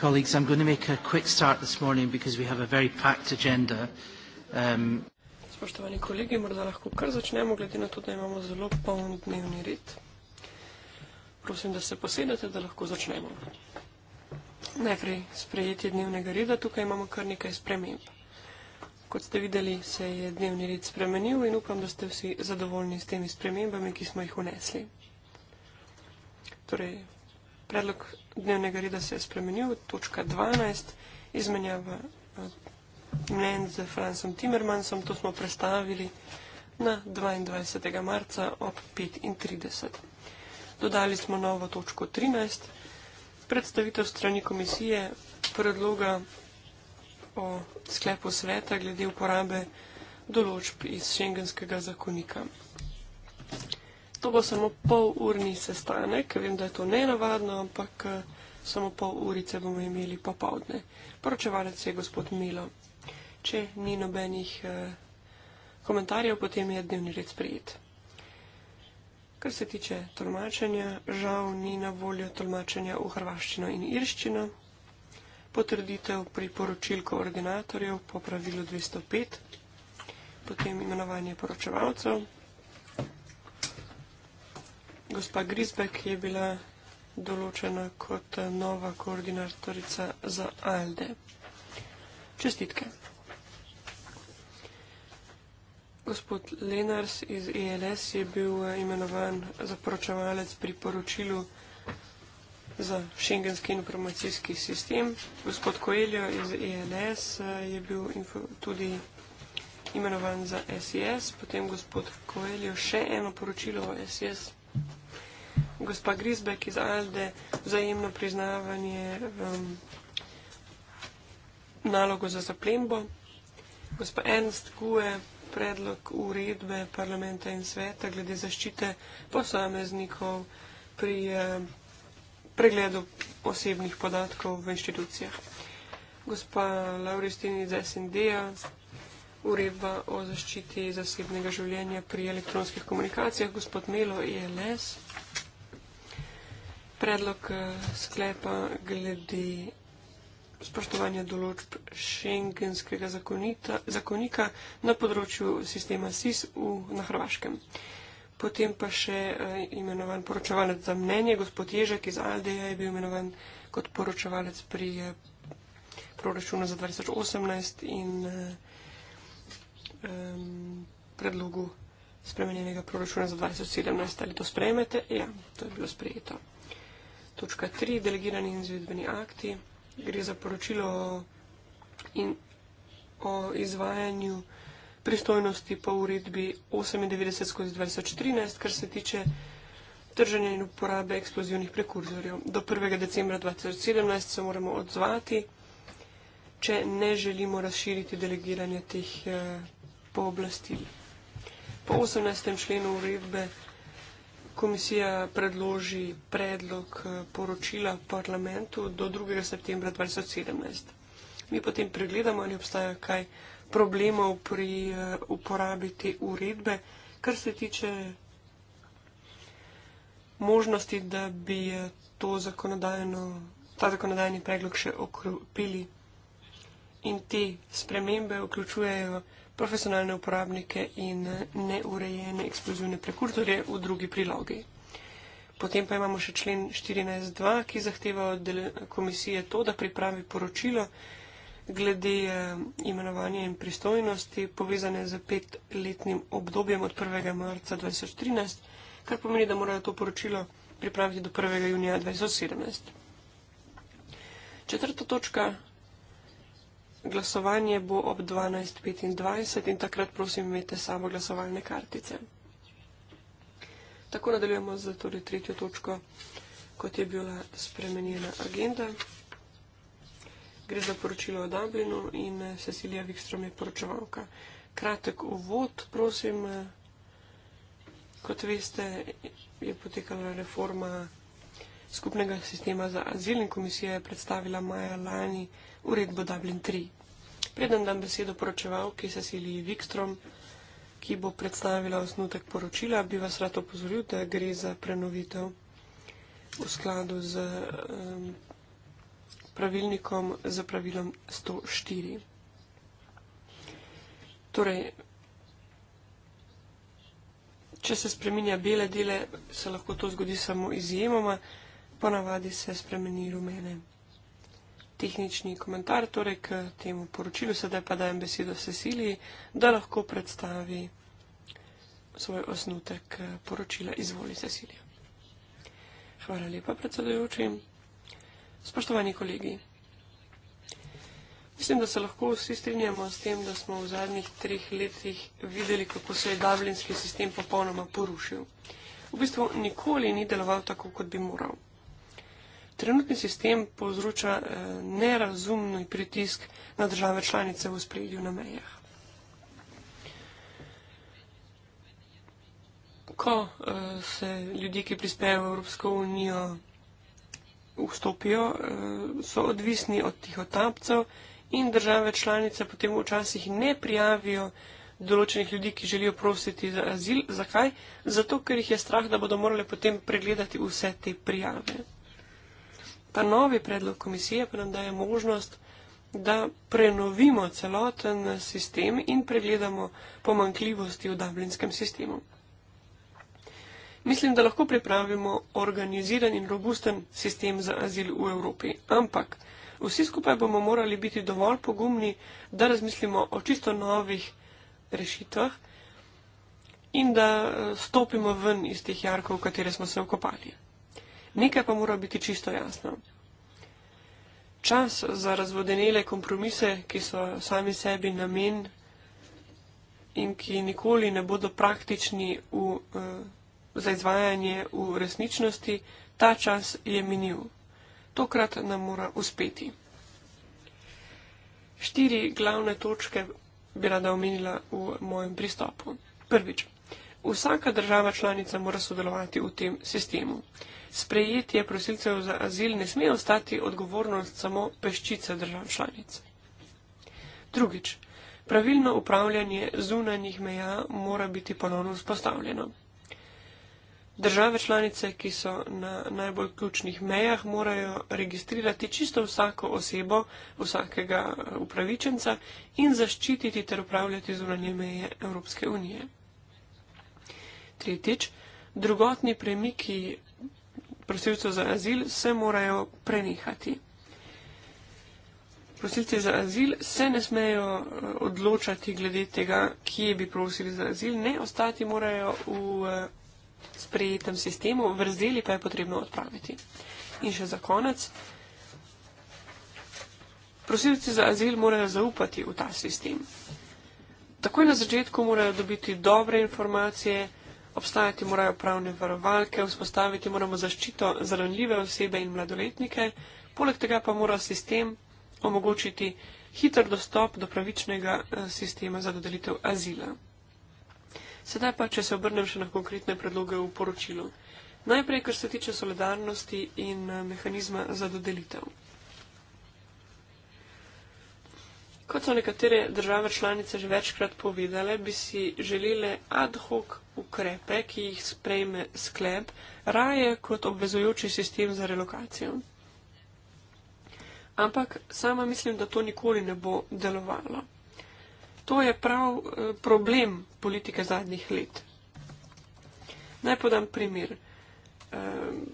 Colleagues, I'm going to make a quick start this morning because we have a very packed agenda. Um, Spoštovani kolegi, morda lahko kar začnemo, glede na to, da imamo zelo poln dnevni red. Prosim, da se posedete, da lahko začnemo. Najprej sprejetje dnevnega reda, tukaj imamo kar nekaj sprememb. Kot ste videli, se je dnevni red spremenil in upam, da ste vsi zadovoljni s temi spremembami, ki smo jih unesli. Torej, predlog dnevnega reda se je spremenil, točka 12, izmenjava eh, mnen z Francom Timmermansom, to smo predstavili na 22. marca ob 5.30. Dodali smo novo točko 13, predstavitev strani komisije predloga o sklepu sveta glede uporabe določb iz šengenskega zakonika. To bo samo pol urni sestanek, vem, da je to nenavadno, ampak eh, samo pol urice bomo imeli popovdne. Poročevalec je gospod Milo. Če ni nobenih eh, komentarjev, potem je dnevni red sprejet. Kar se tiče tolmačenja, žal ni na voljo tolmačenja v hrvaščino in irščino. Potrditev priporočil koordinatorjev po pravilu 205, potem imenovanje poročevalcev. Gospa Grizbek je bila določena kot eh, nova koordinatorica za ALD. Čestitke. Gospod Lenars iz ELS je bil eh, imenovan za poročevalec pri poročilu za šengenski informacijski sistem. Gospod Koeljo iz ELS eh, je bil tudi imenovan za SES, potem gospod Koeljo še eno poročilo o SES gospa Grisbek iz Alde vzajemno priznavanje um, nalogo za zaplembo, gospa Ernst Kue predlog uredbe parlamenta in sveta glede zaščite posameznikov pri um, pregledu osebnih podatkov v inštitucijah. Gospa Lauristini iz SND-a, uredba o zaščiti zasebnega življenja pri elektronskih komunikacijah, gospod Melo ILS predlog eh, sklepa glede spoštovanja določb šengenskega zakonita, zakonika na področju sistema SIS v, na Hrvaškem. Potem pa še eh, imenovan poročevalec za mnenje, gospod Ježek iz Aldeja je bil imenovan kot poročevalec pri eh, proračunu za 2018 in um, predlogu spremenjenega proračuna za 2017. Ali to spremete? Ja, to je bilo sprejeto. Točka 3. Delegirani izvedbeni akti. Gre za poročilo o, in, o izvajanju pristojnosti po uredbi 98-2013, kar se tiče trženja in uporabe eksplozivnih prekurzorjev. Do 1. decembra 2017 se moramo odzvati, če ne želimo razširiti delegiranje teh eh, pooblastil. Po 18. členu uredbe komisija predloži predlog eh, poročila parlamentu do 2. septembra 2017. Mi potem pregledamo, ali obstaja kaj problemov pri eh, uporabi te uredbe, kar se tiče možnosti, da bi eh, ta zakonodajni predlog še okrepili. In te spremembe vključujejo profesionalne uporabnike in neurejene eksplozivne prekursorje v drugi prilogi. Potem pa imamo še člen 14.2, ki zahteva od komisije to, da pripravi poročilo glede imenovanja in pristojnosti povezane z petletnim obdobjem od 1. marca 2013, kar pomeni, da morajo to poročilo pripraviti do 1. junija 2017. Četrta točka Glasovanje bo ob 12.25 in takrat prosim imejte samo glasovalne kartice. Tako nadaljujemo z torej, tretjo točko, kot je bila spremenjena agenda. Gre za poročilo o Dublinu in eh, Cecilija Wikström je poročevalka. Kratek uvod, prosim. Eh, kot veste, je potekala reforma skupnega sistema za azil in komisija je predstavila maja lani uredbo Dublin 3. Preden dam besedo poročevalki Cecilii Wikstrom, ki bo predstavila osnutek poročila, bi vas rad opozoril, da gre za prenovitev v skladu z um, pravilnikom za pravilom 104. Torej, če se spreminja bele dele, se lahko to zgodi samo izjemoma, ponavadi se spremeni rumene tehnični komentar, torej k temu poročilu, sedaj pa dajem besedo Cecili, da lahko predstavi svoj osnutek eh, poročila. Izvoli, Cecilija. Hvala lepa, predsedujoči. Spoštovani kolegi, mislim, da se lahko vsi strinjamo s tem, da smo v zadnjih treh letih videli, kako se je davljinski sistem popolnoma porušil. V bistvu nikoli ni deloval tako, kot bi moral trenutni sistem povzroča eh, nerazumni pritisk na države članice v spredju na mejah. Ko eh, se ljudje, ki prispejo v Evropsko unijo, vstopijo, eh, so odvisni od tih otapcev in države članice potem včasih ne prijavijo določenih ljudi, ki želijo prositi za azil. Zakaj? Zato, ker jih je strah, da bodo morali potem pregledati vse te prijave. Ta novi predlog komisije pa nam daje možnost, da prenovimo celoten sistem in pregledamo pomankljivosti v dublinskem sistemu. Mislim, da lahko pripravimo organiziran in robusten sistem za azil v Evropi, ampak vsi skupaj bomo morali biti dovolj pogumni, da razmislimo o čisto novih rešitvah in da eh, stopimo ven iz teh jarkov, v katere smo se okopali. Nekaj pa mora biti čisto jasno. Čas za razvodenele kompromise, ki so sami sebi namen in ki nikoli ne bodo praktični v, eh, za izvajanje v resničnosti, ta čas je minil. Tokrat nam mora uspeti. Štiri glavne točke bi rada omenila v mojem pristopu. Prvič, vsaka država članica mora sodelovati v tem sistemu sprejetje prosilcev za azil ne sme ostati odgovornost samo peščice držav članic. Drugič, pravilno upravljanje zunanjih meja mora biti ponovno vzpostavljeno. Države članice, ki so na najbolj ključnih mejah, morajo registrirati čisto vsako osebo, vsakega upravičenca in zaščititi ter upravljati zunanje meje Evropske unije. Tretjič, drugotni premiki prosilcev za azil se morajo prenehati. Prosilci za azil se ne smejo eh, odločati glede tega, kje bi prosili za azil, ne ostati morajo v eh, sprejetem sistemu, vrzeli pa je potrebno odpraviti. In še za konec. Prosilci za azil morajo zaupati v ta sistem. Takoj na začetku morajo dobiti dobre informacije, Obstajati morajo pravne varovalke, vzpostaviti moramo zaščito za ranljive osebe in mladoletnike, poleg tega pa mora sistem omogočiti hiter dostop do pravičnega eh, sistema za dodelitev azila. Sedaj pa, če se obrnem še na konkretne predloge v poročilu. Najprej, kar se tiče solidarnosti in eh, mehanizma za dodelitev. Kot so nekatere države članice že večkrat povedale, bi si želele ad hoc ukrepe, ki jih sprejme sklep, raje kot obvezujoči sistem za relokacijo. Ampak sama mislim, da to nikoli ne bo delovalo. To je prav eh, problem politike zadnjih let. Naj podam primer. Eh,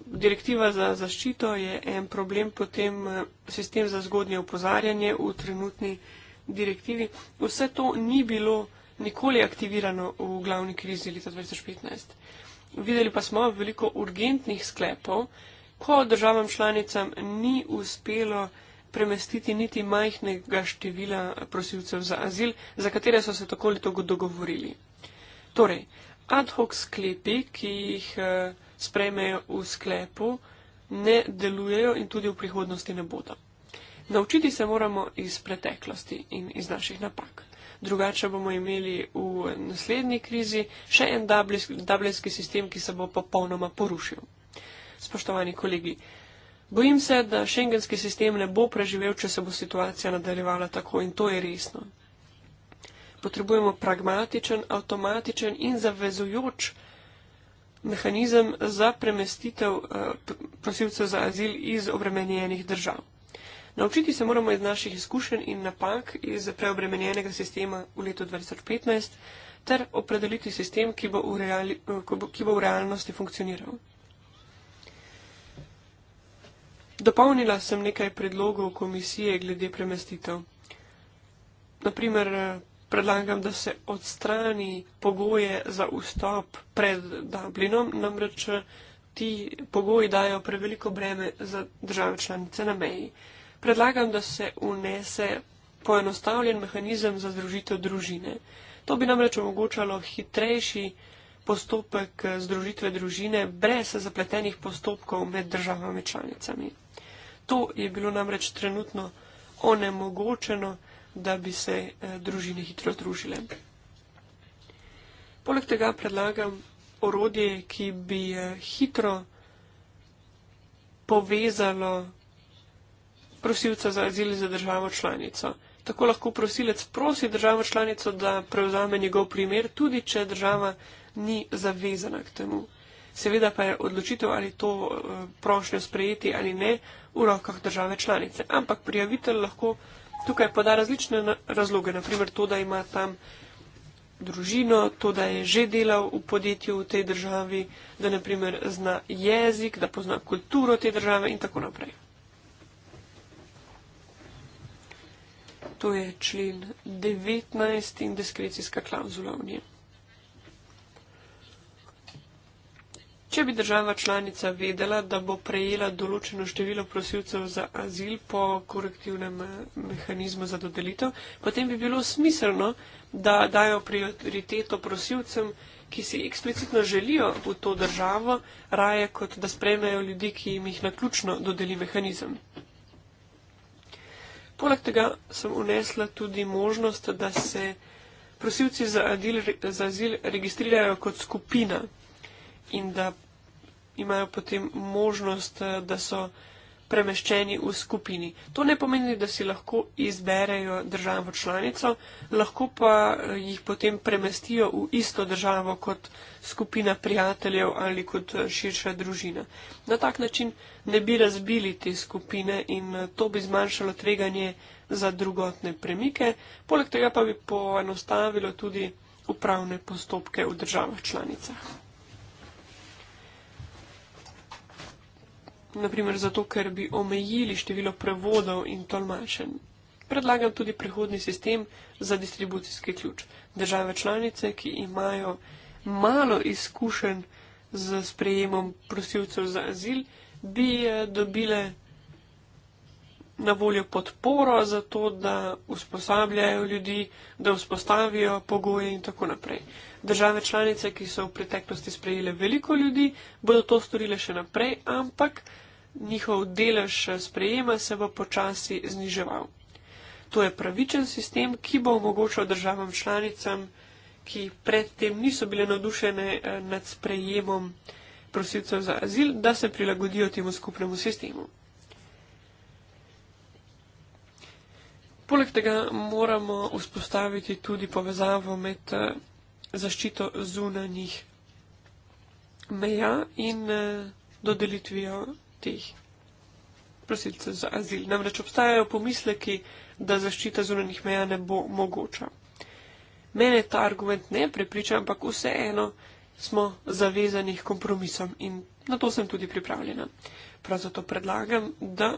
direktiva za zaščito je en problem, potem eh, sistem za zgodnje upozarjanje v trenutni direktivi. Vse to ni bilo nikoli aktivirano v glavni krizi leta 2015. Videli pa smo veliko urgentnih sklepov, ko državam članicam ni uspelo premestiti niti majhnega števila prosilcev za azil, za katere so se tako ali tako dogovorili. Torej, ad hoc sklepi, ki jih eh, sprejmejo v sklepu, ne delujejo in tudi v prihodnosti ne bodo. Naučiti se moramo iz preteklosti in iz naših napak. Drugače bomo imeli v naslednji krizi še en dublinski sistem, ki se bo popolnoma porušil. Spoštovani kolegi, bojim se, da šengenski sistem ne bo preživel, če se bo situacija nadaljevala tako in to je resno. Potrebujemo pragmatičen, avtomatičen in zavezujoč mehanizem za premestitev eh, prosilcev za azil iz obremenjenih držav. Naučiti se moramo iz naših izkušenj in napak iz preobremenjenega sistema v letu 2015 ter opredeliti sistem, ki bo v, reali, ki bo v realnosti funkcioniral. Dopolnila sem nekaj predlogov komisije glede premestitev. Naprimer, predlagam, da se odstrani pogoje za vstop pred Dublinom, namreč ti pogoji dajo preveliko breme za države članice na meji. Uh, predlagam, da se unese poenostavljen mehanizem za združitev družine. To bi namreč omogočalo hitrejši postopek združitve družine brez zapletenih postopkov med državami članicami. To je bilo namreč trenutno onemogočeno, da bi se eh, družine hitro združile. Poleg tega predlagam orodje, ki bi eh, hitro povezalo prosilca za azil za državo članico. Tako lahko prosilec prosi državo članico, da prevzame njegov primer, tudi če država ni zavezana k temu. Seveda pa je odločitev, ali to eh, prošnjo sprejeti ali ne, v rokah države članice. Ampak prijavitelj lahko tukaj poda različne razloge, naprimer to, da ima tam družino, to, da je že delal v podjetju v tej državi, da naprimer zna jezik, da pozna kulturo te države in tako naprej. to je člen 19 in diskrecijska klauzula v njem. Če bi država članica vedela, da bo prejela določeno število prosilcev za azil po korektivnem eh, mehanizmu za dodelitev, potem bi bilo smiselno, da dajo prioriteto prosilcem, ki si eksplicitno želijo v to državo, raje kot da spremljajo ljudi, ki jim jih naključno dodeli mehanizem. Poleg tega sem unesla tudi možnost, da se prosilci za, adil, za azil registrirajo kot skupina in da imajo potem možnost, eh, da so premeščeni v skupini. To ne pomeni, da si lahko izberejo državo članico, lahko pa eh, jih potem premestijo v isto državo kot skupina prijateljev ali kot eh, širša družina. Na tak način ne bi razbili te skupine in eh, to bi zmanjšalo tveganje za drugotne premike, poleg tega pa bi poenostavilo tudi upravne postopke v državah članicah. naprimer zato, ker bi omejili število prevodov in tolmačen. Predlagam tudi prihodni sistem za distribucijski ključ. Države članice, ki imajo malo izkušen z sprejemom prosilcev za azil, bi eh, dobile na voljo podporo za to, da usposabljajo ljudi, da vzpostavijo pogoje in tako naprej. Države članice, ki so v preteklosti sprejele veliko ljudi, bodo to storile še naprej, ampak njihov delež sprejema se bo počasi zniževal. To je pravičen sistem, ki bo omogočal državam članicam, ki predtem niso bile navdušene eh, nad sprejemom prosilcev za azil, da se prilagodijo temu skupnemu sistemu. Poleg tega moramo vzpostaviti tudi povezavo med eh, zaščito zunanjih meja in eh, dodelitvijo teh prosilcev za azil. Namreč obstajajo pomisleki, da zaščita zunanih meja ne bo mogoča. Mene ta argument ne prepriča, ampak vseeno smo zavezani k kompromisom in na to sem tudi pripravljena. Prav zato predlagam, da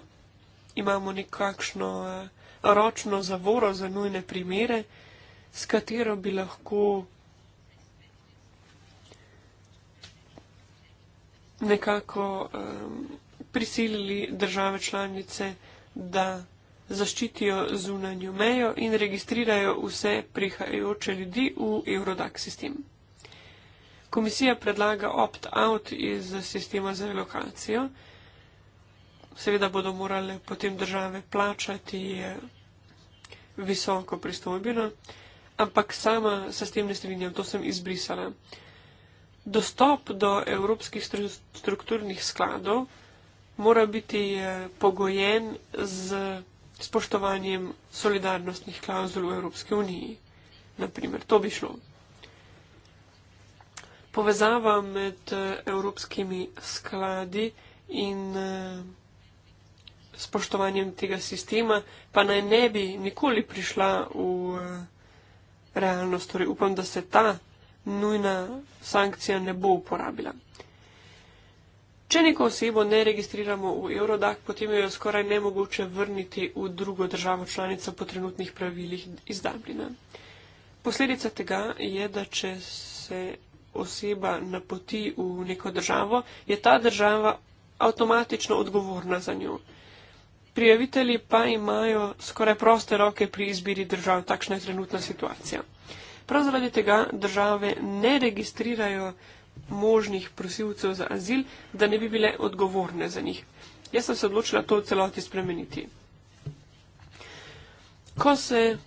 imamo nekakšno eh, ročno zavoro za nujne primere, s katero bi lahko nekako um, prisilili države članice, da zaščitijo zunanjo mejo in registrirajo vse prihajajoče ljudi v Eurodac sistem. Komisija predlaga opt-out iz sistema za relokacijo. Seveda bodo morale potem države plačati visoko pristojbino, ampak sama se s tem ne strinjam, to sem izbrisala. Dostop do evropskih strukturnih skladov mora biti eh, pogojen z spoštovanjem solidarnostnih klauzul v Evropski uniji. Naprimer, to bi šlo. Povezava med eh, evropskimi skladi in eh, spoštovanjem tega sistema pa naj ne bi nikoli prišla v realnost. Torej, upam, da se ta nujna sankcija ne bo uporabila. Če neko osebo ne registriramo v Eurodac, potem jo je skoraj nemogoče vrniti v drugo državo članico po trenutnih pravilih iz Dublina. Posledica tega je, da če se oseba napoti v neko državo, je ta država avtomatično odgovorna za njo. Prijavitelji pa imajo skoraj proste roke pri izbiri držav, takšna je trenutna situacija. Prav zaradi tega države ne registrirajo možnih prosilcev za azil, da ne bi bile odgovorne za njih. Jaz sem se odločila to v celoti spremeniti. Ko se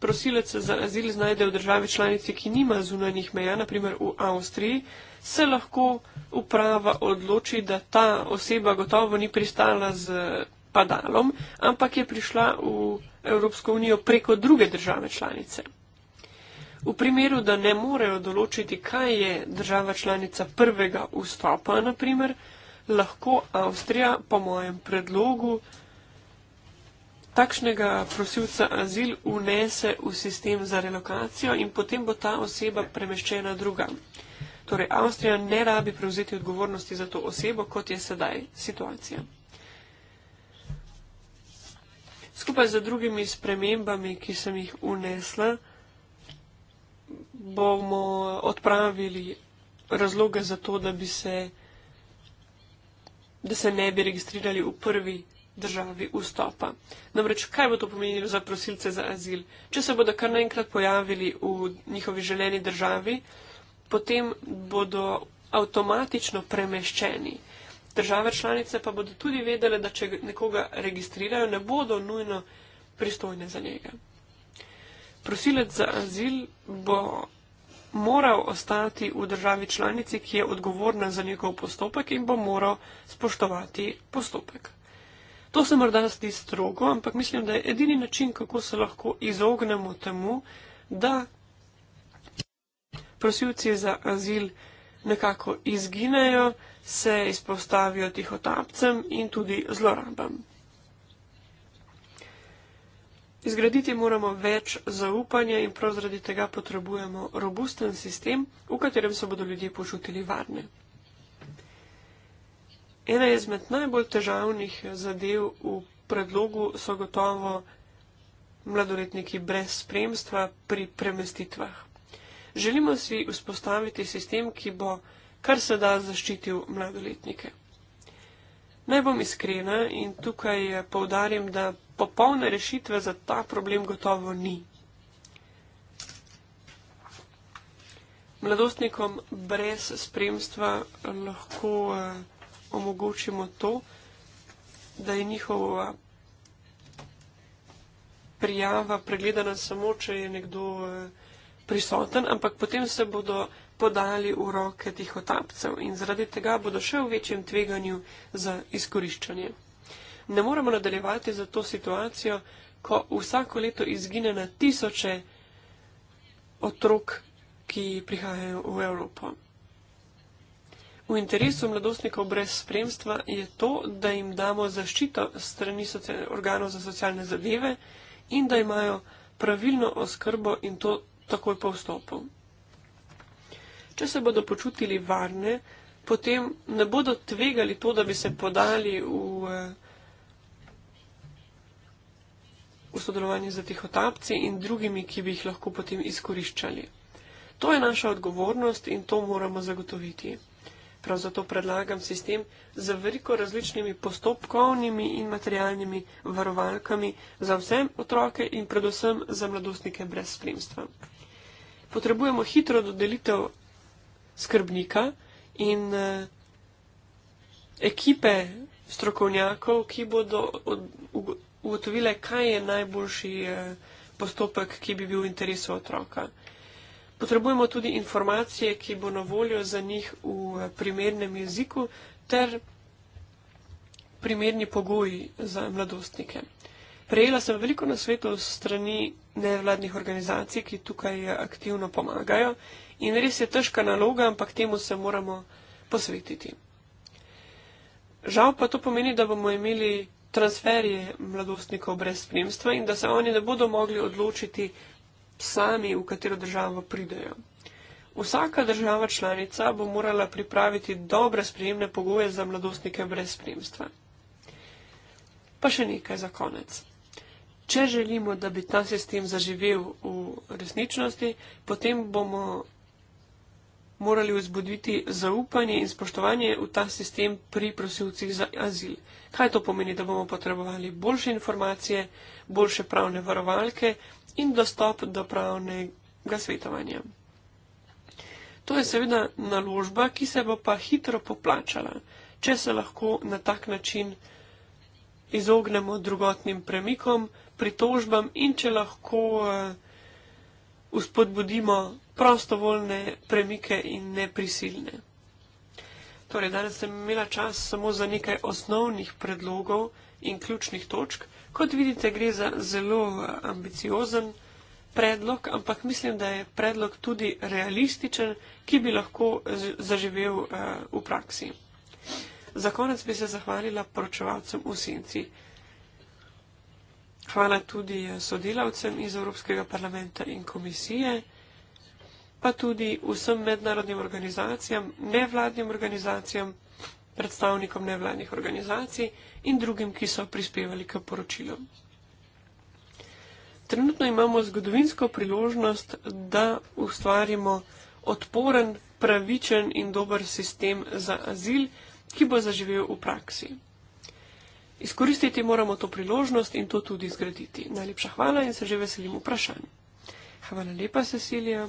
prosilec za azil znajde v državi članici, ki nima zunanjih meja, naprimer v Avstriji, se lahko uprava odloči, da ta oseba gotovo ni pristala z padalom, ampak je prišla v Evropsko unijo preko druge države članice. V primeru, da ne morejo določiti, kaj je država članica prvega vstopa, naprimer, lahko Avstrija po mojem predlogu takšnega prosilca azil unese v sistem za relokacijo in potem bo ta oseba premeščena druga. Torej, Avstrija ne rabi prevzeti odgovornosti za to osebo, kot je sedaj situacija. Skupaj z drugimi spremembami, ki sem jih unesla, bomo odpravili razloge za to, da, se, da se ne bi registrirali v prvi državi vstopa. Namreč, kaj bo to pomenilo za prosilce za azil? Če se bodo kar naenkrat pojavili v njihovi želeni državi, potem bodo avtomatično premeščeni. Države članice pa bodo tudi vedele, da če nekoga registrirajo, ne bodo nujno pristojne za njega. Prosilec za azil bo moral ostati v državi članici, ki je odgovorna za njegov postopek in bo moral spoštovati postopek. To se morda zdi strogo, ampak mislim, da je edini način, kako se lahko izognemo temu, da prosilci za azil nekako izginejo, se izpostavijo tihotapcem in tudi zlorabam. Izgraditi moramo več zaupanja in prav zaradi tega potrebujemo robusten sistem, v katerem se bodo ljudje počutili varne. Ena izmed najbolj težavnih zadev v predlogu so gotovo mladoletniki brez spremstva pri premestitvah. Želimo si vzpostaviti sistem, ki bo kar se da zaščitil mladoletnike. Naj bom iskrena in tukaj eh, poudarim, da popolne rešitve za ta problem gotovo ni. Mladostnikom brez spremstva lahko eh, omogočimo to, da je njihova prijava pregledana samo, če je nekdo eh, prisoten, ampak potem se bodo podajali v roke tihotapcev in zaradi tega bodo še v večjem tveganju za izkoriščanje. Ne moremo nadaljevati za to situacijo, ko vsako leto izgine na tisoče otrok, ki prihajajo v Evropo. V interesu mladostnikov brez spremstva je to, da jim damo zaščito strani organov za socialne zadeve in da imajo pravilno oskrbo in to takoj po vstopu. Če se bodo počutili varne, potem ne bodo tvegali to, da bi se podali v, eh, v sodelovanje z tihotapci in drugimi, ki bi jih lahko potem izkoriščali. To je naša odgovornost in to moramo zagotoviti. Prav zato predlagam sistem z veliko različnimi postopkovnimi in materialnimi varovalkami za vse otroke in predvsem za mladostnike brez spremstva. Potrebujemo hitro dodelitev skrbnika in eh, ekipe strokovnjakov, ki bodo ugotovile, kaj je najboljši eh, postopek, ki bi bil v interesu otroka. Potrebujemo tudi informacije, ki bo na voljo za njih v eh, primernem jeziku ter primerni pogoji za mladostnike. Prejela sem veliko nasvetov strani nevladnih organizacij, ki tukaj aktivno pomagajo In res je težka naloga, ampak temu se moramo posvetiti. Žal pa to pomeni, da bomo imeli transferje mladostnikov brez spremstva in da se oni ne bodo mogli odločiti sami, v katero državo pridejo. Vsaka država članica bo morala pripraviti dobre sprejemne pogoje za mladostnike brez spremstva. Pa še nekaj za konec. Če želimo, da bi ta sistem zaživel v resničnosti, potem bomo morali vzbuditi zaupanje in spoštovanje v ta sistem pri prosilcih za azil. Kaj to pomeni, da bomo potrebovali boljše informacije, boljše pravne varovalke in dostop do pravnega svetovanja. To je seveda naložba, ki se bo pa hitro poplačala, če se lahko na tak način izognemo drugotnim premikom, pritožbam in če lahko uh, eh, uspodbudimo prostovoljne premike in ne prisilne. Torej, danes sem imela čas samo za nekaj osnovnih predlogov in ključnih točk. Kot vidite, gre za zelo eh, ambiciozen predlog, ampak mislim, da je predlog tudi realističen, ki bi lahko zaživel eh, v praksi. Za konec bi se zahvalila poročevalcem v senci. Hvala tudi eh, sodelavcem iz Evropskega parlamenta in komisije pa tudi vsem mednarodnim organizacijam, nevladnim organizacijam, predstavnikom nevladnih organizacij in drugim, ki so prispevali k poročilom. Trenutno imamo zgodovinsko priložnost, da ustvarimo odporen, pravičen in dober sistem za azil, ki bo zaživel v praksi. Izkoristiti moramo to priložnost in to tudi zgraditi. Najlepša hvala in se že veselim vprašanj. Hvala lepa, Cecilija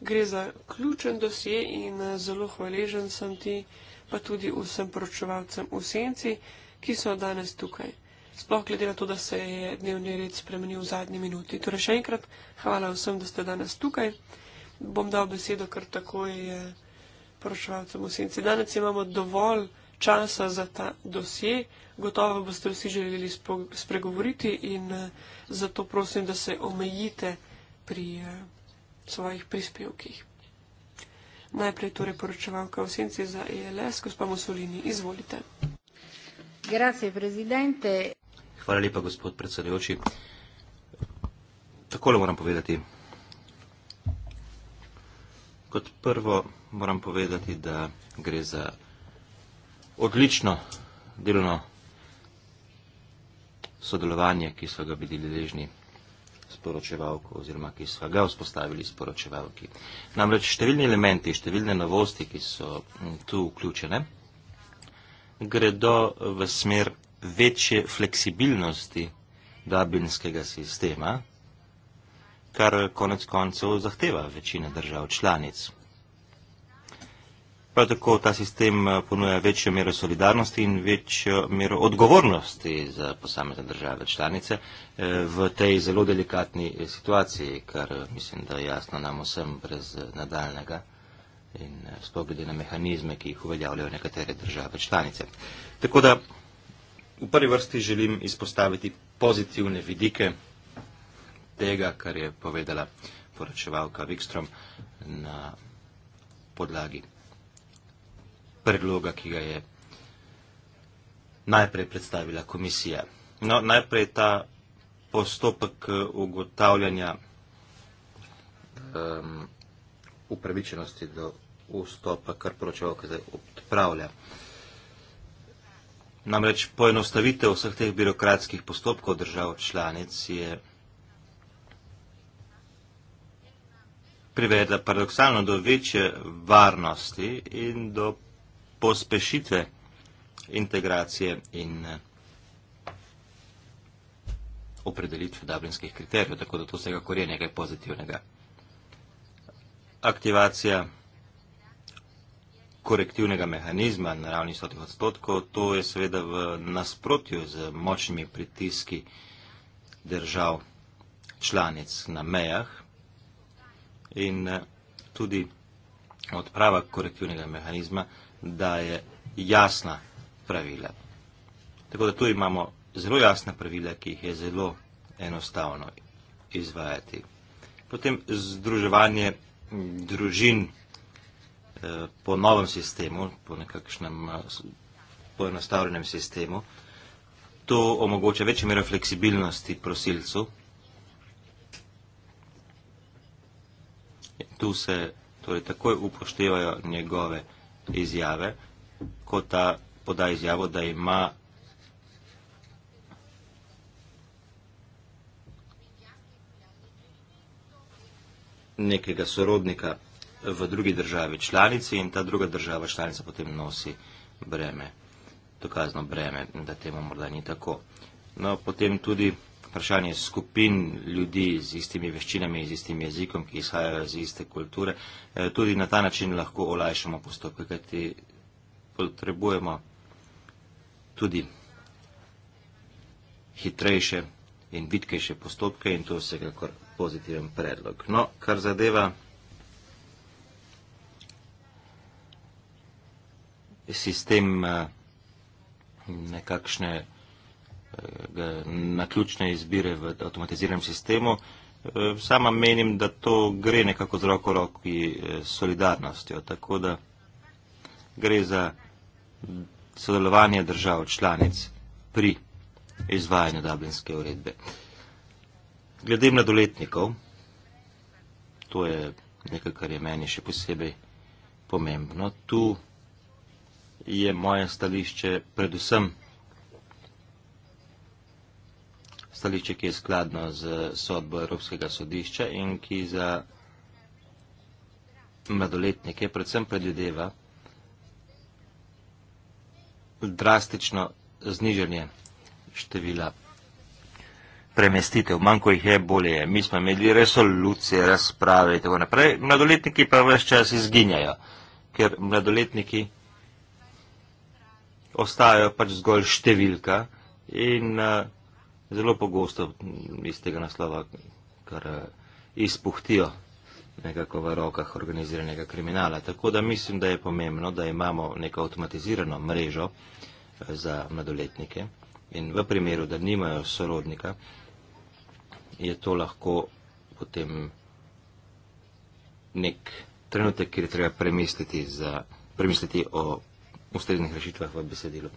gre za ključen dosje in eh, zelo hvaležen sem ti, pa tudi vsem poročevalcem v senci, ki so danes tukaj. Sploh glede na to, da se je dnevni red spremenil v zadnji minuti. Torej še enkrat, hvala vsem, da ste danes tukaj. Bom dal besedo kar takoj eh, poročevalcem v senci. Danes imamo dovolj časa za ta dosje. Gotovo boste vsi želeli spregovoriti in eh, zato prosim, da se omejite pri svojih prispevkih. Najprej torej poročevalka v senci za ELS, gospa Mussolini, izvolite. Grazie, prezidente. Hvala lepa, gospod predsedujoči. Takole moram povedati. Kot prvo moram povedati, da gre za odlično delno sodelovanje, ki so ga bili deležni sporočevalko oziroma ki so ga vzpostavili sporočevalki. Namreč številni elementi, številne novosti, ki so mm, tu vključene, gredo v smer večje fleksibilnosti dubinskega sistema, kar konec koncev zahteva večina držav članic. Prav tako ta sistem eh, ponuja večjo mero solidarnosti in večjo mero odgovornosti za posamezne države članice eh, v tej zelo delikatni eh, situaciji, kar mislim, da je jasno nam vsem brez nadaljnega in spoglede na mehanizme, ki jih uveljavljajo nekatere države članice. Tako da v prvi vrsti želim izpostaviti pozitivne vidike tega, kar je povedala poročevalka Vikstrom na podlagi predloga, ki ga je najprej predstavila komisija. No, najprej ta postopek eh, ugotavljanja um, upravičenosti do vstopa, kar poročevalka zdaj odpravlja. Namreč poenostavitev vseh teh birokratskih postopkov držav članic je privedla paradoksalno do večje varnosti in do pospešitve integracije in eh, opredelitve dublinskih kriterijev, tako da to vsega kor je nekaj pozitivnega. Aktivacija korektivnega mehanizma na ravni stotih odstotkov, to je seveda v nasprotju z močnimi pritiski držav članic na mejah in eh, tudi odprava korektivnega mehanizma daje jasna pravila. Tako da tu imamo zelo jasna pravila, ki jih je zelo enostavno izvajati. Potem združevanje družin eh, po novem sistemu, po nekakšnem eh, poenostavljenem sistemu, to omogoča večjo mero fleksibilnosti prosilcu. Tu se torej, takoj upoštevajo njegove izjave, ko ta poda izjavo, da ima nekega sorodnika v drugi državi članici in ta druga država članica potem nosi breme, dokazno breme, da temu morda ni tako. No, potem tudi vprašanje skupin ljudi z istimi veščinami, z istim jezikom, ki izhajajo iz iste kulture. Eh, tudi na ta način lahko olajšamo postopke, kajti potrebujemo tudi hitrejše in vitkejše postopke in to je vsekakor pozitiven predlog. No, kar zadeva sistem eh, nekakšne Eh, naključne izbire v avtomatiziranem sistemu. Eh, sama menim, da to gre nekako z roko roki eh, solidarnostjo, tako da gre za sodelovanje držav članic pri izvajanju Dublinske uredbe. Glede mladoletnikov, to je nekaj, kar je meni še posebej pomembno, tu je moje stališče predvsem stališče, ki je skladno z sodbo Evropskega sodišča in ki za mladoletnike predvsem predvideva drastično znižanje števila premestitev. Manjko jih je, bolje je. Mi smo imeli resolucije, razprave in tako naprej. Mladoletniki pa več čas izginjajo, ker mladoletniki ostajajo pač zgolj številka in uh, zelo pogosto iz tega naslova, kar eh, izpuhtijo nekako v rokah organiziranega kriminala. Tako da mislim, da je pomembno, da imamo neko avtomatizirano mrežo eh, za mladoletnike in v primeru, da nimajo sorodnika, je to lahko potem nek trenutek, kjer je treba premisliti, za, premisliti o ustrednih rešitvah v besedilu.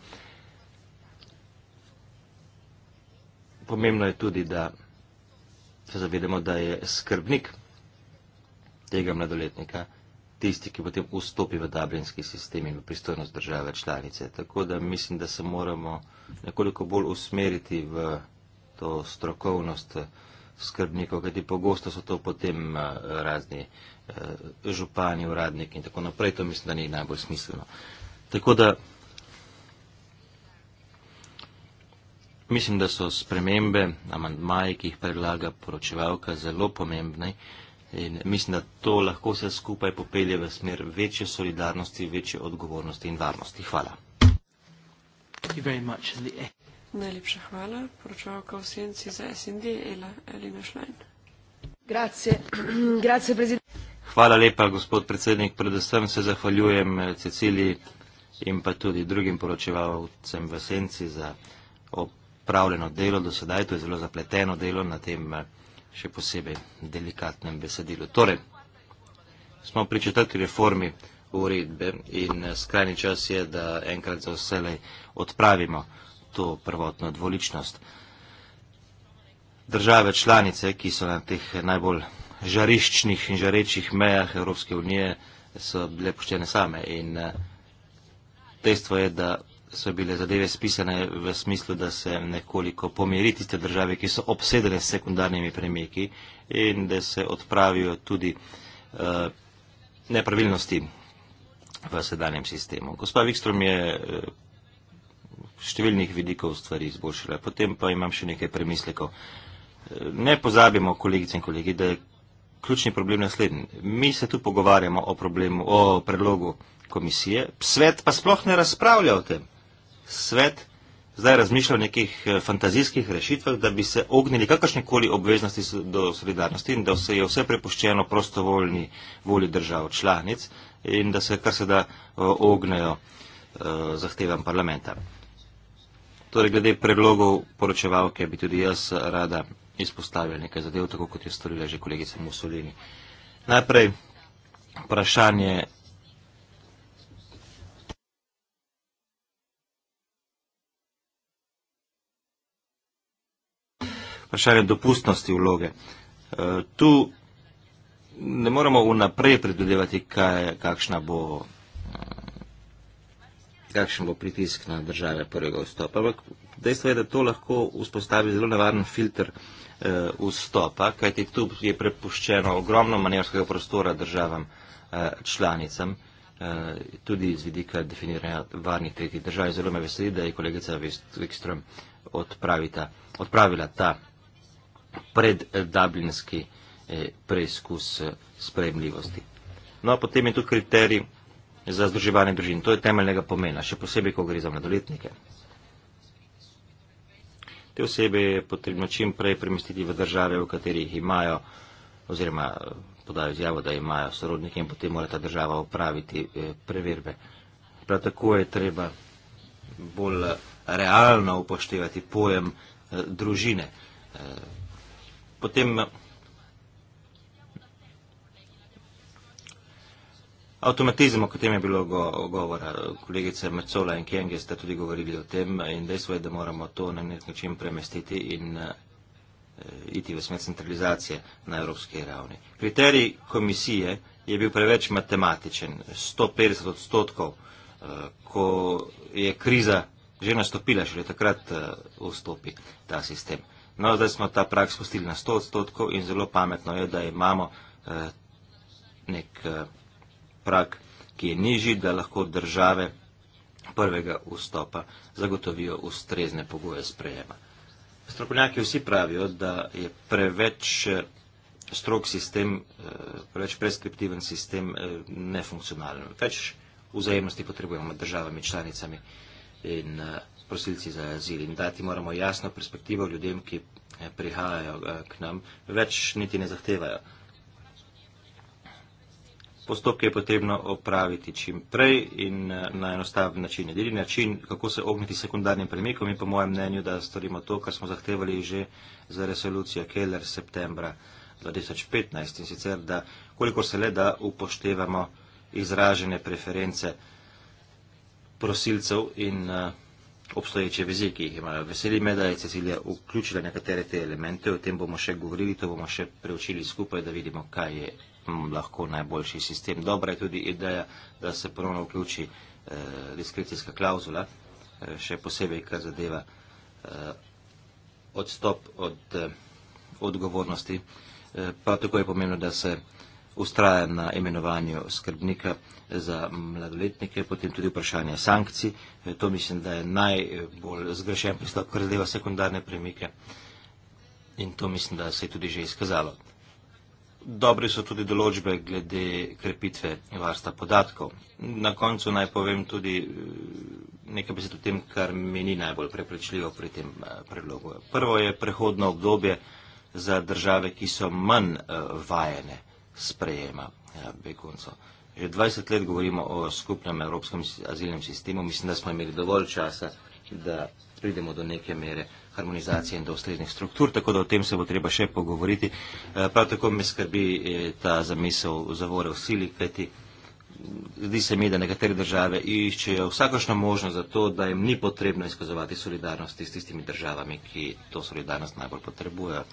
pomembno je tudi, da se zavedamo, da je skrbnik tega mladoletnika tisti, ki potem vstopi v dublinski sistem in v pristojnost države članice. Tako da mislim, da se moramo nekoliko bolj usmeriti v to strokovnost skrbnikov, kajti pogosto so to potem eh, razni eh, župani, uradniki in tako naprej. To mislim, da ni najbolj smiselno. Tako da Mislim, da so spremembe, amantmaje, ki jih predlaga poročevalka, zelo pomembne in mislim, da to lahko vse skupaj popelje v smer večje solidarnosti, večje odgovornosti in varnosti. Hvala. Najlepša hvala. Poročevalka v senci za SND, Ela, Elina Šlajn. Grazie. Grazie, hvala lepa, gospod predsednik. Predvsem se zahvaljujem eh, Ceciliji in pa tudi drugim poročevalcem v senci za opravljanje opravljeno delo, do sedaj to je zelo zapleteno delo na tem eh, še posebej delikatnem besedilu. Torej, smo pri četrti reformi uredbe in eh, skrajni čas je, da enkrat za vselej odpravimo to prvotno dvoličnost. Države članice, ki so na teh najbolj žariščnih in žarečih mejah Evropske unije, so bile poštene same in eh, dejstvo je, da so bile zadeve spisane v smislu, da se nekoliko pomiri tiste države, ki so obsedene s sekundarnimi premiki in da se odpravijo tudi uh, nepravilnosti v sedanjem sistemu. Gospa Vikstrom je uh, številnih vidikov stvari izboljšala, potem pa imam še nekaj premislekov. Eh, ne pozabimo, kolegice in kolegi, da je ključni problem naslednji. Mi se tu pogovarjamo o, problemu, o predlogu komisije, svet pa sploh ne razpravlja o tem svet zdaj razmišlja o nekih eh, fantazijskih rešitvah, da bi se ognili kakršnekoli obveznosti do solidarnosti in da se je vse prepuščeno prostovoljni volji držav članic in da se kar se da eh, ognejo eh, zahtevam parlamenta. Torej, glede predlogov poročevalke bi tudi jaz rada izpostavila nekaj zadev, tako kot je storila že kolegica Mussolini. Najprej vprašanje vprašanje dopustnosti vloge. Eh, tu ne moremo vnaprej predvidevati, kakšna bo eh, kakšen bo pritisk na države prvega vstopa. Ampak dejstvo je, da to lahko vzpostavi zelo nevaren filter e, vstopa, kajti tu je prepuščeno ogromno manevrskega prostora državam e, članicam, e, tudi iz vidika definiranja varnih tretjih držav. Zelo me veseli, da je kolegica Vekstrom odpravila ta preddublinski eh, eh, preizkus eh, sprejemljivosti. No, potem je tu kriterij za združevanje družin. To je temeljnega pomena, še posebej, ko gre za mladoletnike. Te osebe je potrebno čim prej premestiti v države, v katerih imajo oziroma podajo izjavo, da imajo sorodnike in potem mora ta država upraviti preverbe. Prav tako je treba bolj realno upoštevati pojem družine potem avtomatizem, o katem je bilo go, govora. Kolegice Mercola in Kenge ste tudi govorili o tem in dejstvo je, da moramo to na nek način premestiti in uh, iti v smer centralizacije na evropski ravni. Kriterij komisije je bil preveč matematičen, 150 odstotkov, uh, ko je kriza že nastopila, šele takrat uh, vstopi ta sistem. No, zdaj smo ta prak spustili na 100 odstotkov in zelo pametno je, da imamo eh, nek eh, prak, ki je nižji, da lahko države prvega vstopa zagotovijo ustrezne pogoje sprejema. Strokovnjaki vsi pravijo, da je preveč eh, strok sistem, eh, preveč preskriptiven sistem eh, nefunkcionalen. Več vzajemnosti potrebujemo med državami članicami in prosilci za azil in dati moramo jasno perspektivo ljudem, ki eh, prihajajo eh, k nam, več niti ne zahtevajo. Postopke je potrebno opraviti čim prej in eh, na enostaven način. Edini način, kako se ogniti sekundarnim premikom, je po mojem mnenju, da storimo to, kar smo zahtevali že za resolucijo Keller septembra 2015 in sicer, da koliko se le da upoštevamo izražene preference prosilcev in uh, obstoječe vizije, ki jih imajo. Veseli me, da je Cecilija vključila nekatere te elemente, o tem bomo še govorili, to bomo še preučili skupaj, da vidimo, kaj je m, mm, lahko najboljši sistem. Dobra je tudi ideja, da se ponovno vključi eh, diskrecijska klauzula, eh, še posebej, kar zadeva eh, odstop od eh, odgovornosti. Eh, prav tako je pomembno, da se eh, ustrajam na imenovanju skrbnika za mladoletnike, potem tudi vprašanje sankcij. E, to mislim, da je najbolj zgrešen pristop, kar zadeva sekundarne premike. In to mislim, da se je tudi že izkazalo. Dobre so tudi določbe glede krepitve varstva podatkov. Na koncu naj povem tudi e, nekaj besed o tem, kar meni najbolj preprečljivo pri tem e, predlogu. Prvo je prehodno obdobje za države, ki so manj vajene sprejema ja, beguncev. Že 20 let govorimo o skupnem evropskem azilnem sistemu. Mislim, da smo imeli dovolj časa, da pridemo do neke mere harmonizacije in do ustreznih struktur, tako da o tem se bo treba še pogovoriti. Eh, prav tako me skrbi eh, ta zamisel zavore v sili, kajti mm, zdi se mi, da nekatere države iščejo vsakošno možnost za to, da jim ni potrebno izkazovati solidarnosti s tistimi državami, ki to solidarnost najbolj potrebujejo.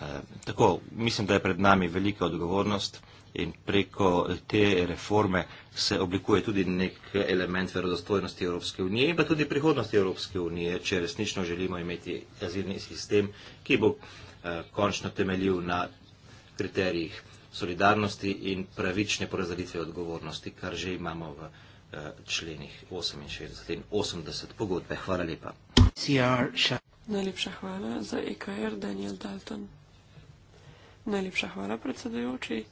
Eh, tako, mislim, da je pred nami velika odgovornost in preko te reforme se oblikuje tudi nek element verodostojnosti Evropske unije in pa tudi prihodnosti Evropske unije, če resnično želimo imeti azilni sistem, ki bo eh, končno temeljil na kriterijih solidarnosti in pravične porazdelitve odgovornosti, kar že imamo v eh, členih 68 in 80 pogodbe. Hvala lepa. Najlepša hvala za EKR Daniel Dalton. Najlepša hvala, predsedujoči.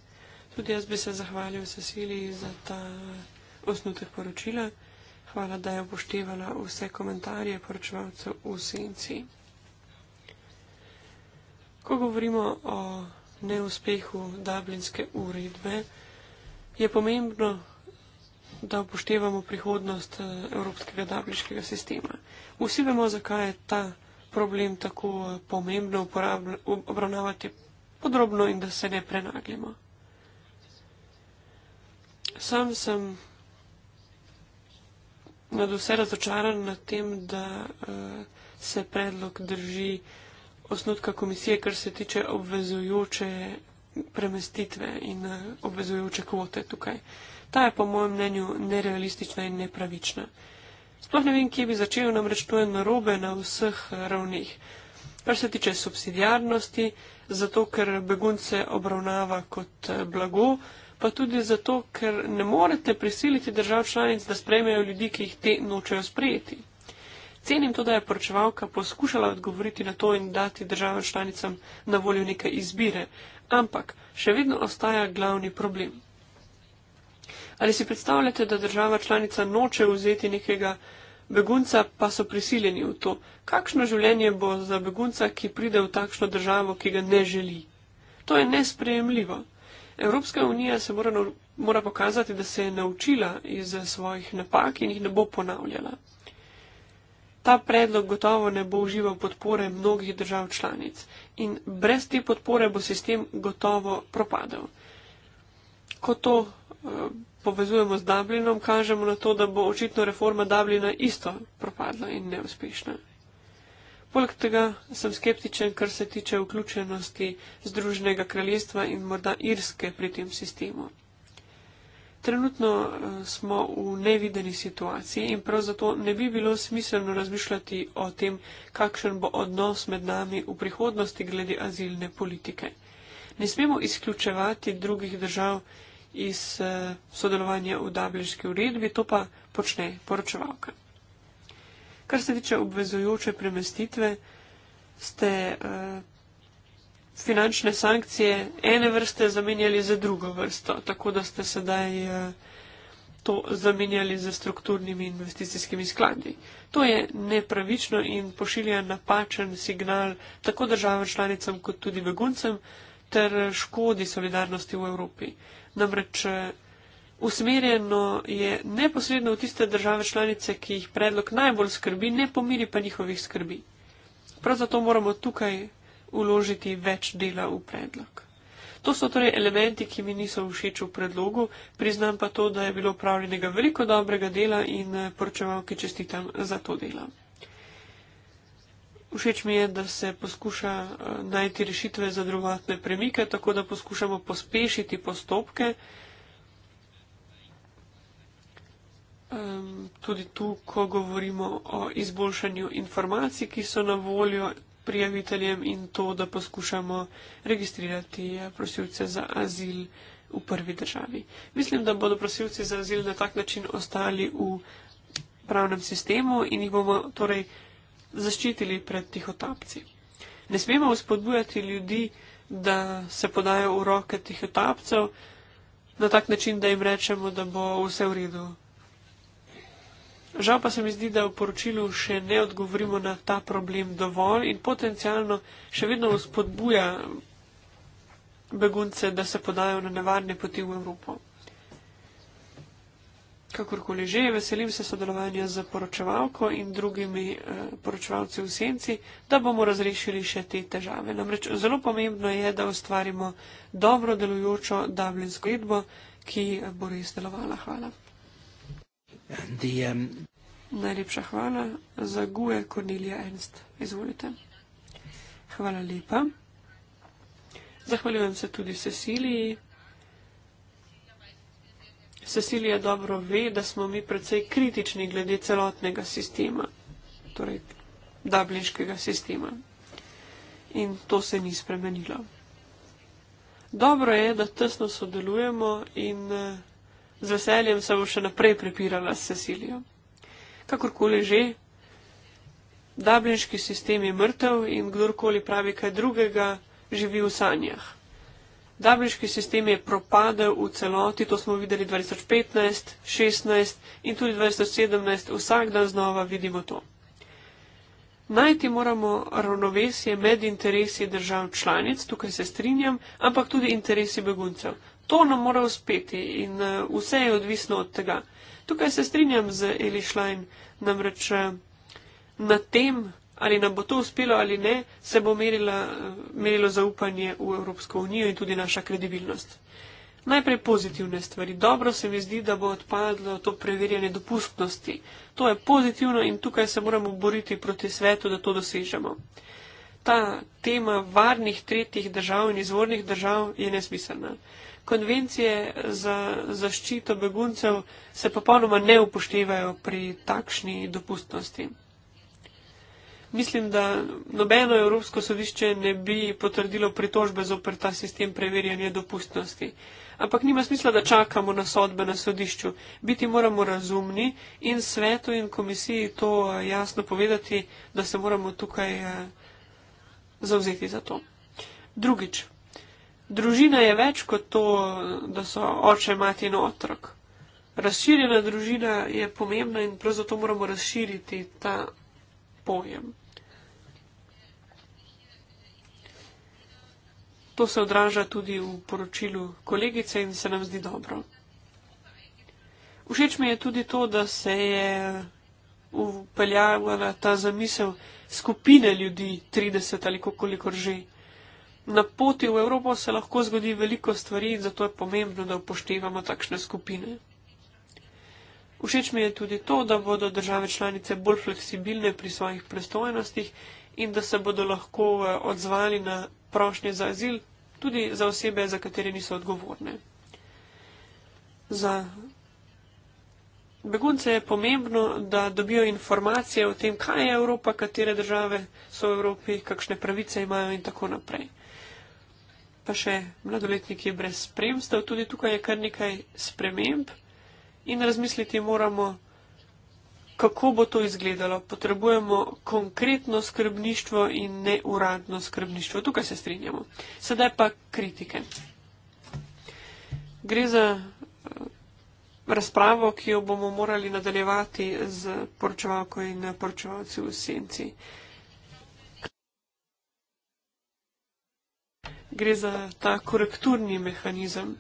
Tudi jaz bi se zahvalil Cecilii za ta osnutek poročila. Hvala, da je upoštevala vse komentarje poročevalcev v senci. Ko govorimo o neuspehu Dublinske uredbe, je pomembno, da upoštevamo prihodnost eh, evropskega dubliškega sistema. Vsi vemo, zakaj je ta problem tako eh, pomembno obravnavati podrobno in da se ne prenagljamo. Sam sem nad vse razočaran na tem, da uh, se predlog drži osnutka komisije, kar se tiče obvezujoče premestitve in eh, obvezujoče kvote tukaj. Ta je po mojem mnenju nerealistična in nepravična. Sploh ne vem, kje bi začel, namreč to je narobe na vseh ravnih. Uh, Kar se tiče subsidijarnosti, zato ker begunce obravnava kot eh, blago, pa tudi zato, ker ne morete prisiliti držav članic, da sprejmejo ljudi, ki jih te nočejo sprejeti. Cenim to, da je poročevalka poskušala odgovoriti na to in dati državam članicam na voljo neke izbire, ampak še vedno ostaja glavni problem. Ali si predstavljate, da država članica noče vzeti nekega begunca pa so prisiljeni v to. Kakšno življenje bo za begunca, ki pride v takšno državo, ki ga ne želi? To je nesprejemljivo. Evropska unija se mora, mora pokazati, da se je naučila iz svojih napak in jih ne bo ponavljala. Ta predlog gotovo ne bo užival podpore mnogih držav članic in brez te podpore bo sistem gotovo propadel. Ko to uh, povezujemo z Dublinom, kažemo na to, da bo očitno reforma Dublina isto propadla in neuspešna. Poleg tega sem skeptičen, kar se tiče vključenosti Združenega kraljestva in morda Irske pri tem sistemu. Trenutno eh, smo v nevideni situaciji in prav zato ne bi bilo smiselno razmišljati o tem, kakšen bo odnos med nami v prihodnosti glede azilne politike. Ne smemo izključevati drugih držav, iz eh, sodelovanja v dubliški uredbi, to pa počne poročevalka. Kar se tiče obvezujoče premestitve, ste eh, finančne sankcije ene vrste zamenjali za drugo vrsto, tako da ste sedaj eh, to zamenjali za strukturnimi investicijskimi skladi. To je nepravično in pošilja napačen signal tako državam članicam kot tudi beguncem ter škodi solidarnosti v Evropi. Namreč eh, usmerjeno je neposredno v tiste države članice, ki jih predlog najbolj skrbi, ne pomiri pa njihovih skrbi. Prav zato moramo tukaj uložiti več dela v predlog. To so torej elementi, ki mi niso všeč v predlogu, priznam pa to, da je bilo upravljenega veliko dobrega dela in eh, poročevalke čestitam za to delo. Všeč mi je, da se poskuša eh, najti rešitve za drugotne premike, tako da poskušamo pospešiti postopke. Tudi tu, ko govorimo o izboljšanju informacij, ki so na voljo prijaviteljem in to, da poskušamo registrirati eh, prosilce za azil v prvi državi. Mislim, da bodo prosilci za azil na tak način ostali v pravnem sistemu in jih bomo torej zaščitili pred tihotapci. Ne smemo vzpodbujati ljudi, da se podajo v roke tihotapcev na tak način, da jim rečemo, da bo vse v redu. Žal pa se mi zdi, da v poročilu še ne odgovorimo na ta problem dovolj in potencialno še vedno vzpodbuja begunce, da se podajo na nevarne poti v Evropo. Kakorkoli že, veselim se sodelovanja z poročevalko in drugimi eh, poročevalci v senci, da bomo razrešili še te težave. Namreč zelo pomembno je, da ustvarimo dobro delujočo dublinsko gledbo, ki eh, bo res delovala. Hvala. The, um... Najlepša hvala za guje Cornelia Ernst. Izvolite. Hvala lepa. Zahvaljujem se tudi Cecilii. Cecilija dobro ve, da smo mi predvsej kritični glede celotnega sistema, torej dubliniškega sistema. In to se ni spremenilo. Dobro je, da tesno sodelujemo in eh, z veseljem se bo še naprej prepirala s Cecilijo. Kakorkoli že, dubliniški sistem je mrtev in kdorkoli pravi kaj drugega, živi v sanjah. Dubliški sistem je propadel v celoti, to smo videli 2015, 2016 in tudi 2017, vsak dan znova vidimo to. Najti moramo ravnovesje med interesi držav članic, tukaj se strinjam, ampak tudi interesi beguncev. To nam mora uspeti in eh, vse je odvisno od tega. Tukaj se strinjam z Eli Schlein, namreč eh, na tem ali nam bo to uspelo ali ne, se bo merila, merilo zaupanje v Evropsko unijo in tudi naša kredibilnost. Najprej pozitivne stvari. Dobro se mi zdi, da bo odpadlo to preverjanje dopustnosti. To je pozitivno in tukaj se moramo boriti proti svetu, da to dosežemo. Ta tema varnih tretjih držav in izvornih držav je nesmiselna. Konvencije za zaščito beguncev se popolnoma ne upoštevajo pri takšni dopustnosti. Mislim, da nobeno Evropsko sodišče ne bi potrdilo pritožbe zoper ta sistem preverjanja dopustnosti. Ampak nima smisla, da čakamo na sodbe na sodišču. Biti moramo razumni in svetu in komisiji to eh, jasno povedati, da se moramo tukaj eh, zauzeti za to. Drugič. Družina je več kot to, eh, da so oče, mati in otrok. Razširjena družina je pomembna in prav zato moramo razširiti ta pojem. To se odraža tudi v poročilu kolegice in se nam zdi dobro. Všeč mi je tudi to, da se je upeljavala ta zamisel skupine ljudi, 30 ali koliko že. Na poti v Evropo se lahko zgodi veliko stvari in zato je pomembno, da upoštevamo takšne skupine. Všeč mi je tudi to, da bodo države članice bolj fleksibilne pri svojih pristojnostih in da se bodo lahko eh, odzvali na prošnje za azil tudi za osebe, za katere niso odgovorne. Za begunce je pomembno, da dobijo informacije o tem, kaj je Evropa, katere države so v Evropi, kakšne pravice imajo in tako naprej. Pa še mladoletniki brez spremstev, tudi tukaj je kar nekaj sprememb in razmisliti moramo, kako bo to izgledalo. Potrebujemo konkretno skrbništvo in ne uradno skrbništvo. Tukaj se strinjamo. Sedaj pa kritike. Gre za eh, razpravo, ki jo bomo morali nadaljevati z poročevalko in eh, poročevalci v senci. Gre za ta korekturni mehanizem.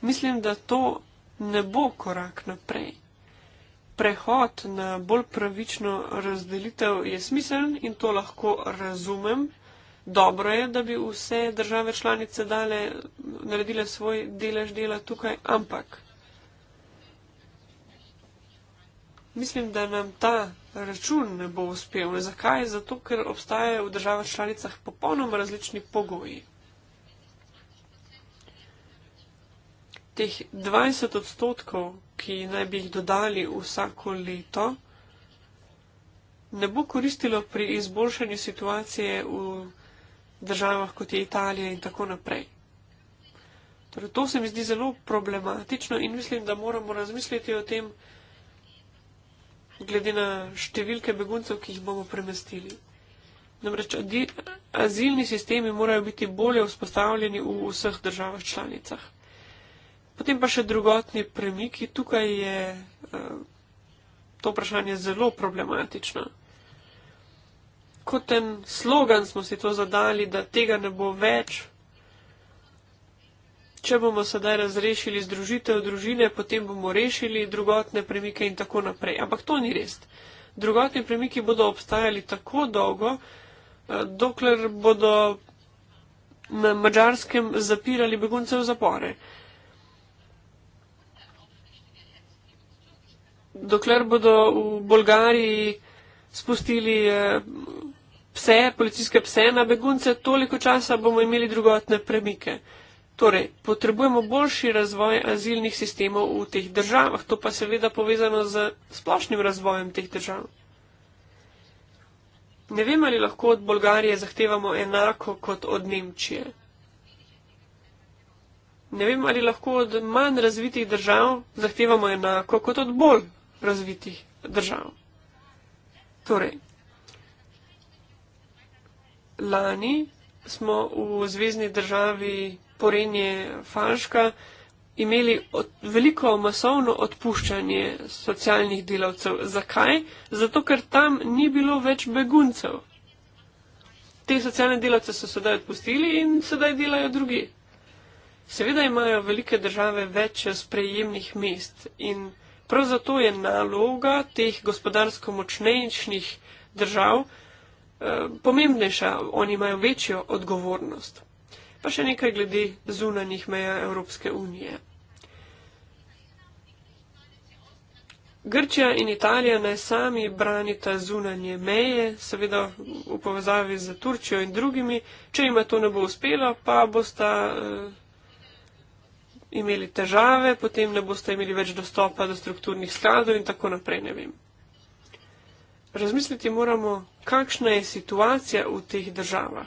Mislim, da to ne bo korak naprej. Prehod na bolj pravično razdelitev je smiseln in to lahko razumem. Dobro je, da bi vse države članice dale, naredile svoj delež dela tukaj, ampak mislim, da nam ta račun ne bo uspel. Zakaj? Zato, ker obstajajo v državah članicah popolnoma različni pogoji. teh 20 odstotkov, ki naj bi jih dodali vsako leto, ne bo koristilo pri izboljšanju situacije v državah kot je Italija in tako naprej. Torej, to se mi zdi zelo problematično in mislim, da moramo razmisliti o tem, glede na številke beguncev, ki jih bomo premestili. Namreč azilni sistemi morajo biti bolje vzpostavljeni v vseh državah članicah. Potem pa še drugotni premiki. Tukaj je eh, to vprašanje zelo problematično. Kot en slogan smo si to zadali, da tega ne bo več. Če bomo sedaj razrešili združitev družine, potem bomo rešili drugotne premike in tako naprej. Ampak to ni res. Drugotni premiki bodo obstajali tako dolgo, eh, dokler bodo na mačarskem zapirali begunce v zapore. dokler bodo v Bolgariji spustili eh, pse, policijske pse na begunce, toliko časa bomo imeli drugotne premike. Torej, potrebujemo boljši razvoj azilnih sistemov v teh državah, to pa seveda povezano z splošnim razvojem teh držav. Ne vem, ali lahko od Bolgarije zahtevamo enako kot od Nemčije. Ne vem, ali lahko od manj razvitih držav zahtevamo enako kot od bolj razvitih držav. Torej, lani smo v zvezdni državi Porenje Fanška imeli od, veliko masovno odpuščanje socialnih delavcev. Zakaj? Zato, ker tam ni bilo več beguncev. Te socialne delavce so sedaj odpustili in sedaj delajo drugi. Seveda imajo velike države več sprejemnih mest in. Prav zato je naloga teh gospodarsko močnejših držav eh, pomembnejša, oni imajo večjo odgovornost. Pa še nekaj glede zunanjih meja Evropske unije. Grčija in Italija naj sami branita zunanje meje, seveda v povezavi z Turčijo in drugimi. Če jim to ne bo uspelo, pa bosta eh, imeli težave, potem ne boste imeli več dostopa do strukturnih skladov in tako naprej, ne vem. Razmisliti moramo, kakšna je situacija v teh državah,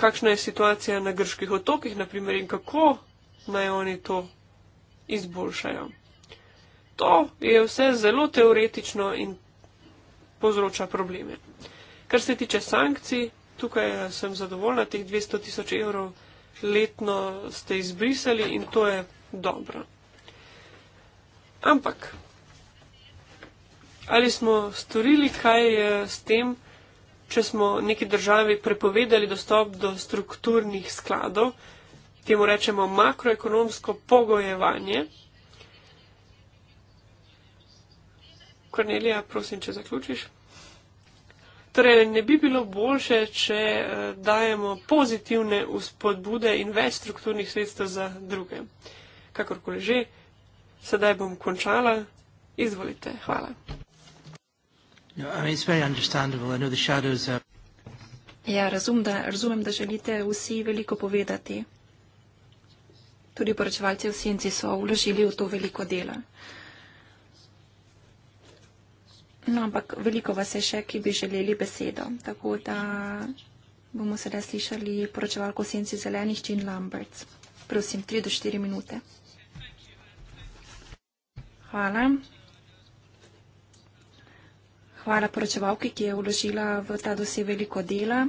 kakšna je situacija na grških otokih, naprimer, in kako naj oni to izboljšajo. To je vse zelo teoretično in povzroča probleme. Kar se tiče sankcij, tukaj eh, sem zadovoljna teh 200 tisoč evrov letno ste izbrisali in to je dobro. Ampak, ali smo storili kaj eh, s tem, če smo neki državi prepovedali dostop do strukturnih skladov, temu rečemo makroekonomsko pogojevanje? Kornelija, prosim, če zaključiš. Torej, ne bi bilo boljše, če eh, dajemo pozitivne uspodbude in več strukturnih sredstev za druge. Kakorkoli že, sedaj bom končala. Izvolite, hvala. No, ja, razum, da, razumem, da želite vsi veliko povedati. Tudi poročevalci v senci so vložili v to veliko dela. Uh, No, ampak veliko vas je še, ki bi želeli besedo. Tako da bomo sedaj slišali poročevalko senci zelenih Jean Lamberts. Prosim, tri do štiri minute. Hvala. Hvala poročevalki, ki je vložila v ta dosje veliko dela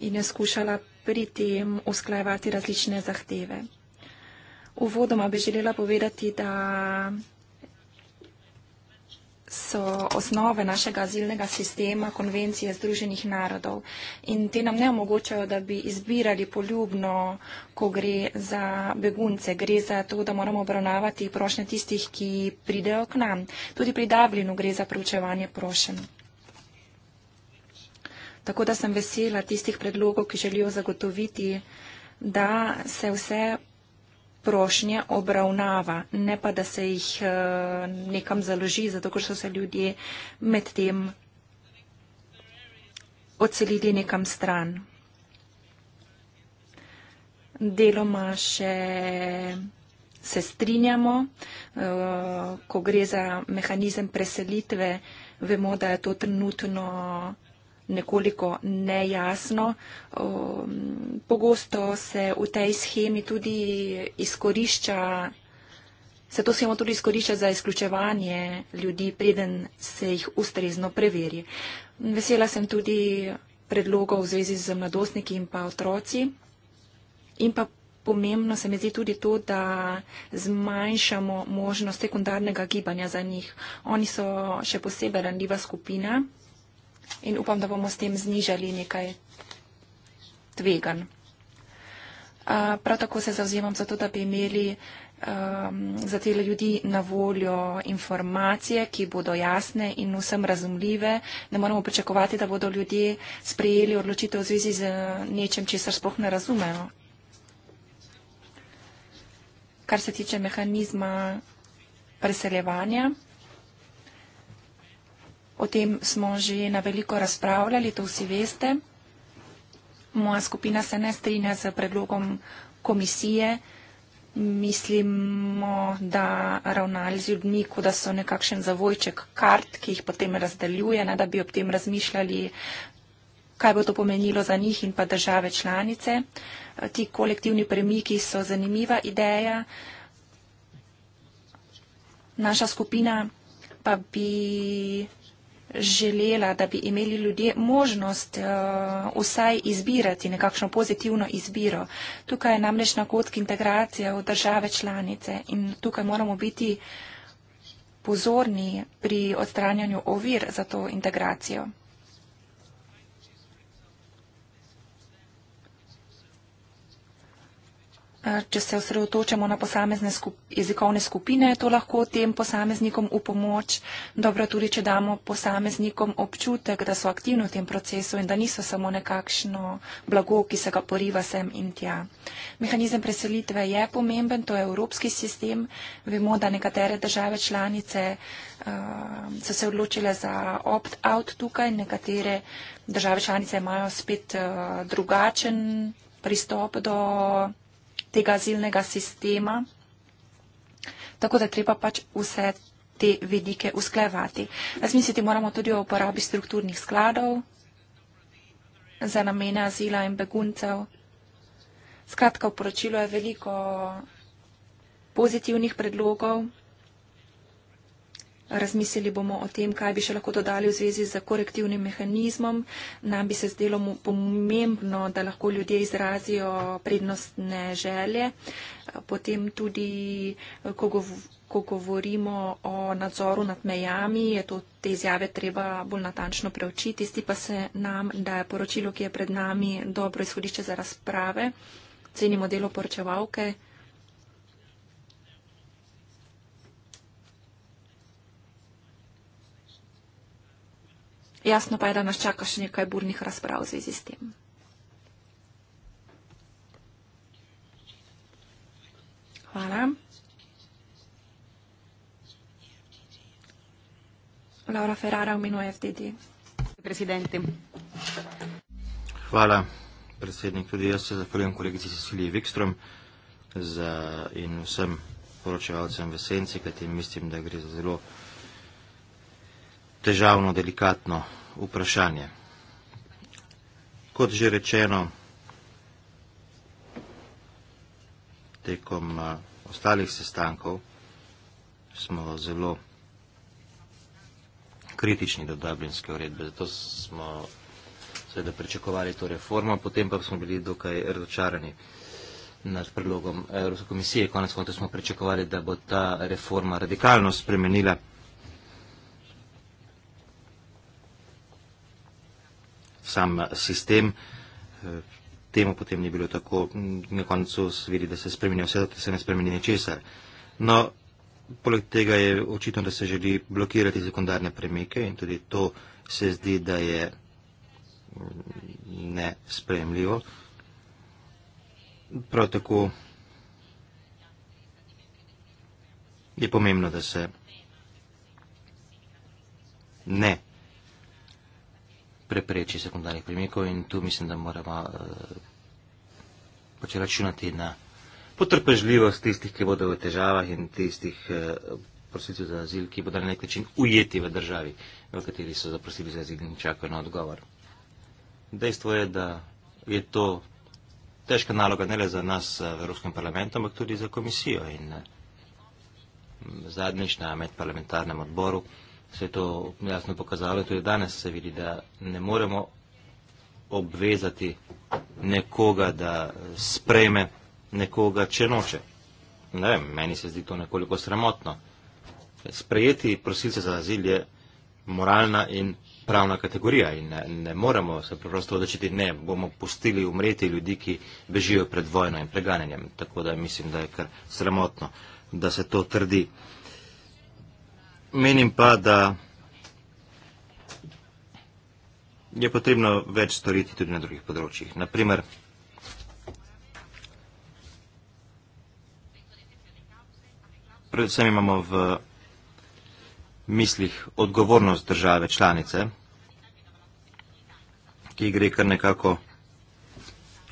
in je skušala pri tem usklajevati različne zahteve. Uvodoma bi želela povedati, da so osnove našega azilnega sistema konvencije Združenih narodov in te nam ne omogočajo, da bi izbirali poljubno, ko gre za begunce. Gre za to, da moramo obravnavati prošnje tistih, ki pridejo k nam. Tudi pri Dublinu gre za preučevanje prošen. Tako da sem vesela tistih predlogov, ki želijo zagotoviti, da se vse prošnje obravnava, ne pa da se jih eh, nekam založi, zato ker so se ljudje med tem odselili nekam stran. Deloma še se strinjamo, eh, ko gre za mehanizem preselitve, vemo, da je to trenutno nekoliko nejasno. Um, pogosto se v tej schemi tudi izkorišča, se to schemo tudi izkorišča za izključevanje ljudi, preden se jih ustrezno preveri. Vesela sem tudi predlogov v zvezi z mladostniki in pa otroci. In pa pomembno se mi zdi tudi to, da zmanjšamo možnost sekundarnega gibanja za njih. Oni so še posebej randljiva skupina in upam, da bomo s tem znižali nekaj tvegan. Prav tako se zauzemam za to, da bi imeli um, za te ljudi na voljo informacije, ki bodo jasne in vsem razumljive. Ne moramo pričakovati, da bodo ljudje sprejeli odločitev v zvezi z nečem, česar sploh ne razumejo. Kar se tiče mehanizma preseljevanja. O tem smo že na veliko razpravljali, to vsi veste. Moja skupina se ne strinja z predlogom komisije. Mislimo, da ravnali z ljudmi, kot da so nekakšen zavojček kart, ki jih potem razdeljuje, ne, da bi ob tem razmišljali, kaj bo to pomenilo za njih in pa države članice. Ti kolektivni premiki so zanimiva ideja. Naša skupina pa bi želela, da bi imeli ljudje možnost uh, vsaj izbirati nekakšno pozitivno izbiro. Tukaj je namreč na kotki integracije v države članice in tukaj moramo biti pozorni pri odstranjanju ovir za to integracijo. Če se osredotočamo na posamezne skup jezikovne skupine, to lahko tem posameznikom v pomoč. Dobro tudi, če damo posameznikom občutek, da so aktivni v tem procesu in da niso samo nekakšno blago, ki se ga poriva sem in tja. Mehanizem preselitve je pomemben, to je evropski sistem. Vemo, da nekatere države članice uh, so se odločile za opt-out tukaj, nekatere države članice imajo spet uh, drugačen pristop do tega azilnega sistema. Tako da treba pač vse te vedike usklajevati. Razmisliti moramo tudi o uporabi strukturnih skladov za namene azila in beguncev. Skratka, v poročilu je veliko pozitivnih predlogov. Razmislili bomo o tem, kaj bi še lahko dodali v zvezi z korektivnim mehanizmom. Nam bi se zdelo pomembno, da lahko ljudje izrazijo prednostne želje. Potem tudi, ko, gov ko govorimo o nadzoru nad mejami, je to te izjave treba bolj natančno preučiti. Sti pa se nam, da je poročilo, ki je pred nami, dobro izhodišče za razprave. Cenimo delo poročevalke. Jasno pa je, da nas čaka še nekaj burnih razprav v zvezi s tem. Hvala. Laura Ferrara v imenu FDD. Presidenti. Hvala, predsednik. Tudi jaz se zahvaljujem kolegici Cecilije Vikstrom za, in vsem poročevalcem v senci, kajti mislim, da gre za zelo težavno, delikatno vprašanje. Kot že rečeno, tekom eh, ostalih sestankov smo zelo kritični do dublinske uredbe, zato smo seveda pričakovali to reformo, potem pa smo bili dokaj razočarani nad predlogom Evropske komisije. Konec konca smo pričakovali, da bo ta reforma radikalno spremenila sam eh, sistem. Eh, temu potem ni bilo tako, na koncu se vidi, da se spremenja vse, da se ne spremeni ničesar. No, poleg tega je očitno, da se želi blokirati sekundarne premike in tudi to se zdi, da je nespremljivo. Prav tako je pomembno, da se ne prepreči sekundarnih premikov in tu mislim, da moramo uh, računati na potrpežljivost tistih, ki bodo v težavah in tistih uh, prosilcev za azil, ki bodo na nek način ujeti v državi, v kateri so zaprosili za azil in čakajo na odgovor. Dejstvo je, da je to težka naloga ne le za nas eh, v Evropskem parlamentu, ampak tudi za komisijo in uh, zadnjič na medparlamentarnem odboru. Uh, se je to jasno pokazalo, tudi danes se vidi, da ne moremo obvezati nekoga, da sprejme nekoga, če noče. Ne vem, meni se zdi to nekoliko sramotno. Sprejeti prosilce za azil je moralna in pravna kategorija in ne, ne moremo se preprosto odločiti, ne, bomo pustili umreti ljudi, ki bežijo pred vojno in preganjanjem. Tako da mislim, da je kar sramotno, da se to trdi. Uh, Menim pa, da je potrebno več storiti tudi na drugih področjih. Naprimer, predvsem imamo v mislih odgovornost države članice, ki gre kar nekako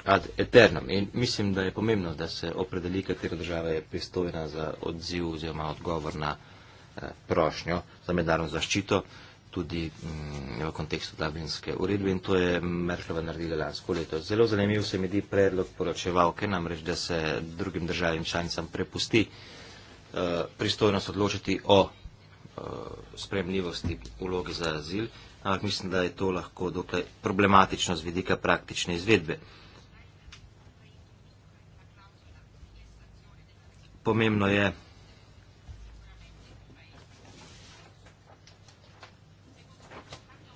ad eternom. In mislim, da je pomembno, da se opredeli, katera država je pristojna za odziv oziroma odgovor na odgovor Eh, prošnjo za mednarodno zaščito tudi mm, v kontekstu Dublinske uredbe in to je Merklova naredila lansko leto. Zelo zanimiv se mi di predlog poročevalke, namreč, da se drugim državim članicam prepusti eh, pristojnost odločiti o eh, spremljivosti vlogi za azil, ampak mislim, da je to lahko dokaj problematično z vidika praktične izvedbe. Pomembno je,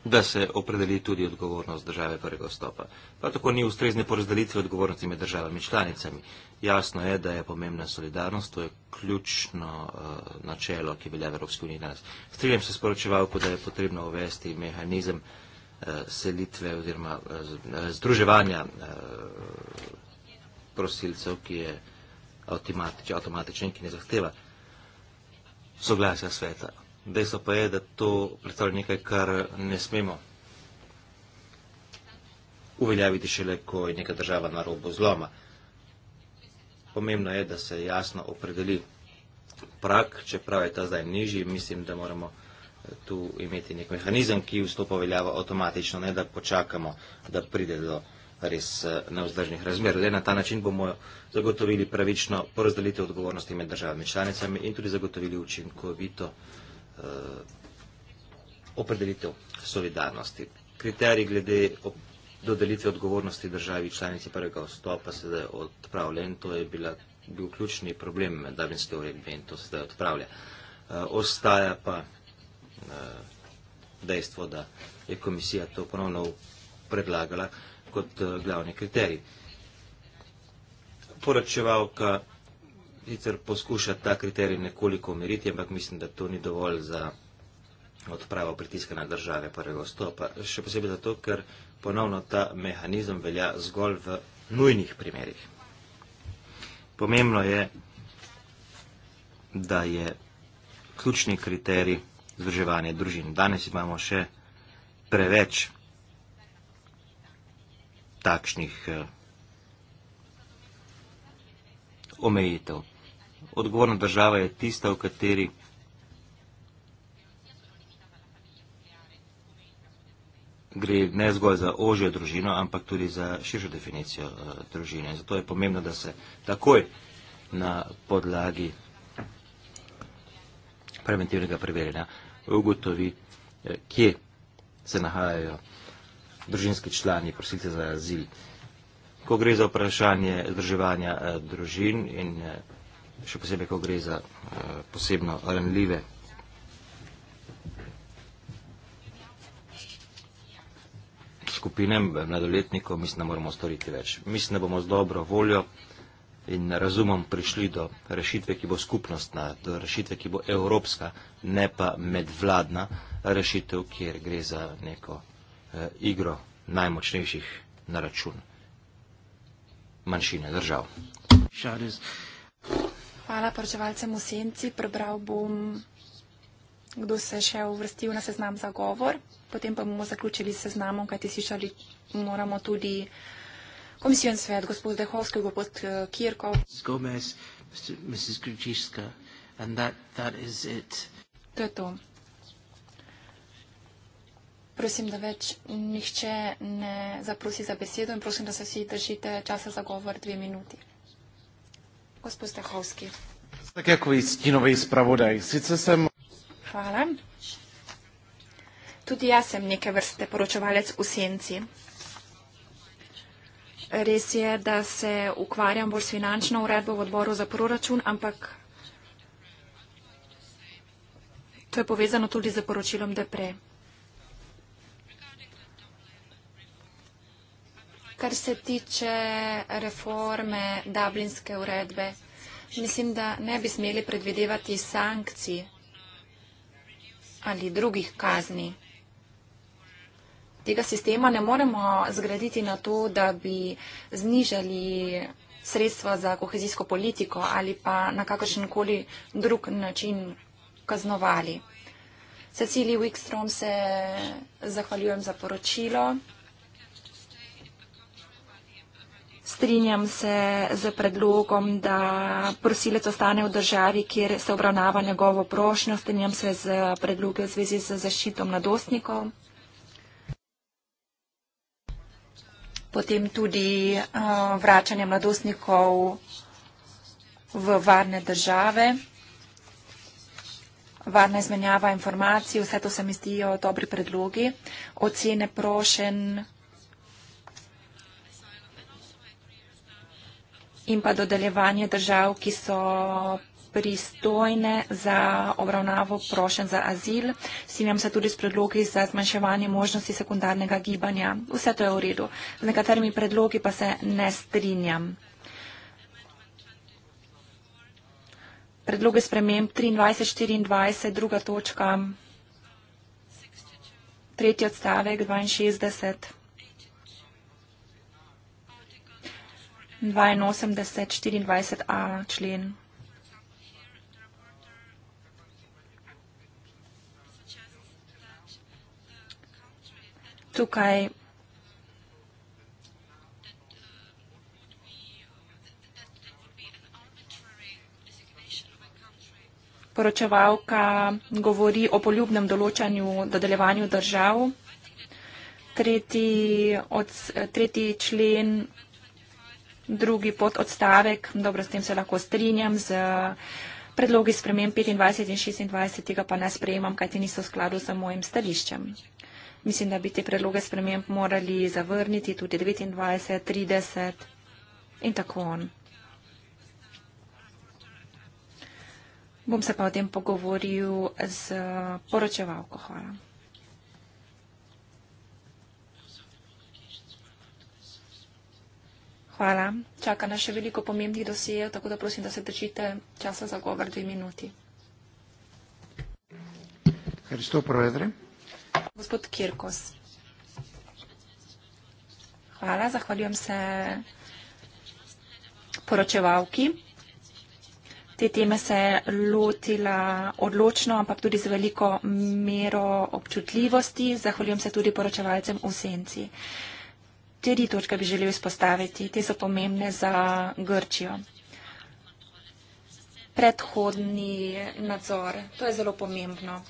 da se opredeli tudi odgovornost države prvega vstopa. Prav tako ni ustrezne porazdelitve odgovornosti med državami članicami. Jasno je, da je pomembna solidarnost, to je ključno uh, načelo, ki velja v Evropski uniji danes. Strinjam se s poročevalko, da je potrebno uvesti mehanizem uh, selitve oziroma uh, združevanja uh, prosilcev, ki je avtomatičen, ki ne zahteva soglasja sveta. Dejstvo pa je, da to predstavlja nekaj, kar ne smemo uveljaviti šele, ko je neka država na robu zloma. Pomembno je, da se jasno opredeli prak, čeprav je ta zdaj nižji, mislim, da moramo eh, tu imeti nek mehanizem, ki vstopa veljava avtomatično, ne da počakamo, da pride do res eh, neuzdržnih razmer. Le na ta način bomo zagotovili pravično porazdelitev odgovornosti med državami članicami in tudi zagotovili učinkovito Eh, opredelitev solidarnosti. Kriteriji glede dodelitve odgovornosti državi članici prvega vstopa se zdaj odpravlja in to je bila, bil ključni problem med davinske uredbe in to se zdaj odpravlja. E, ostaja pa e, dejstvo, da je komisija to ponovno predlagala kot e, glavni kriterij. Poročevalka sicer poskuša ta kriterij nekoliko umiriti, ampak mislim, da to ni dovolj za odpravo pritiska na države prvega stopa. Še posebej zato, ker ponovno ta mehanizem velja zgolj v nujnih primerih. Pomembno je, da je ključni kriterij združevanje družin. Danes imamo še preveč takšnih. Eh, omejitev. Odgovorna država je tista, v kateri gre ne zgolj za ožjo družino, ampak tudi za širšo definicijo uh, družine. Zato je pomembno, da se takoj na podlagi preventivnega preverjanja ugotovi, eh, kje se nahajajo družinski člani, prosilce za azil. Uh, ko gre za vprašanje zdrževanja eh, družin in eh, še posebej, ko gre za eh, posebno ranljive. skupinem mladoletnikov, mislim, da moramo storiti več. Mislim, da bomo z dobro voljo in razumom prišli do rešitve, ki bo skupnostna, do rešitve, ki bo evropska, ne pa medvladna rešitev, kjer gre za neko eh, igro najmočnejših na račun manjšine držav. Hvala poročevalcem v senci. Prebral bom, kdo se je še uvrstil na seznam za govor. Potem pa bomo zaključili seznamom, kajti slišali moramo tudi komisijo in svet, gospod Dehovski, gospod eh, Kirkov. Gomez, Mrs. Grudžiska, and that, that is it. To je to prosim, da več nihče ne zaprosi za besedo in prosim, da se vsi držite časa za govor dve minuti. Gospod Stehovski. Tak jako istinovej spravodaj. Sice sem... Hvala. Tudi jaz sem neke vrste poročevalec v senci. Res je, da se ukvarjam bolj s finančno uredbo v odboru za proračun, ampak to je povezano tudi z poročilom DPR. kar se tiče reforme dublinske uredbe. Mislim, da ne bi smeli predvidevati sankcij ali drugih kazni. Tega sistema ne moremo zgraditi na to, da bi znižali sredstva za kohezijsko politiko ali pa na kakršenkoli drug način kaznovali. Cecilij Wikstrom se zahvaljujem za poročilo. strinjam se z predlogom, da prosilec ostane v državi, kjer se obravnava njegovo prošnjo. Strinjam se z predlogom v zvezi z zaščitom nadostnikov. Potem tudi uh, vračanje mladostnikov v varne države, varna izmenjava informacij, vse to se mi zdijo dobri predlogi, ocene prošen. in pa dodeljevanje držav, ki so pristojne za obravnavo prošen za azil. Sinjam se tudi s predlogi za zmanjševanje možnosti sekundarnega gibanja. Vse to je v redu. Z nekaterimi predlogi pa se ne strinjam. Predloge spremem 23, 24, druga točka, tretji odstavek 62. 82, 24 a člen. Tukaj poročevalka govori o poljubnem določanju dodeljevanju držav. Tretji, od, tretji člen drugi pod odstavek, dobro, s tem se lahko strinjam, z eh, predlogi spremem 25 in 26 tega pa ne sprejemam, kajti niso v skladu z mojim stališčem. Mislim, da bi te predloge sprememb morali zavrniti tudi 29, 30 in tako on. Bom se pa o tem pogovoril z eh, poročevalko. Hvala. Hvala. Čaka nas še veliko pomembnih dosijev, tako da prosim, da se držite časa za govor dve minuti. Gospod Kirkos. Hvala, zahvaljujem se poročevalki. Te teme se je lotila odločno, ampak tudi z veliko mero občutljivosti. Zahvaljujem se tudi poročevalcem v senci. Uh, tri točke bi želel izpostaviti. Te so pomembne za Grčijo. Predhodni nadzor. To je zelo pomembno.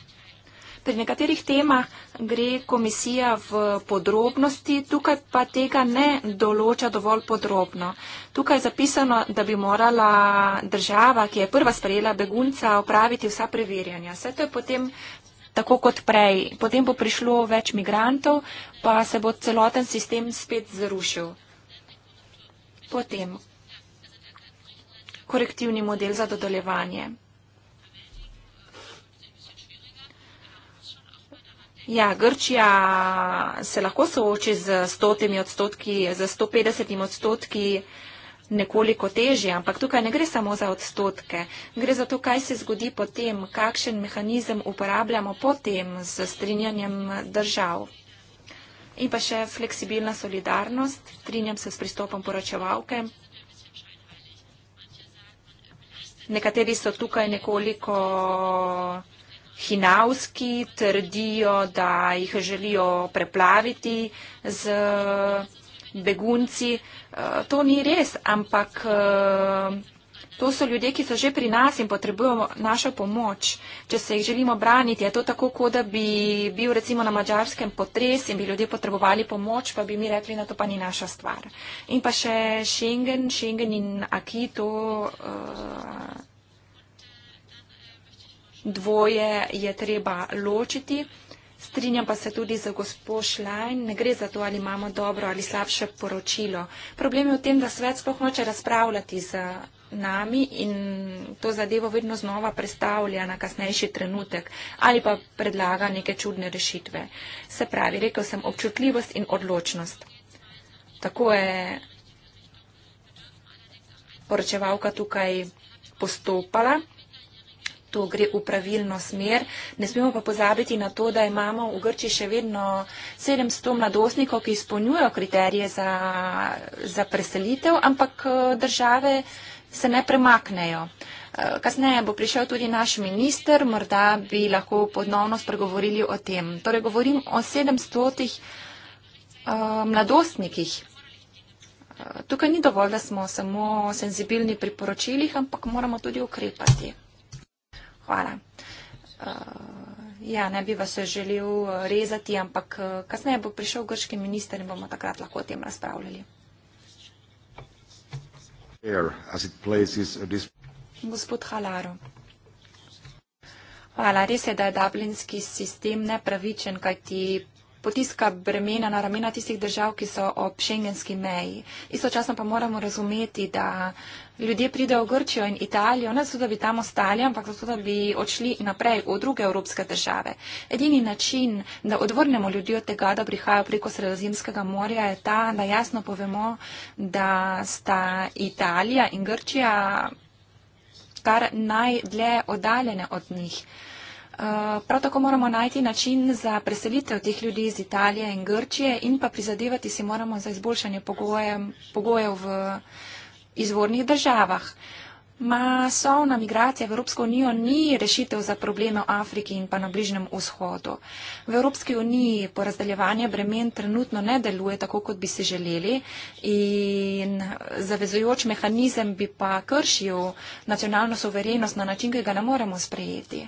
Pri nekaterih temah gre komisija v podrobnosti, tukaj pa tega ne določa dovolj podrobno. Tukaj je zapisano, da bi morala država, ki je prva sprejela begunca, opraviti vsa preverjanja. Vse to je potem tako kot prej. Potem bo prišlo več migrantov, pa se bo celoten sistem spet zrušil. Potem korektivni model za dodeljevanje. Ja, Grčija se lahko sooči z 100 odstotki, z 150 odstotki nekoliko težje, ampak tukaj ne gre samo za odstotke, gre za to, kaj se zgodi potem, kakšen mehanizem uporabljamo potem z strinjanjem držav. In pa še fleksibilna solidarnost, strinjam se s pristopom poročevalke. Nekateri so tukaj nekoliko hinavski, trdijo, da jih želijo preplaviti z begunci. Eh, to ni res, ampak eh, to so ljudje, ki so že pri nas in potrebujo našo pomoč. Če se jih želimo braniti, je to tako, kot da bi bil recimo na mačarskem potres in bi ljudje potrebovali pomoč, pa bi mi rekli, da no, to pa ni naša stvar. In pa še Schengen, Schengen in Aki, to eh, dvoje je treba ločiti. Strinjam pa se tudi za gospod Šlajn, ne gre za to, ali imamo dobro ali slabše poročilo. Problem je v tem, da svet sploh hoče razpravljati z nami in to zadevo vedno znova predstavlja na kasnejši trenutek ali pa predlaga neke čudne rešitve. Se pravi, rekel sem občutljivost in odločnost. Tako je poročevalka tukaj postopala to gre v pravilno smer. Ne smemo pa pozabiti na to, da imamo v Grčiji še vedno 700 mladostnikov, ki izpolnjujo kriterije za, za preselitev, ampak eh, države se ne premaknejo. Eh, kasneje bo prišel tudi naš minister, morda bi lahko ponovno spregovorili o tem. Torej govorim o 700 uh, eh, mladostnikih. Tukaj ni dovolj, da smo samo senzibilni pri poročilih, ampak moramo tudi ukrepati. Hvala. Uh, ja, ne bi vas želel eh, rezati, ampak eh, kasneje bo prišel grški minister in bomo takrat lahko o tem razpravljali. Gospod Halaro. Hvala. Res je, da je dublinski sistem nepravičen, kajti potiska bremena na ramena tistih držav, ki so ob šengenski meji. Istočasno pa moramo razumeti, da uh, ljudje pridejo v Grčijo in Italijo, ne zato, da bi tam ostali, ampak zato, da bi odšli naprej v druge evropske države. Edini način, da odvrnemo ljudi od tega, da prihajajo preko Sredozemskega morja, je ta, da jasno povemo, da sta Italija in Grčija kar najdlje oddaljene od njih. Eh, prav tako moramo najti način za preselitev teh ljudi iz Italije in Grčije in pa prizadevati si moramo za izboljšanje pogojev v izvornih državah. Masovna migracija v Evropsko unijo ni rešitev za probleme v Afriki in pa na Bližnjem vzhodu. V Evropski uniji porazdeljevanje bremen trenutno ne deluje tako, kot bi si želeli in zavezujoč mehanizem bi pa kršil nacionalno soverenost na način, ki ga ne moremo sprejeti.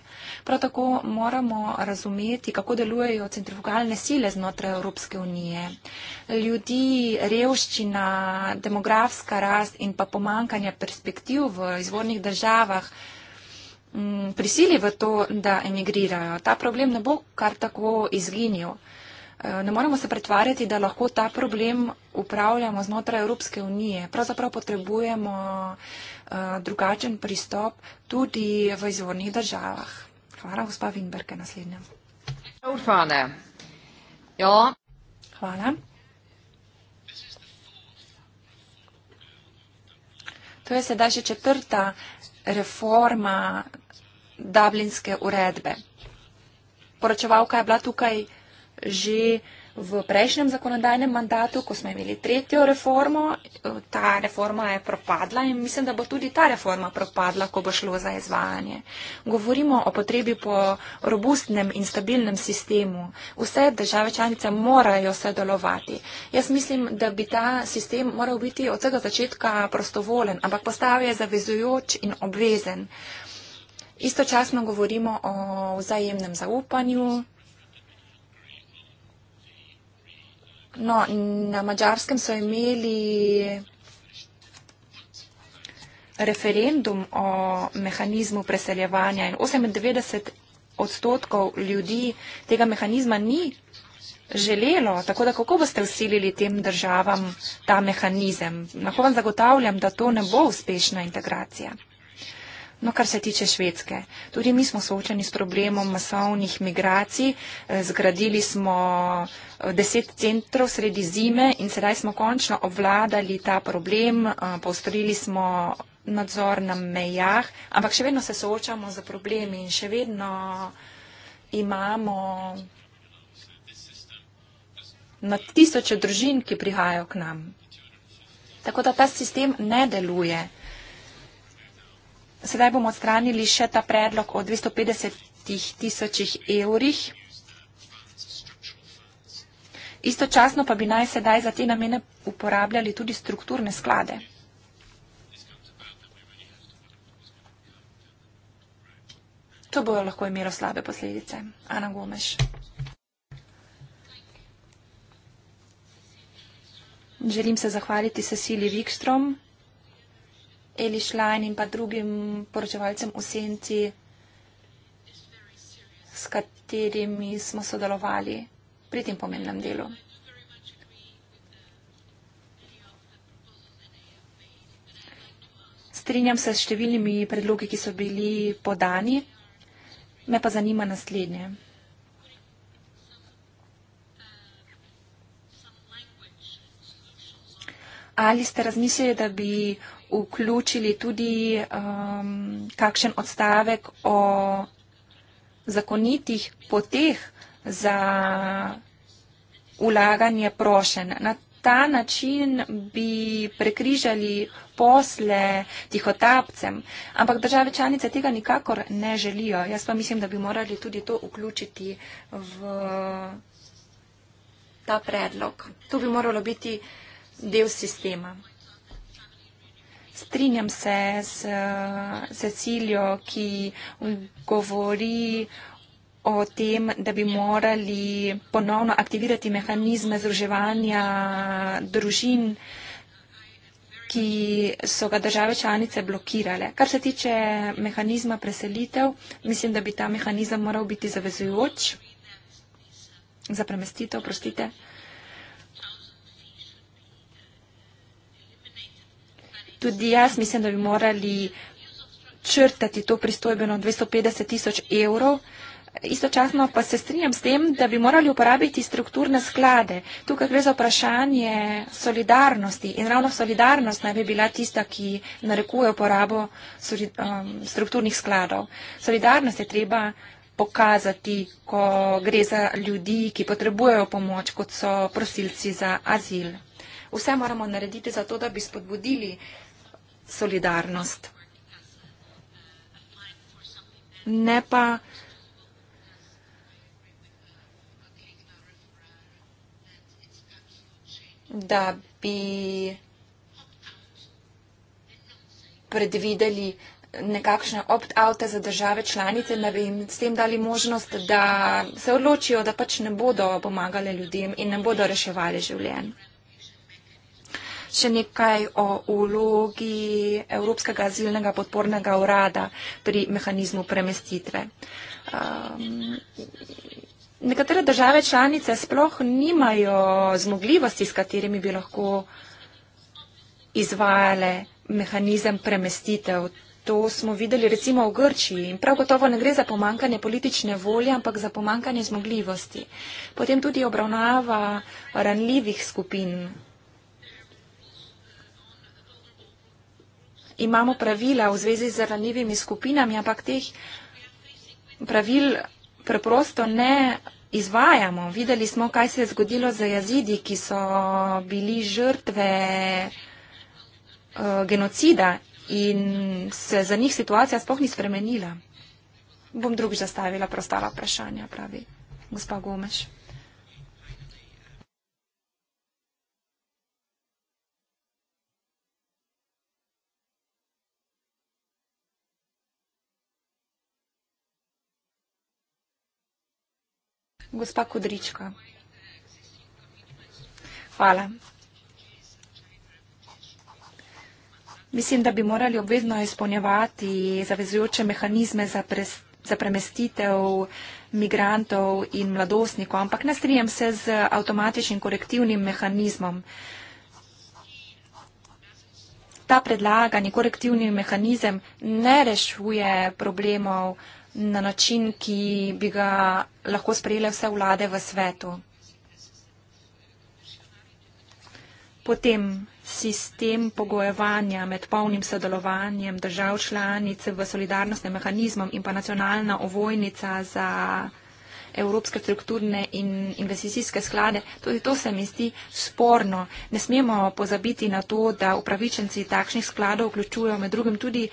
Prav tako moramo razumeti, kako delujejo centrifugalne sile znotraj Evropske unije. Ljudi, revščina, demografska rast in pa pomankanje perspektiv v izvornih državah mm, prisili v to, da emigrirajo. Ta problem ne bo kar tako izginil. E, ne moramo se pretvarjati, da lahko ta problem upravljamo znotraj Evropske unije. Pravzaprav potrebujemo e, drugačen pristop tudi v izvornih državah. Hvala, gospa Winberg, naslednja. Hvala. Hvala. To je sedaj še četrta reforma dublinske uredbe. Poročevalka je bila tukaj že v prejšnjem zakonodajnem mandatu, ko smo imeli tretjo reformo, ta reforma je propadla in mislim, da bo tudi ta reforma propadla, ko bo šlo za izvajanje. Govorimo o potrebi po robustnem in stabilnem sistemu. Vse države članice morajo sodelovati. Jaz mislim, da bi ta sistem moral biti od vsega začetka prostovolen, ampak postavi je zavezujoč in obvezen. Istočasno govorimo o vzajemnem zaupanju, No, in na Mačarskem so imeli referendum o mehanizmu preseljevanja in 98 odstotkov ljudi tega mehanizma ni želelo. Tako da kako boste usilili tem državam ta mehanizem? Lahko vam zagotavljam, da to ne bo uspešna integracija. No, kar se tiče Švedske, tudi mi smo soočeni s problemom masovnih migracij. Eh, zgradili smo eh, deset centrov sredi zime in sedaj smo končno obvladali ta problem, eh, postorili smo nadzor na mejah, ampak še vedno se soočamo z problemi in še vedno imamo na tisoče družin, ki prihajajo k nam. Tako da ta sistem ne deluje. Sedaj bomo odstranili še ta predlog o 250 tisočih evrih. Istočasno pa bi naj sedaj za te namene uporabljali tudi strukturne sklade. To bojo lahko imelo slabe posledice. Ana Gomeš. Želim se zahvaliti Cecilii Wikstrom. Eli Schlein in pa drugim poročevalcem v senci, s katerimi smo sodelovali pri tem pomembnem delu. Strinjam se s številnimi predlogi, ki so bili podani. Me pa zanima naslednje. Ali ste razmišljali, da bi vključili tudi um, kakšen odstavek o zakonitih poteh za ulaganje prošen. Na ta način bi prekrižali posle tihotapcem, ampak države članice tega nikakor ne želijo. Jaz pa mislim, da bi morali tudi to vključiti v ta predlog. To bi moralo biti del sistema strinjam se s Cecilijo, ki govori o tem, da bi morali ponovno aktivirati mehanizme združevanja družin, ki so ga države članice blokirale. Kar se tiče mehanizma preselitev, mislim, da bi ta mehanizem moral biti zavezujoč za premestitev, prostite. Uh, Tudi jaz mislim, da bi morali črtati to pristojbeno 250 tisoč evrov. Istočasno pa se strinjam s tem, da bi morali uporabiti strukturne sklade. Tukaj gre za vprašanje solidarnosti in ravno solidarnost naj bi bila tista, ki narekuje uporabo um, strukturnih skladov. Solidarnost je treba pokazati, ko gre za ljudi, ki potrebujejo pomoč, kot so prosilci za azil. Vse moramo narediti za to, da bi spodbudili solidarnost. Ne pa da bi predvideli nekakšne opt-oute za države članice, da bi jim s tem dali možnost, da se odločijo, da pač ne bodo pomagali ljudem in ne bodo reševali življenj še nekaj o vlogi Evropskega azilnega podpornega urada pri mehanizmu premestitve. Um, nekatere države članice sploh nimajo zmogljivosti, s katerimi bi lahko izvajale mehanizem premestitev. To smo videli recimo v Grčiji. Prav gotovo ne gre za pomankanje politične volje, ampak za pomankanje zmogljivosti. Potem tudi obravnava ranljivih skupin imamo pravila v zvezi z ranljivimi skupinami, ampak teh pravil preprosto ne izvajamo. Videli smo, kaj se je zgodilo za jazidi, ki so bili žrtve eh, genocida in se za njih situacija sploh ni spremenila. Bom drugič zastavila prostala vprašanja, pravi gospa Gomeš. Gospa Kudrička. Hvala. Mislim, da bi morali obvezno izpolnjevati zavezujoče mehanizme za, pre, za premestitev migrantov in mladostnikov, ampak ne strinjam se z avtomatičnim korektivnim mehanizmom. Ta predlagani korektivni mehanizem ne rešuje problemov na način, ki bi ga lahko sprejele vse vlade v svetu. Potem sistem pogojevanja med polnim sodelovanjem držav članic v solidarnostnem mehanizmom in pa nacionalna ovojnica za evropske strukturne in investicijske sklade. Tudi to se mi zdi sporno. Ne smemo pozabiti na to, da upravičenci takšnih skladov vključujejo med drugim tudi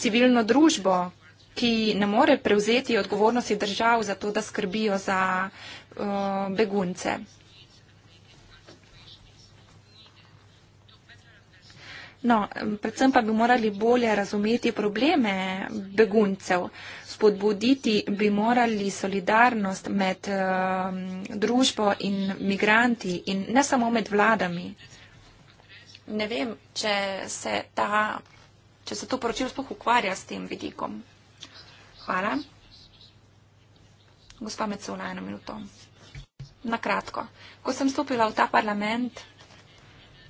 civilno družbo, ki ne more prevzeti odgovornosti držav za to, da skrbijo za uh, begunce. No, predvsem pa bi morali bolje razumeti probleme beguncev, spodbuditi bi morali solidarnost med uh, družbo in migranti in ne samo med vladami. Ne vem, če se ta če se to poročilo sploh ukvarja s tem vidikom. Hvala. Gospa Mecola, eno minuto. Na kratko. Ko sem stopila v ta parlament,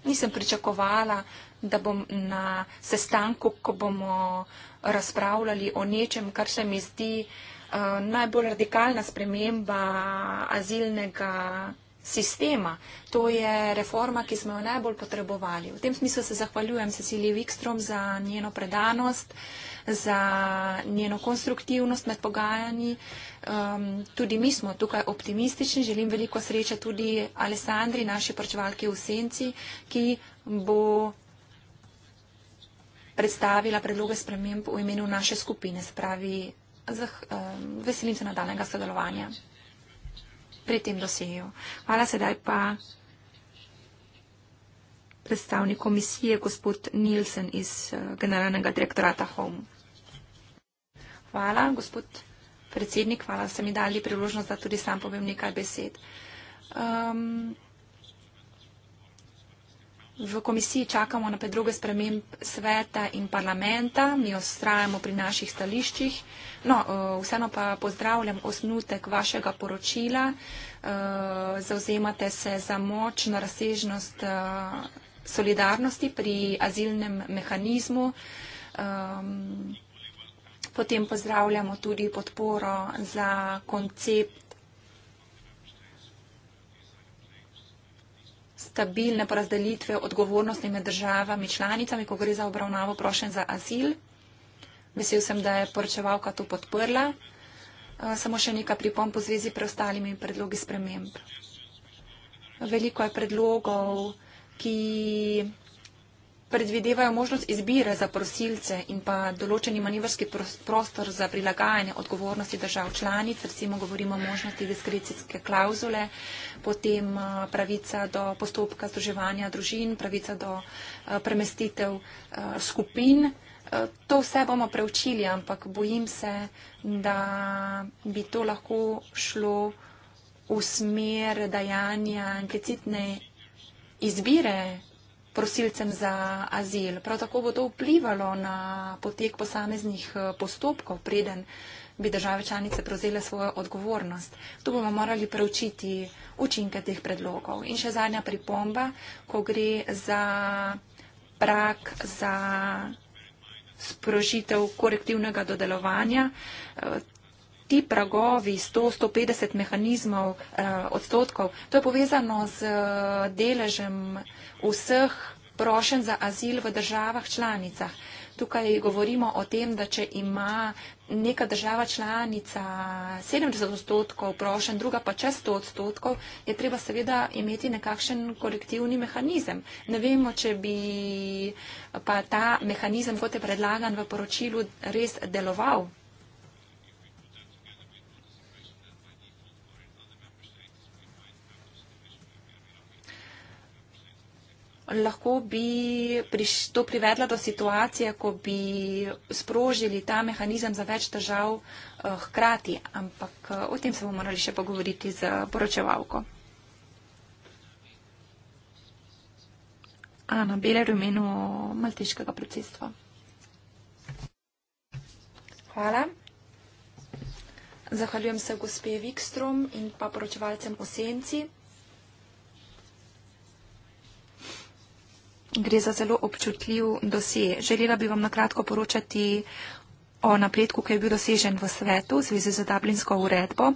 nisem pričakovala, da bom na sestanku, ko bomo razpravljali o nečem, kar se mi zdi uh, najbolj radikalna sprememba azilnega sistema. To je reforma, ki smo jo najbolj potrebovali. V tem smislu se zahvaljujem Cecilii Wikstrom za njeno predanost, za njeno konstruktivnost med pogajanji. Um, tudi mi smo tukaj optimistični. Želim veliko sreče tudi Alessandri, naši pročevalki v Senci, ki bo predstavila predloge sprememb v imenu naše skupine. Spravi, zah, um, veselim se nadaljnega sodelovanja pri tem dosejo. Hvala sedaj pa predstavnik komisije, gospod Nielsen iz eh, generalnega direktorata HOM. Hvala, gospod predsednik, hvala, da ste mi dali priložnost, da tudi sam povem nekaj besed. Um, V komisiji čakamo na predloge sprememb sveta in parlamenta, mi ostrajamo pri naših stališčih. No, eh, vseeno pa pozdravljam osnutek vašega poročila. Eh, Zauzemate se za močno razsežnost eh, solidarnosti pri azilnem mehanizmu. Ehm, potem pozdravljamo tudi podporo za koncept stabilne porazdelitve odgovornosti med državami članicami, ko gre za obravnavo prošen za azil. Vesel sem, da je poročevalka to podprla. Eh, samo še nekaj pripomp v zvezi preostalimi predlogi sprememb. Veliko je predlogov, ki predvidevajo možnost izbire za prosilce in pa določeni manevrski prostor za prilagajanje odgovornosti držav članic, recimo govorimo o možnosti diskrecijske klauzule, potem pravica do postopka združevanja družin, pravica do premestitev skupin. To vse bomo preučili, ampak bojim se, da bi to lahko šlo v smer dajanja implicitne izbire prosilcem za azil. Prav tako bo to vplivalo na potek posameznih eh, postopkov, preden bi države članice prevzele svojo odgovornost. Tu bomo morali preučiti učinke teh predlogov. In še zadnja pripomba, ko gre za prak za sprožitev korektivnega dodelovanja. Eh, ti pragovi 100-150 mehanizmov eh, odstotkov, to je povezano z eh, deležem vseh prošen za azil v državah članicah. Tukaj govorimo o tem, da če ima neka država članica 70 odstotkov prošen, druga pa čez 100 odstotkov, je treba seveda imeti nekakšen korektivni mehanizem. Ne vemo, če bi pa ta mehanizem, kot je predlagan v poročilu, res deloval. lahko bi to privedla do situacije, ko bi sprožili ta mehanizem za več držav eh, hkrati, ampak eh, o tem se bomo morali še pogovoriti z poročevalko. Ana Beler v imenu Maltiškega predsedstva. Hvala. Zahvaljujem se gospe Vikstrom in pa poročevalcem v senci. gre za zelo občutljiv dosje. Želela bi vam nakratko poročati o napredku, ki je bil dosežen v svetu v zvezi z Dublinsko uredbo.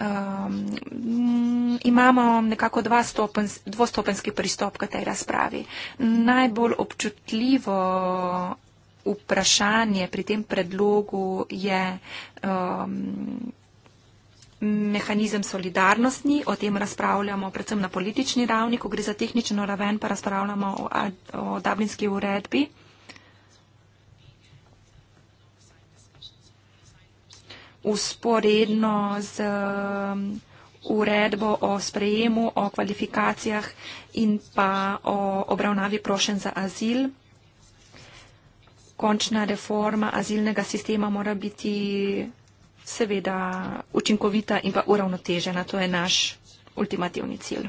Um, imamo nekako stopen, dvostopenski pristop k tej razpravi. Najbolj občutljivo vprašanje pri tem predlogu je. Um, mehanizem solidarnostni, o tem razpravljamo predvsem na politični ravni, ko gre za tehnično raven, pa razpravljamo o, o dablinski uredbi. Usporedno z um, uredbo o sprejemu, o kvalifikacijah in pa o obravnavi prošen za azil. Končna reforma azilnega sistema mora biti seveda učinkovita in pa uravnotežena. To je naš ultimativni cilj.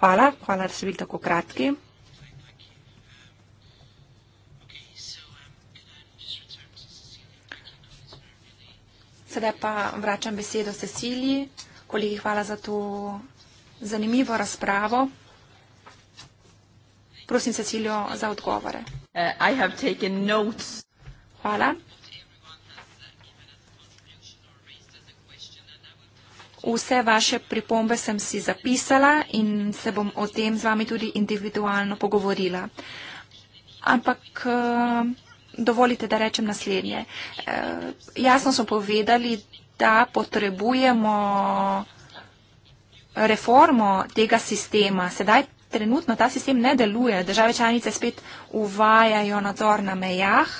Hvala, hvala, da ste bili tako kratki. Sedaj pa vračam besedo Cecilji. Kolegi, hvala za to zanimivo razpravo. Prosim Cecilijo za odgovore. Uh, hvala. Vse vaše pripombe sem si zapisala in se bom o tem z vami tudi individualno pogovorila. Ampak eh, dovolite, da rečem naslednje. Eh, jasno so povedali, da potrebujemo reformo tega sistema. Sedaj trenutno ta sistem ne deluje. Države članice spet uvajajo nadzor na mejah.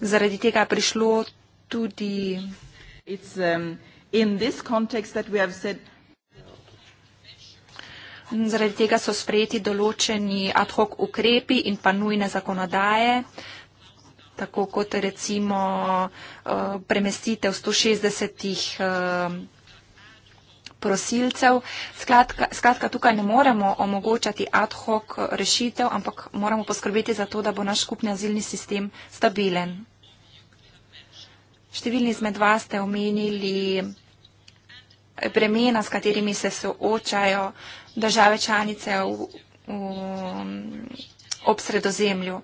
Zaradi tega je prišlo tudi. It's, um, In this context that we have said Zaradi tega so sprejeti določeni ad hoc ukrepi in pa nujne zakonodaje, tako kot recimo eh, premestitev 160 eh, prosilcev. Skladka, skladka, tukaj ne moremo omogočati ad hoc rešitev, ampak moramo poskrbeti za to, da bo naš skupni azilni sistem stabilen. Številni izmed vas ste omenili bremena, s katerimi se soočajo države članice v, v, ob sredozemlju.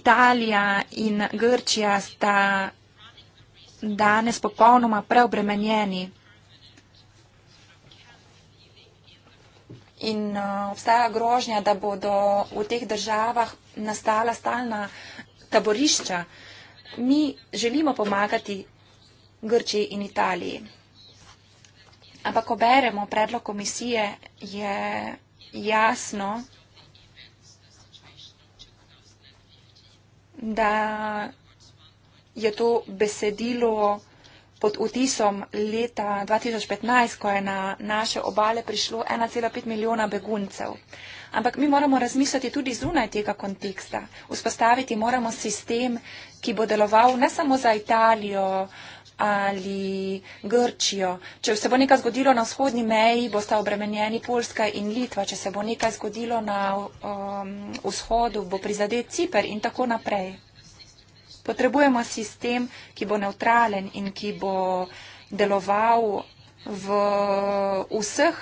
Italija in Grčija sta danes popolnoma preobremenjeni. In uh, obstaja grožnja, da bodo v teh državah nastala stalna taborišča mi želimo pomagati Grčiji in Italiji. Ampak, ko beremo predlog komisije, je jasno, da je to besedilo pod vtisom leta 2015, ko je na naše obale prišlo 1,5 milijona beguncev ampak mi moramo razmisliti tudi zunaj tega konteksta. Vzpostaviti moramo sistem, ki bo deloval ne samo za Italijo ali Grčijo. Če se bo nekaj zgodilo na vzhodni meji, bosta obremenjeni Poljska in Litva. Če se bo nekaj zgodilo na um, vzhodu, bo prizadet Cipr in tako naprej. Potrebujemo sistem, ki bo neutralen in ki bo deloval v vseh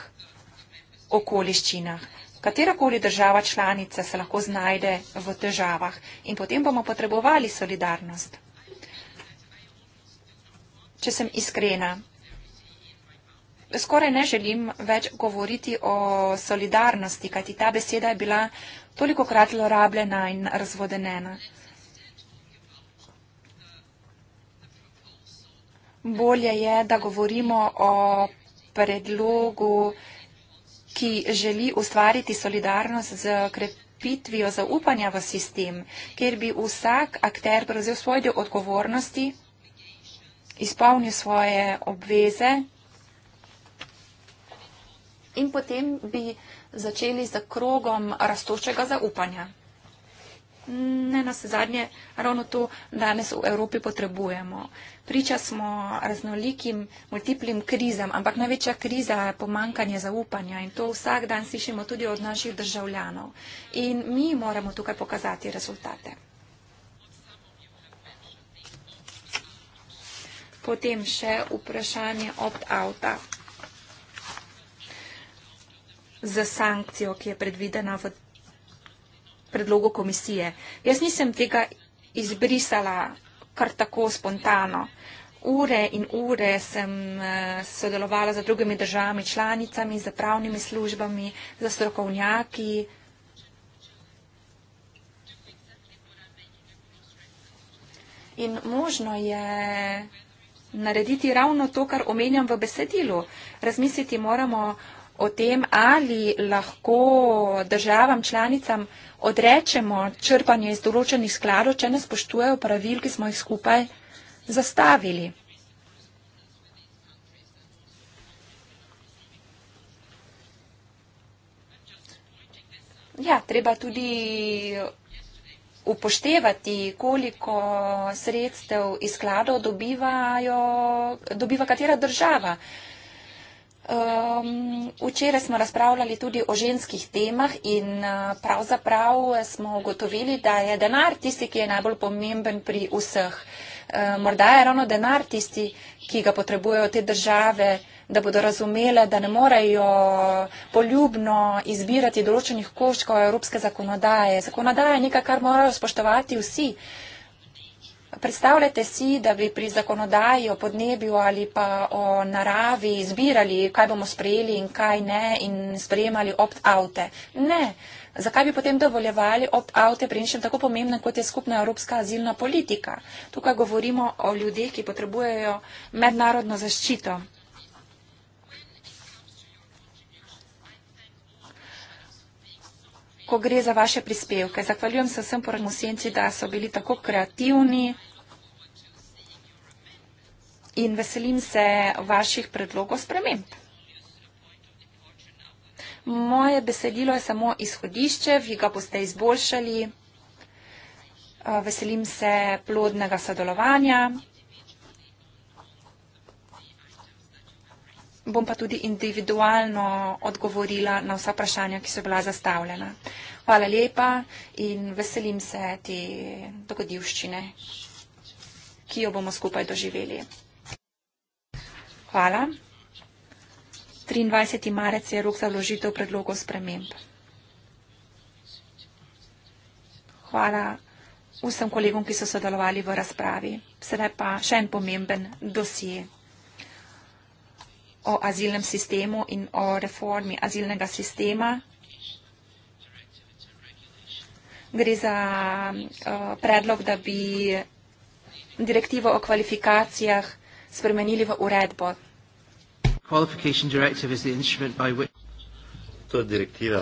okoliščinah. Katerakoli država članica se lahko znajde v težavah in potem bomo potrebovali solidarnost. Če sem iskrena, skoraj ne želim več govoriti o solidarnosti, kajti ta beseda je bila toliko krat zlorabljena in razvodenena. Bolje je, da govorimo o predlogu ki želi ustvariti solidarnost z krepitvijo zaupanja v sistem, kjer bi vsak akter prevzel svoj del odgovornosti, izpolnil svoje obveze in potem bi začeli z krogom rastočega zaupanja. Ne na se zadnje, ravno to danes v Evropi potrebujemo priča smo raznolikim multiplim krizam, ampak največja kriza je pomankanje zaupanja in to vsak dan slišimo tudi od naših državljanov. In mi moramo tukaj pokazati rezultate. Potem še vprašanje opt-outa za sankcijo, ki je predvidena v predlogu komisije. Jaz nisem tega izbrisala kar tako spontano. Ure in ure sem eh, sodelovala z drugimi državami, članicami, z pravnimi službami, z strokovnjaki. In možno je narediti ravno to, kar omenjam v besedilu. Razmisliti moramo o tem, ali lahko državam članicam odrečemo črpanje iz določenih skladov, če ne spoštujejo pravil, ki smo jih skupaj zastavili. Ja, treba tudi upoštevati, koliko sredstev iz skladov dobiva katera država. Um, včeraj smo razpravljali tudi o ženskih temah in eh, pravzaprav smo ugotovili, da je denar tisti, ki je najbolj pomemben pri vseh. Um, morda je ravno denar tisti, ki ga potrebujejo te države, da bodo razumele, da ne morejo poljubno izbirati določenih koščkov evropske zakonodaje. Zakonodaja je nekaj, kar morajo spoštovati vsi predstavljate si, da bi pri zakonodaji o podnebju ali pa o naravi izbirali, kaj bomo sprejeli in kaj ne in sprejemali opt-oute? Ne. Zakaj bi potem dovoljevali opt-oute pri nečem tako pomembnem, kot je skupna evropska azilna politika? Tukaj govorimo o ljudeh, ki potrebujejo mednarodno zaščito. ko gre za vaše prispevke. Zahvaljujem se vsem poradnosenci, da so bili tako kreativni in veselim se vaših predlogov sprememb. Moje besedilo je samo izhodišče, vi ga boste izboljšali. Eh, veselim se plodnega sodelovanja. Bom pa tudi individualno odgovorila na vsa vprašanja, ki so bila zastavljena. Hvala lepa in veselim se te dogodivščine, ki jo bomo skupaj doživeli. Hvala. 23. marec je rok za vložitev predlogov sprememb. Hvala vsem kolegom, ki so sodelovali v razpravi. Sedaj pa še en pomemben dosje o azilnem sistemu in o reformi azilnega sistema. Gre za eh, predlog, da bi direktivo o kvalifikacijah spremenili v uredbo. To je direktiva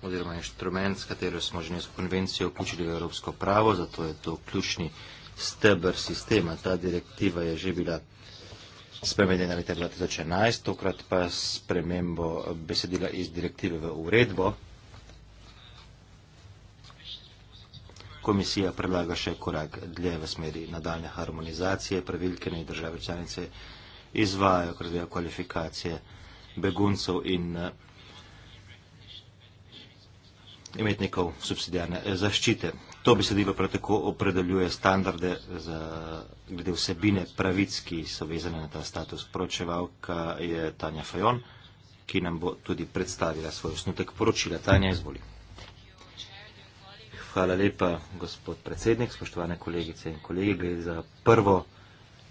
oziroma inštrument, s katero smo ženevsko konvencijo vključili v evropsko pravo, zato je to ključni stebr sistema. Ta direktiva je že bila spremenjena leta 2011, tokrat pa spremembo besedila iz direktive v uredbo. komisija predlaga še korak dlje v smeri nadaljne harmonizacije pravil, ki naj države članice izvajajo, kar zdaj kvalifikacije beguncev in eh, imetnikov subsidijarne eh, zaščite. To besedilo prav tako opredeljuje standarde za, glede vsebine pravic, ki so vezane na ta status. Poročevalka je Tanja Fajon, ki nam bo tudi predstavila svoj osnutek poročila. Tanja, izvolite. Hvala lepa, gospod predsednik, spoštovane kolegice in kolegi, za prvo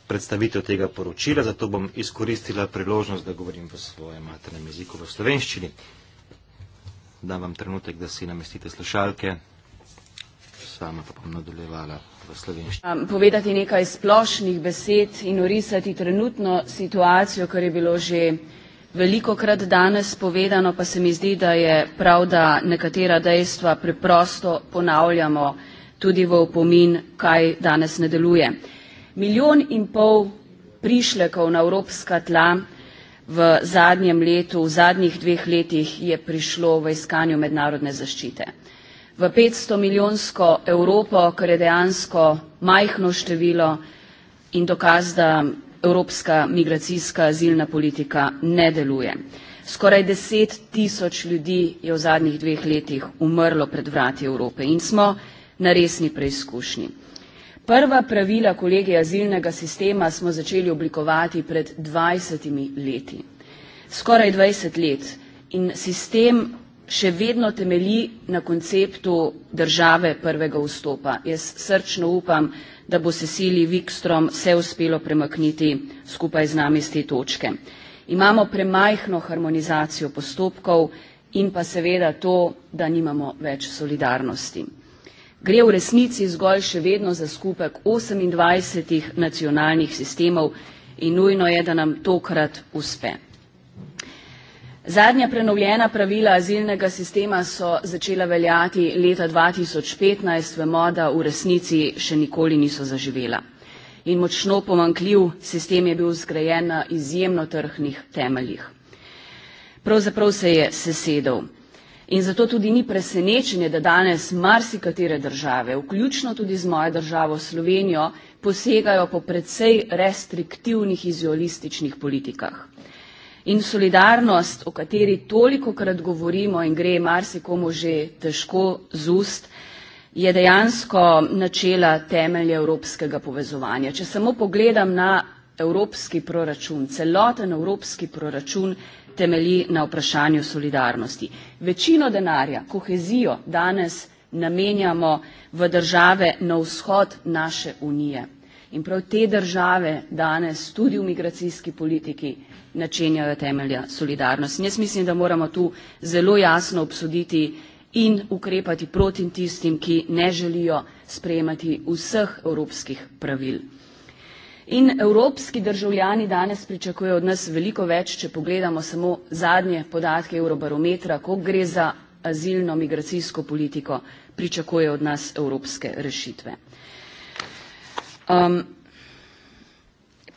predstavitev tega poročila, zato bom izkoristila priložnost, da govorim v svojem maternem jeziku v slovenščini. Dam vam trenutek, da si namestite slušalke, sama pa bom nadaljevala v slovenščini. Povedati nekaj splošnih besed in orisati trenutno situacijo, kar je bilo že Velikokrat danes povedano pa se mi zdi, da je prav, da nekatera dejstva preprosto ponavljamo tudi v opomin, kaj danes ne deluje. Milijon in pol prišlekov na evropska tla v zadnjem letu, v zadnjih dveh letih je prišlo v iskanju mednarodne zaščite. V 500 milijonsko Evropo, kar je dejansko majhno število in dokaz, da evropska migracijska azilna politika ne deluje. Skoraj deset tisoč ljudi je v zadnjih dveh letih umrlo pred vrati Evrope in smo na resni preizkušnji. Prva pravila kolege azilnega sistema smo začeli oblikovati pred 20 leti. Skoraj 20 let in sistem še vedno temelji na konceptu države prvega vstopa. Jaz srčno upam, da bo Cecilij Wikstrom vse uspelo premakniti skupaj z nami z te točke. Imamo premajhno harmonizacijo postopkov in pa seveda to, da nimamo več solidarnosti. Gre v resnici zgolj še vedno za skupek 28 nacionalnih sistemov in nujno je, da nam tokrat uspe. Zadnja prenovljena pravila azilnega sistema so začela veljati leta 2015, vemo, da v resnici še nikoli niso zaživela. In močno pomankljiv sistem je bil zgrajen na izjemno trhnih temeljih. Pravzaprav se je sesedel. In zato tudi ni presenečenje, da danes marsikatere države, vključno tudi z mojo državo Slovenijo, posegajo po precej restriktivnih izolističnih politikah. In solidarnost, o kateri toliko krat govorimo in gre marsikomu že težko z ust, je dejansko načela temelje evropskega povezovanja. Če samo pogledam na evropski proračun, celoten evropski proračun temelji na vprašanju solidarnosti. Večino denarja, kohezijo danes namenjamo v države na vzhod naše unije. In prav te države danes tudi v migracijski politiki načenjajo temelja solidarnosti. In jaz mislim, da moramo tu zelo jasno obsoditi in ukrepati proti tistim, ki ne želijo sprejemati vseh evropskih pravil. In evropski državljani danes pričakujejo od nas veliko več, če pogledamo samo zadnje podatke Eurobarometra, ko gre za azilno migracijsko politiko, pričakujejo od nas evropske rešitve. Um,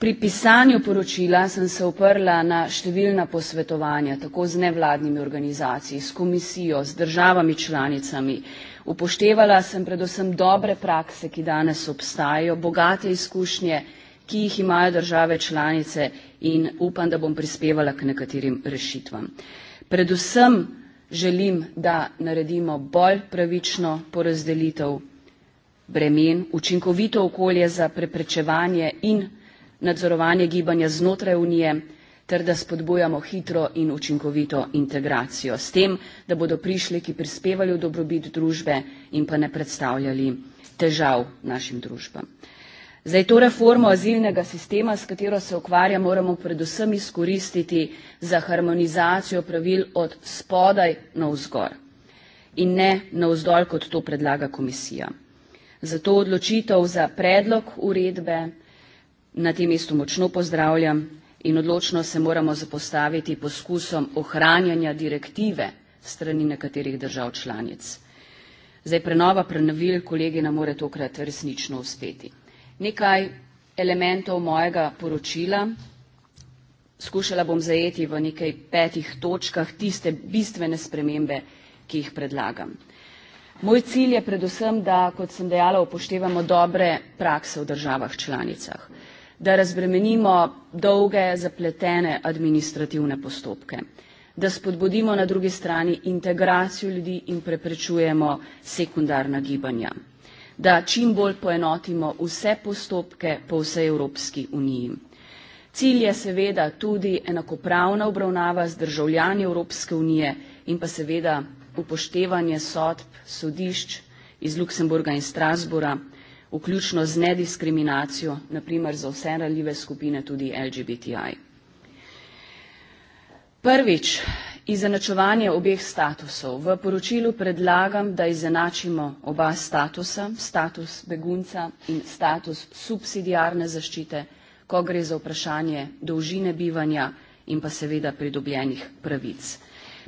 Pri pisanju poročila sem se oprla na številna posvetovanja, tako z nevladnimi organizacijami, s komisijo, s državami članicami. Upoštevala sem predvsem dobre prakse, ki danes obstajajo, bogate izkušnje, ki jih imajo države članice in upam, da bom prispevala k nekaterim rešitvam. Predvsem želim, da naredimo bolj pravično porazdelitev bremen, učinkovito okolje za preprečevanje in preprečevanje nadzorovanje gibanja znotraj unije ter da spodbujamo hitro in učinkovito integracijo s tem da bodo prišli ki prispevali v dobrobit družbe in pa ne predstavljali težav našim družbam. Zdaj to reformo azilnega sistema, s katero se ukvarja, moramo predvsem izkoristiti za harmonizacijo pravil od spodaj navzgor in ne navzdolj, kot to predlaga komisija. Zato odločitev za predlog uredbe na tem mestu močno pozdravljam in odločno se moramo zapostaviti poskusom ohranjanja direktive strani nekaterih držav članic. Zdaj prenova pravil kolegi nam more tokrat resnično uspeti. Nekaj elementov mojega poročila skušala bom zajeti v nekaj petih točkah tiste bistvene spremembe, ki jih predlagam. Moj cilj je predvsem, da, kot sem dejala, upoštevamo dobre prakse v državah članicah da razbremenimo dolge zapletene administrativne postopke da spodbudimo na drugi strani integracijo ljudi in preprečujemo sekundarna gibanja da čim bolj poenotimo vse postopke po vsej evropski uniji cilj je seveda tudi enakopravna obravnava z državljani evropske unije in pa seveda upoštevanje sodb sodišč iz luksemburga in strasbourga vključno z nediskriminacijo, naprimer za vse ranljive skupine, tudi LGBTI. Prvič, izenačevanje obeh statusov. V poročilu predlagam, da izenačimo oba statusa, status begunca in status subsidijarne zaščite, ko gre za vprašanje dolžine bivanja in pa seveda pridobljenih pravic.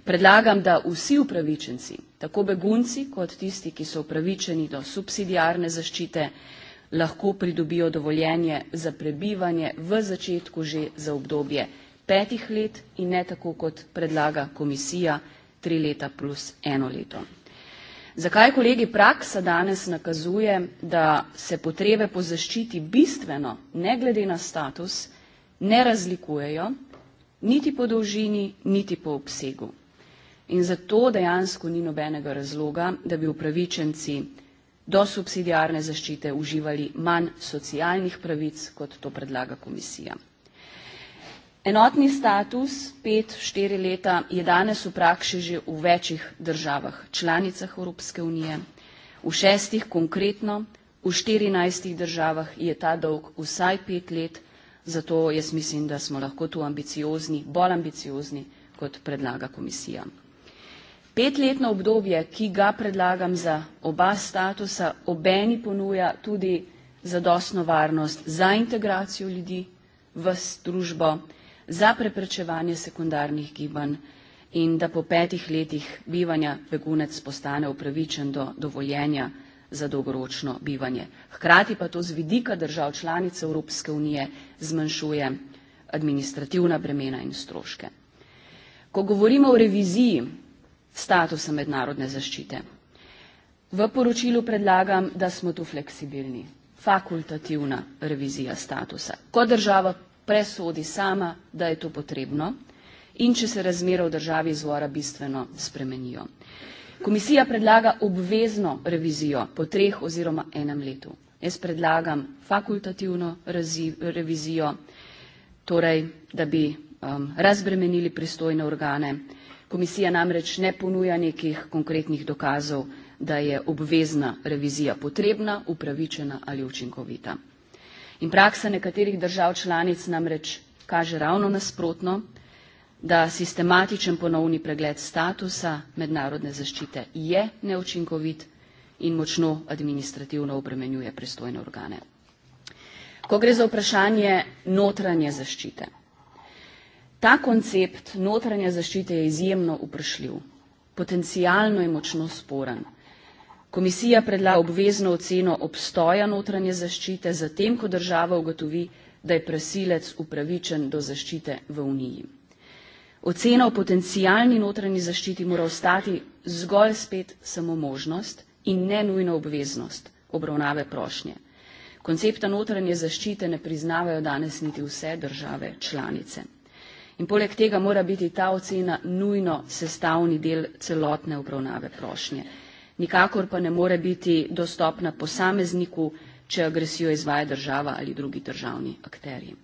Predlagam, da vsi upravičenci, tako begunci kot tisti, ki so upravičeni do subsidijarne zaščite, lahko pridobijo dovoljenje za prebivanje v začetku že za obdobje petih let in ne tako, kot predlaga komisija, tri leta plus eno leto. Zakaj, kolegi, praksa danes nakazuje, da se potrebe po zaščiti bistveno, ne glede na status, ne razlikujejo niti po dolžini, niti po obsegu? In zato dejansko ni nobenega razloga, da bi upravičenci do subsidijarne zaščite uživali manj socialnih pravic, kot to predlaga komisija. Enotni status pet, štiri leta je danes v praksi že v večjih državah, članicah Evropske unije, v šestih konkretno, v štirinajstih državah je ta dolg vsaj pet let, zato jaz mislim, da smo lahko tu ambiciozni, bolj ambiciozni, kot predlaga komisija. Petletno obdobje, ki ga predlagam za oba statusa, obeni ponuja tudi zadostno varnost za integracijo ljudi v družbo, za preprečevanje sekundarnih gibanj in da po petih letih bivanja begunec postane upravičen do dovoljenja za dolgoročno bivanje. Hkrati pa to z vidika držav članic Evropske unije zmanjšuje administrativna bremena in stroške. Ko govorimo o reviziji statusa mednarodne zaščite. V poročilu predlagam, da smo tu fleksibilni. Fakultativna revizija statusa. Ko država presodi sama, da je to potrebno in če se razmere v državi izvora bistveno spremenijo. Komisija predlaga obvezno revizijo po treh oziroma enem letu. Jaz predlagam fakultativno revizijo, torej da bi um, razbremenili pristojne organe Komisija namreč ne ponuja nekih konkretnih dokazov, da je obvezna revizija potrebna, upravičena ali učinkovita. In praksa nekaterih držav članic namreč kaže ravno nasprotno, da sistematičen ponovni pregled statusa mednarodne zaščite je neučinkovit in močno administrativno obremenjuje pristojne organe. Ko gre za vprašanje notranje zaščite, Ta koncept notranje zaščite je izjemno vprašljiv. Potencijalno je močno sporen. Komisija predlaga obvezno oceno obstoja notranje zaščite, zatem ko država ugotovi, da je prasilec upravičen do zaščite v Uniji. Ocena o potencijalni notranji zaščiti mora ostati zgolj spet samo možnost in ne nujna obveznost obravnave prošnje. Koncepta notranje zaščite ne priznavajo danes niti vse države članice in poleg tega mora biti ta ocena nujno sestavni del celotne obravnave prošnje. Nikakor pa ne more biti dostopna posamezniku, če agresijo izvaja država ali drugi državni akteri.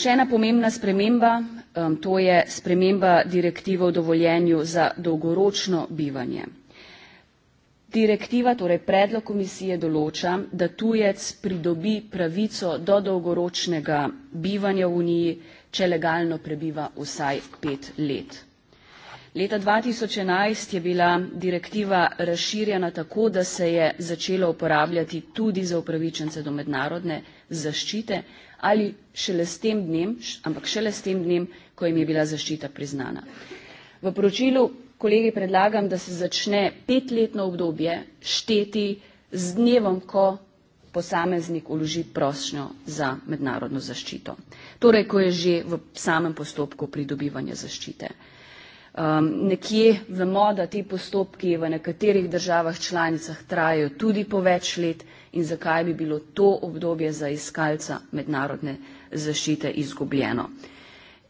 Še ena pomembna sprememba, um, to je sprememba direktive o dovoljenju za dolgoročno bivanje. Direktiva, torej predlog komisije določa, da tujec pridobi pravico do dolgoročnega bivanja v Uniji, če legalno prebiva vsaj pet let. Leta 2011 je bila direktiva razširjena tako, da se je začela uporabljati tudi za upravičence do mednarodne zaščite ali šele s tem dnem, ampak šele s tem dnem, ko jim je bila zaščita priznana. V poročilu kolegi predlagam, da se začne petletno obdobje šteti z dnevom, ko posameznik uloži prošnjo za mednarodno zaščito. Torej, ko je že v samem postopku pridobivanja zaščite. Um, nekje vemo, da ti postopki v nekaterih državah članicah trajajo tudi po več let in zakaj bi bilo to obdobje za iskalca mednarodne zaščite izgubljeno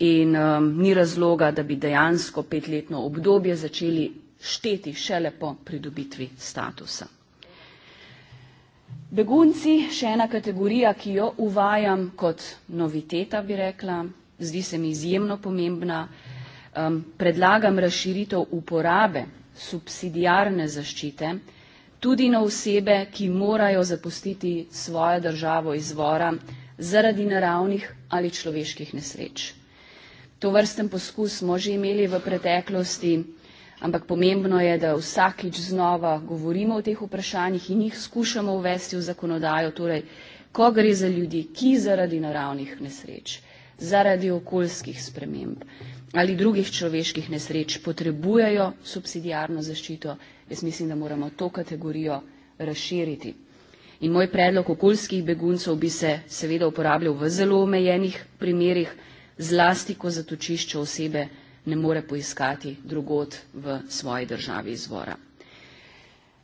in um, ni razloga, da bi dejansko petletno obdobje začeli šteti šele po pridobitvi statusa. Begunci, še ena kategorija, ki jo uvajam kot noviteta, bi rekla, zdi se mi izjemno pomembna. Um, predlagam razširitev uporabe subsidijarne zaščite tudi na osebe, ki morajo zapustiti svojo državo izvora zaradi naravnih ali človeških nesreč. To vrsten poskus smo že imeli v preteklosti, ampak pomembno je, da vsakič znova govorimo o teh vprašanjih in jih skušamo uvesti v zakonodajo. Torej, ko gre za ljudi, ki zaradi naravnih nesreč, zaradi okoljskih sprememb ali drugih človeških nesreč potrebujejo subsidijarno zaščito, jaz mislim, da moramo to kategorijo razširiti. In moj predlog okoljskih beguncov bi se seveda uporabljal v zelo omejenih primerih, zlasti, ko zatočišče osebe ne more poiskati drugot v svoji državi izvora.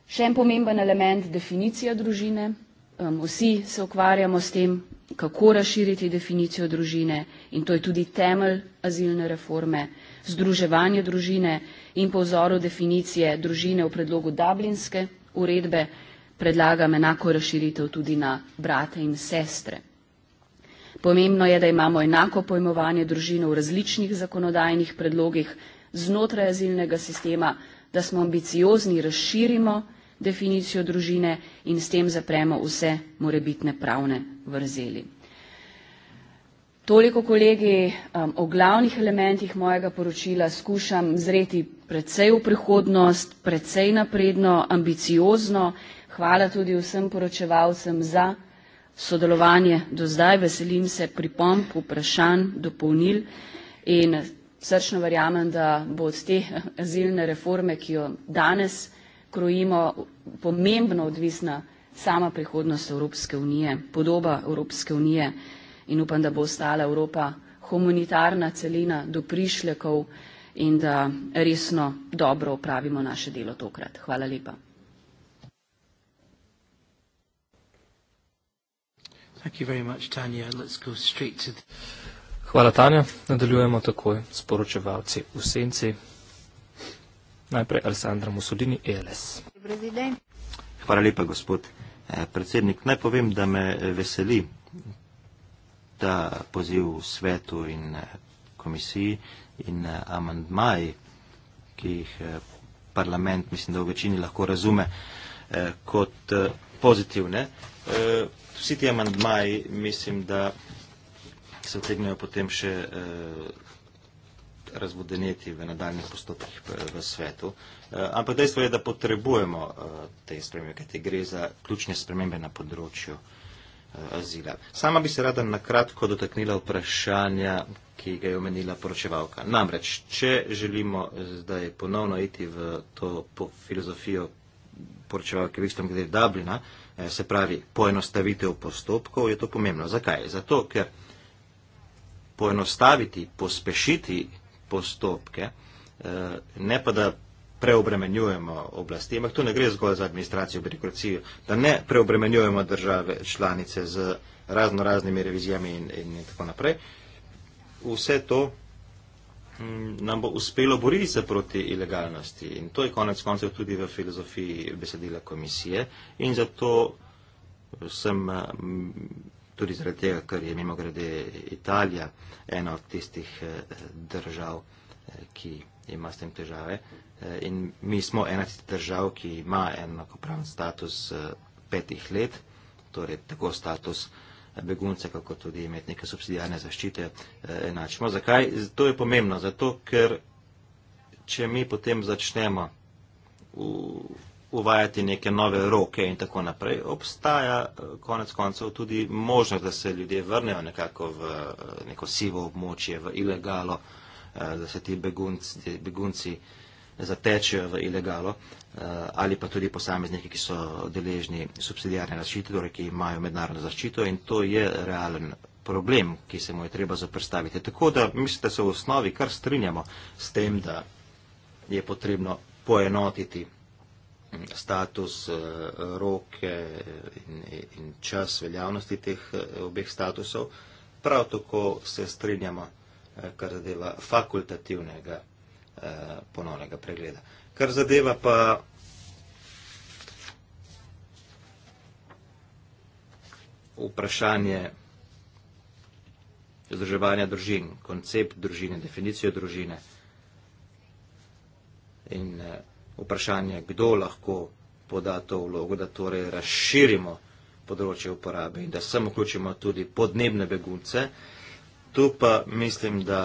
Še en pomemben element definicija družine. Vsi se ukvarjamo s tem, kako razširiti definicijo družine in to je tudi temelj azilne reforme, združevanje družine in po vzoru definicije družine v predlogu Dublinske uredbe predlagam enako razširitev tudi na brate in sestre. Pomembno je, da imamo enako pojmovanje družine v različnih zakonodajnih predlogih znotraj azilnega sistema, da smo ambiciozni, razširimo definicijo družine in s tem zapremo vse morebitne pravne vrzeli. Toliko kolegi um, o glavnih elementih mojega poročila skušam zreti predvsej v prihodnost, predvsej napredno, ambiciozno. Hvala tudi vsem poročevalcem za sodelovanje do zdaj, veselim se pripomp, vprašanj, dopolnil in srčno verjamem, da bo od te azilne reforme, ki jo danes krojimo, pomembno odvisna sama prihodnost Evropske unije, podoba Evropske unije in upam, da bo ostala Evropa humanitarna celina do prišlekov in da resno dobro opravimo naše delo tokrat. Hvala lepa. Hvala, Tanja. Nadaljujemo takoj s poročevalci v senci. Najprej Aleksandra Musolini, ELS. Hvala lepa, gospod eh, predsednik. Naj povem, da me eh, veseli ta poziv v svetu in eh, komisiji in amandmaji, ki jih parlament, mislim, da v večini lahko razume kot pozitivne vsi ti amandmaji, mislim, da se otegnejo potem še eh, razvodeneti v nadaljnih postopkih eh, v svetu. Eh, ampak dejstvo je, da potrebujemo te spremembe, kaj te gre za ključne spremembe na področju azila. Sama bi se rada nakratko dotaknila vprašanja, ki ga je omenila poročevalka. Namreč, če želimo zdaj ponovno iti v to filozofijo poročevalke v istom glede Dublina, Eh, se pravi poenostavitev postopkov, je to pomembno. Zakaj? Zato, ker poenostaviti, pospešiti postopke, eh, ne pa da preobremenjujemo oblasti, ampak tu ne gre zgolj za administracijo, birokracijo, da ne preobremenjujemo države članice z razno raznimi revizijami in, in tako naprej. Vse to Mm, nam bo uspelo boriti se proti ilegalnosti. In to je konec koncev tudi v filozofiji besedila komisije. In zato sem mm, tudi zaradi tega, ker je mimo grede Italija ena od tistih eh, držav, eh, ki ima s tem težave. Eh, in mi smo ena od tistih držav, ki ima enakopraven status petih let, torej tako status begunce, kako tudi imeti neke subsidijarne zaščite eh, enačimo. Zakaj? To je pomembno. Zato, ker če mi potem začnemo uvajati neke nove roke in tako naprej, obstaja eh, konec koncev tudi možnost, da se ljudje vrnejo nekako v eh, neko sivo območje, v ilegalo, da se ti begunci, begunci zatečejo v ilegalo eh, ali pa tudi posamezniki, ki so deležni subsidijarne zaščite, torej ki imajo mednarodno zaščito in to je realen problem, ki se mu je treba zaprstaviti. Tako da mislim, da se v osnovi kar strinjamo s tem, da je potrebno poenotiti mm, status, eh, roke eh, in čas veljavnosti teh obeh statusov. Prav tako se strinjamo, kar zadeva fakultativnega Eh, ponovnega pregleda. Kar zadeva pa vprašanje združevanja družin, koncept družine, definicijo družine in eh, vprašanje, kdo lahko poda to vlogo, da torej razširimo področje uporabe in da sem vključimo tudi podnebne begunce. Tu pa mislim, da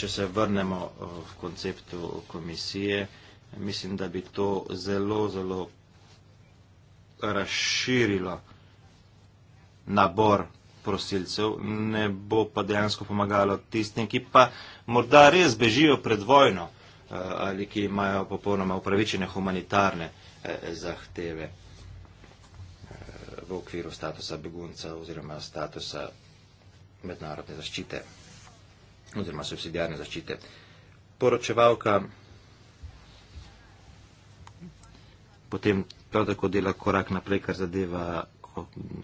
če se vrnemo eh, v konceptu komisije, mislim, da bi to zelo, zelo razširilo nabor prosilcev, ne bo pa dejansko pomagalo tistim, ki pa morda res bežijo pred vojno eh, ali ki imajo popolnoma upravičene humanitarne eh, zahteve v okviru statusa begunca oziroma statusa mednarodne zaščite oziroma subsidijarne zaščite. Poročevalka potem prav tako dela korak naprej, kar zadeva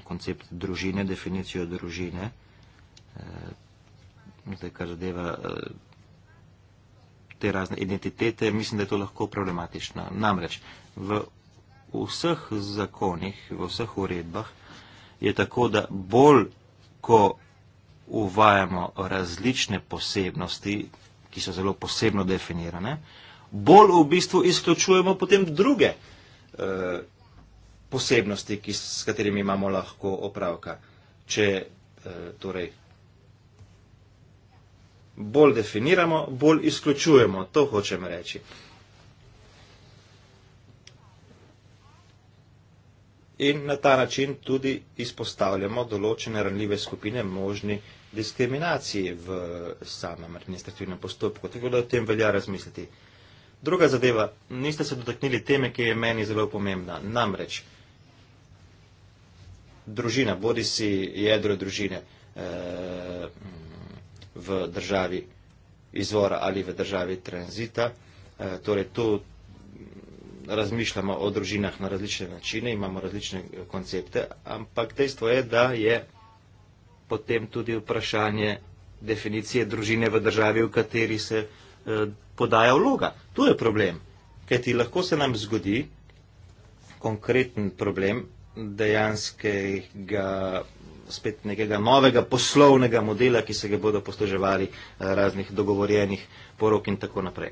koncept družine, definicijo družine, eh, zdaj, kar zadeva eh, te razne identitete, mislim, da je to lahko problematično. Namreč, v vseh zakonih, v vseh uredbah je tako, da bolj, ko uvajamo različne posebnosti, ki so zelo posebno definirane, bolj v bistvu izključujemo potem druge eh, posebnosti, ki, s katerimi imamo lahko opravka. Če eh, torej bolj definiramo, bolj izključujemo, to hočem reči. In na ta način tudi izpostavljamo določene ranljive skupine možni eh, diskriminaciji v samem administrativnem postopku. Tako da o tem velja razmisliti. Druga zadeva, niste se dotaknili teme, ki je meni zelo pomembna. Namreč, družina, bodi si jedro družine eh, v državi izvora ali v državi tranzita, eh, torej tu razmišljamo o družinah na različne načine, imamo različne koncepte, ampak dejstvo je, da je potem tudi vprašanje definicije družine v državi, v kateri se eh, podaja vloga. Tu je problem, ker ti lahko se nam zgodi konkreten problem dejanskega spet nekega novega poslovnega modela, ki se ga bodo posluževali eh, raznih dogovorjenih porok in tako naprej.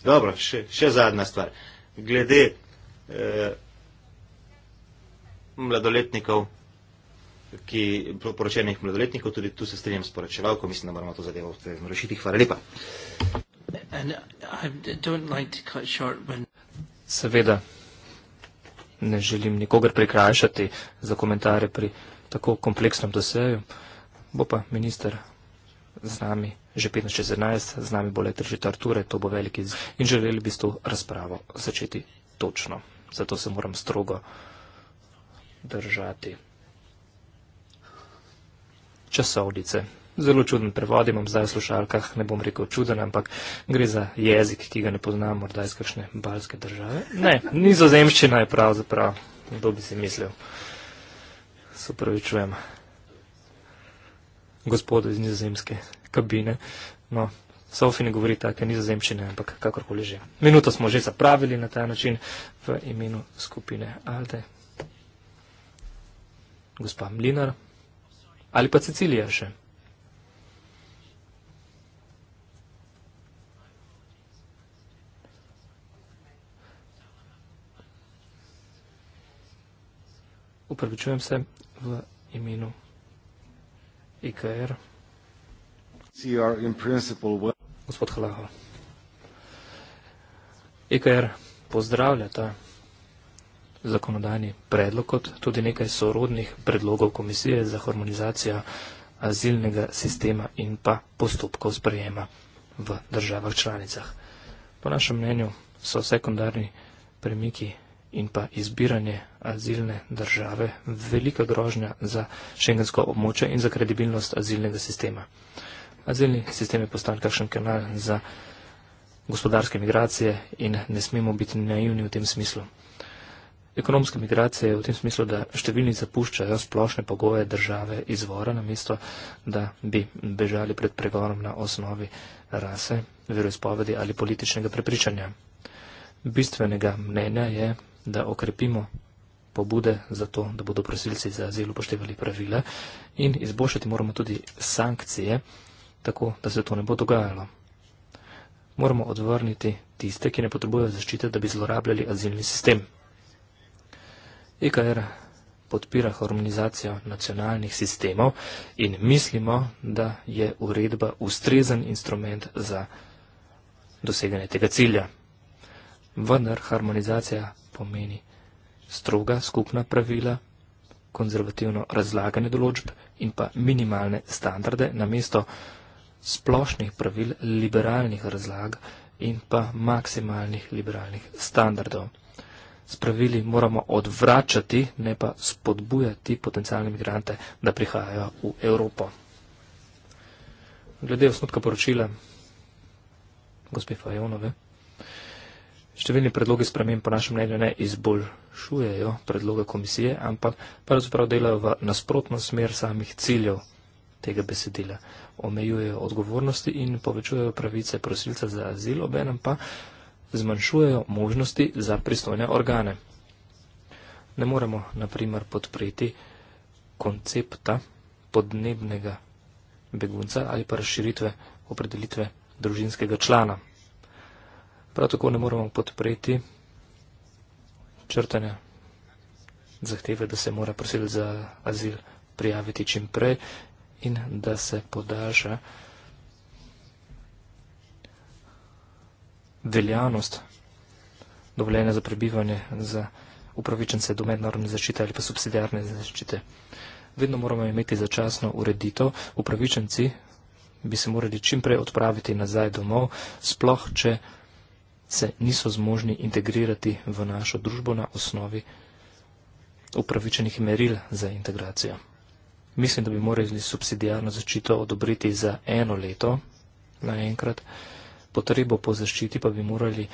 Dobro, še, še zadnja stvar. Glede eh, mladoletnikov, ki, poročenih mladoletnikov, tudi tu se strinjam s poročevalko, mislim, da moramo to zadevo ustrezno rešiti. Hvala lepa. Uh, Seveda ne želim nikogar prikrajšati za komentare pri tako kompleksnem doseju. Bo pa minister z nami že 15.11, z nami bo letar žita Arture, to bo veliki in želeli bi s to razpravo začeti točno. Zato se moram strogo držati. Časovnice. Zelo čuden prevod imam zdaj v slušalkah, ne bom rekel čuden, ampak gre za jezik, ki ga ne poznam, morda iz kakšne balske države. Ne, nizozemščina je pravzaprav, kdo bi si mislil. Se pravi, čujem gospodo iz nizozemske kabine. No, Sofi ne govori take nizozemščine, ampak kakorkoli že. Minuto smo že zapravili na ta način v imenu skupine Alde gospa Mlinar ali pa Cecilija še. Upravičujem se v imenu IKR. E Gospod Halaho. IKR e pozdravlja ta zakonodajni predlog kot tudi nekaj sorodnih predlogov Komisije za harmonizacijo azilnega sistema in pa postopkov sprejema v državah članicah. Po našem mnenju so sekundarni premiki in pa izbiranje azilne države velika grožnja za šengensko območje in za kredibilnost azilnega sistema. Azilni sistem je postal kakšen kanal za gospodarske migracije in ne smemo biti naivni v tem smislu. Ekonomska migracija je v tem smislu, da številni zapuščajo splošne pogoje države izvora, namesto da bi bežali pred pregonom na osnovi rase, veroizpovedi ali političnega prepričanja. Bistvenega mnenja je, da okrepimo pobude za to, da bodo prosilci za azil upoštevali pravila in izboljšati moramo tudi sankcije, tako da se to ne bo dogajalo. Moramo odvrniti tiste, ki ne potrebujejo zaščite, da bi zlorabljali azilni sistem. IKR e podpira harmonizacijo nacionalnih sistemov in mislimo, da je uredba ustrezen instrument za doseganje tega cilja. Vendar harmonizacija pomeni stroga skupna pravila, konzervativno razlaganje določb in pa minimalne standarde namesto splošnih pravil liberalnih razlag in pa maksimalnih liberalnih standardov s pravili moramo odvračati, ne pa spodbujati potencijalne migrante, da prihajajo v Evropo. Glede osnutka poročila gospe Fajonove, številni predlogi sprememb po našem mnenju ne izboljšujejo predloga komisije, ampak pravzaprav delajo v nasprotno smer samih ciljev tega besedila. Omejujejo odgovornosti in povečujejo pravice prosilca za azil, obenem pa zmanjšujejo možnosti za pristojne organe. Ne moremo, na primer, podpreti koncepta podnebnega begunca ali pa razširitve opredelitve družinskega člana. Prav tako ne moremo podpreti črtanja zahteve, da se mora prosil za azil prijaviti čim prej in da se podaljša veljavnost dovoljenja za prebivanje za upravičence do mednarodne zaščite ali pa subsidijarne zaščite. Vedno moramo imeti začasno ureditev. Upravičenci bi se morali čimprej odpraviti nazaj domov, sploh če se niso zmožni integrirati v našo družbo na osnovi upravičenih meril za integracijo. Mislim, da bi morali subsidijarno zaščito odobriti za eno leto naenkrat. enkrat potrebo po zaščiti pa bi morali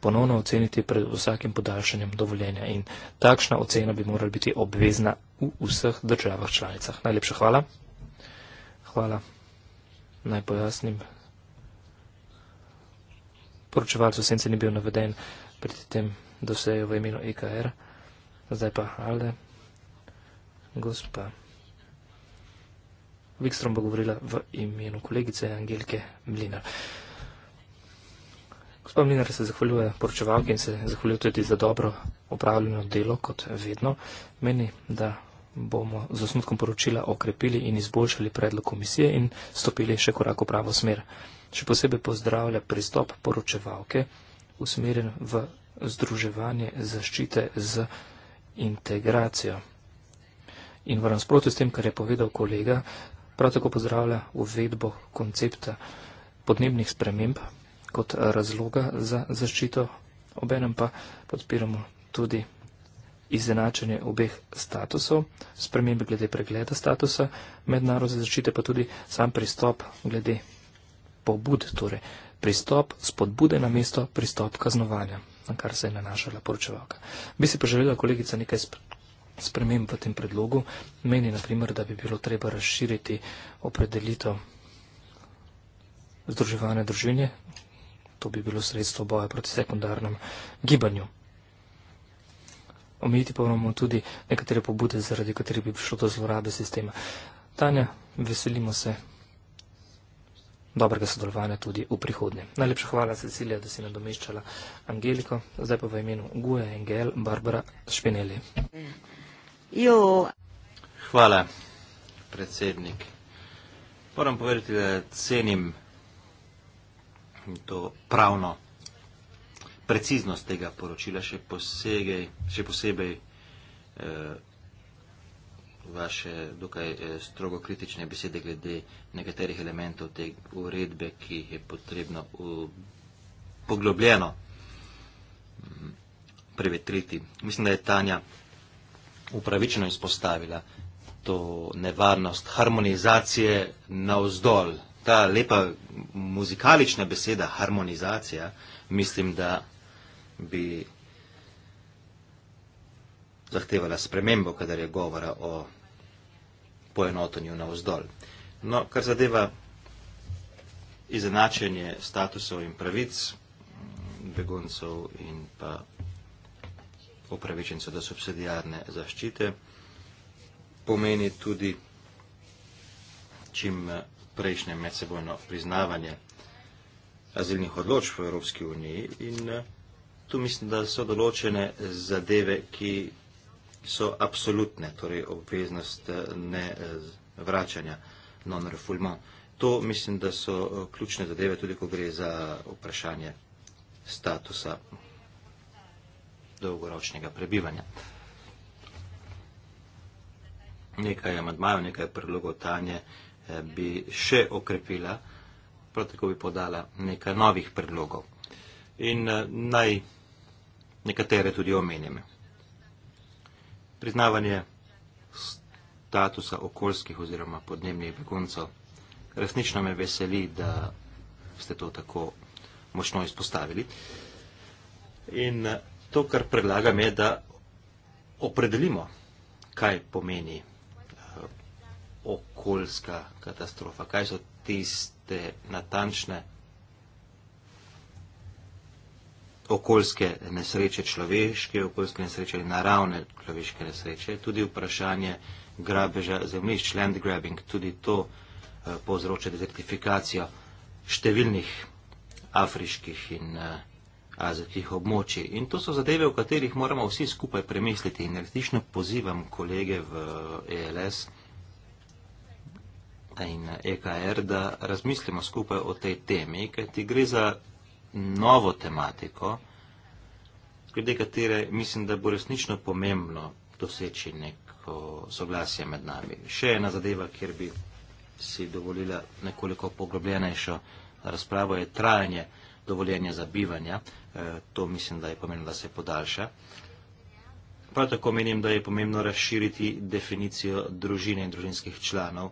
ponovno oceniti pred vsakim podaljšanjem dovoljenja. In takšna ocena bi morala biti obvezna v vseh državah članicah. Najlepša hvala. Hvala. Naj pojasnim. Poročevalcu Sence ni bil naveden pred tem dosejo v imenu EKR. Zdaj pa Alde, gospa Vikstrom bo govorila v imenu kolegice Angelike Mlinar. Gospa Mlinar se zahvaljuje poročevalki in se zahvaljuje tudi za dobro opravljeno delo, kot vedno. Meni, da bomo z osnutkom poročila okrepili in izboljšali predlog komisije in stopili še korak v pravo smer. Še posebej pozdravlja pristop poročevalke, usmerjen v združevanje zaščite z integracijo. In v nasprotju s tem, kar je povedal kolega, prav tako pozdravlja uvedbo koncepta podnebnih sprememb, kot eh, razloga za zaščito, obenem pa podpiramo tudi izenačenje obeh statusov, spremembe glede pregleda statusa mednarodne zaščite, pa tudi sam pristop glede pobud, torej pristop spodbude na mesto pristop kaznovanja, na kar se je nanašala poročevalka. Bi si pa želela kolegica nekaj sprememb v tem predlogu. Meni, na primer, da bi bilo treba razširiti opredelitev združevane družine, To bi bilo sredstvo boja proti sekundarnem gibanju. Omejiti pa moramo tudi nekatere pobude, zaradi katerih bi prišlo do zlorabe sistema. Tanja, veselimo se dobrega sodelovanja tudi v prihodnje. Najlepša hvala, Cecilija, da si nadomeščala Angeliko. Zdaj pa v imenu Guja Engel, Barbara Špineli. Jo. Hvala, predsednik. Moram povedati, da cenim to pravno preciznost tega poročila, še, posege, še posebej eh, vaše dokaj eh, strogo kritične besede glede nekaterih elementov te uredbe, ki je potrebno v, poglobljeno mm, prevetriti. Mislim, da je Tanja upravičeno izpostavila to nevarnost harmonizacije na vzdolj ta lepa muzikalična beseda harmonizacija, mislim, da bi zahtevala spremembo, kadar je govora o poenotenju na vzdolj. No, kar zadeva izenačenje statusov in pravic begoncev in pa upravičencev do subsidijarne zaščite, pomeni tudi čim prejšnje medsebojno priznavanje azilnih odločb v Evropski uniji in eh, tu mislim, da so določene zadeve, ki so absolutne, torej obveznost eh, ne eh, vračanja non-refoulement. To mislim, da so ključne zadeve tudi, ko gre za vprašanje statusa dolgoročnega prebivanja. Nekaj je amadmajo, nekaj je predlogov tanje, nekaj je predlogov tanje, Eh, bi še okrepila, prav tako bi podala nekaj novih predlogov. In eh, naj nekatere tudi omenjame. Priznavanje statusa okoljskih oziroma podnebnih beguncov. Resnično me veseli, da ste to tako močno izpostavili. In eh, to, kar predlagam, je, da opredelimo, kaj pomeni okoljska katastrofa? Kaj so tiste natančne okoljske nesreče, človeške okoljske nesreče ali naravne človeške nesreče? Tudi vprašanje grabeža zemljišč, land grabbing, tudi to eh, povzroča dezertifikacijo številnih afriških in eh, azijskih območij. In to so zadeve, o katerih moramo vsi skupaj premisliti. In resnično pozivam kolege v ELS, eh, in EKR, da razmislimo skupaj o tej temi, ker ti gre za novo tematiko, glede katere mislim, da bo resnično pomembno doseči neko soglasje med nami. Še ena zadeva, kjer bi si dovolila nekoliko poglobljenejšo razpravo, je trajanje dovoljenja za bivanje. To mislim, da je pomembno, da se podaljša. Prav tako menim, da je pomembno razširiti definicijo družine in družinskih članov,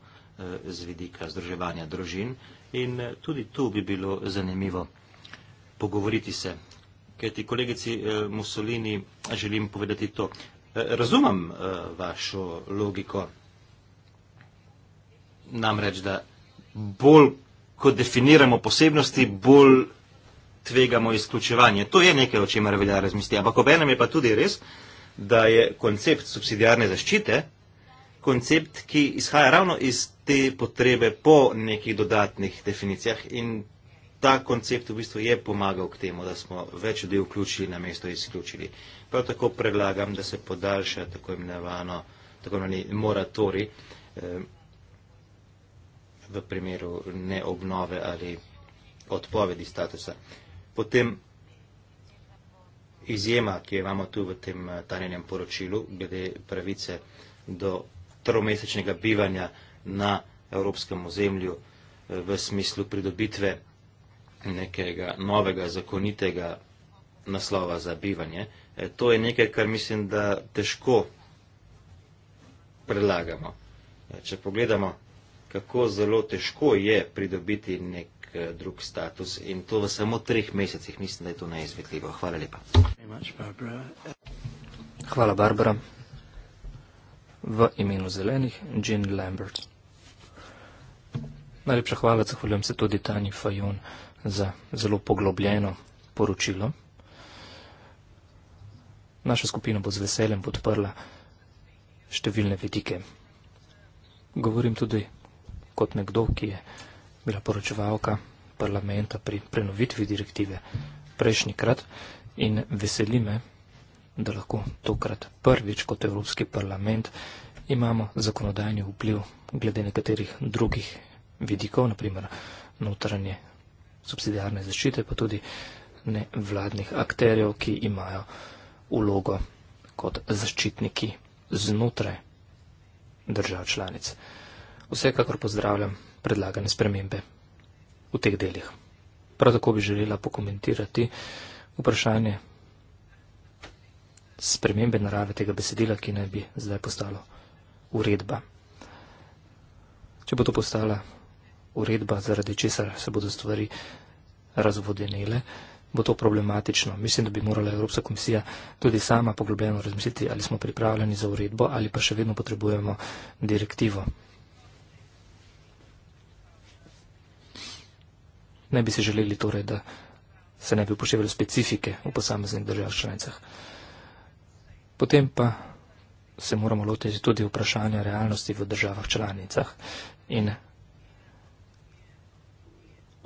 z vidika združevanja družin in eh, tudi tu bi bilo zanimivo pogovoriti se. Kaj ti kolegici eh, Mussolini želim povedati to. Eh, razumem vašo logiko, namreč, da bolj, ko definiramo posebnosti, bolj tvegamo izključevanje. To je nekaj, o čemer velja razmisliti. Ampak ob enem je pa tudi res, da je koncept subsidijarne zaščite koncept, ki izhaja ravno iz te potrebe po nekih dodatnih definicijah in ta koncept v bistvu je pomagal k temu, da smo več ljudi vključili na mesto izključili. Prav tako predlagam, da se podaljša tako imenovano tako imenovani moratori eh, v primeru neobnove ali odpovedi statusa. Potem izjema, ki jo imamo tu v tem eh, tanjenem poročilu, glede pravice do tromesečnega bivanja na evropskem ozemlju eh, v smislu pridobitve nekega novega zakonitega naslova za bivanje. Eh, to je nekaj, kar mislim, da težko predlagamo. Eh, če pogledamo, kako zelo težko je pridobiti nek drug status in to v samo treh mesecih, mislim, da je to neizvedljivo. Hvala lepa. Hvala, Barbara v imenu zelenih Jean Lambert. Najlepša hvala, zahvaljujem se tudi Tani Fajon za zelo poglobljeno poročilo. Naša skupina bo z veseljem podprla številne vidike. Govorim tudi kot nekdo, ki je bila poročevalka parlamenta pri prenovitvi direktive prejšnjikrat in veseli me, da lahko tokrat prvič kot Evropski parlament imamo zakonodajni vpliv glede nekaterih drugih vidikov, naprimer notranje subsidijarne zaščite, pa tudi nevladnih akterjev, ki imajo ulogo kot zaščitniki znotraj držav članic. Vsekakor pozdravljam predlagane spremembe v teh delih. Prav tako bi želela pokomentirati vprašanje spremembe narave tega besedila, ki naj bi zdaj postalo uredba. Če bo to postala uredba, zaradi česar se bodo stvari razvodenele, bo to problematično. Mislim, da bi morala Evropska komisija tudi sama poglobljeno razmisliti, ali smo pripravljeni za uredbo ali pa še vedno potrebujemo direktivo. Ne bi si želeli torej, da se ne bi upoštevali specifike v posameznih državah članicah. Potem pa se moramo lotiti tudi vprašanja realnosti v državah članicah in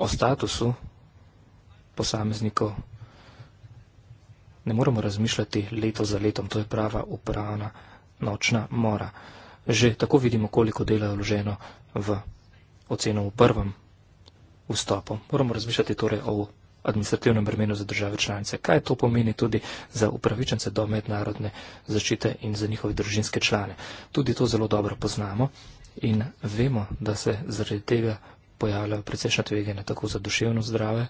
o statusu posameznikov ne moramo razmišljati leto za letom, to je prava upravna nočna mora. Že tako vidimo, koliko dela je vloženo v oceno v prvem vstopu. Moramo razmišljati torej o administrativnem bremenu za države članice. Kaj to pomeni tudi za upravičence do mednarodne zaščite in za njihove družinske člane? Tudi to zelo dobro poznamo in vemo, da se zaradi tega pojavljajo precejšnja tveganja tako za duševno zdrave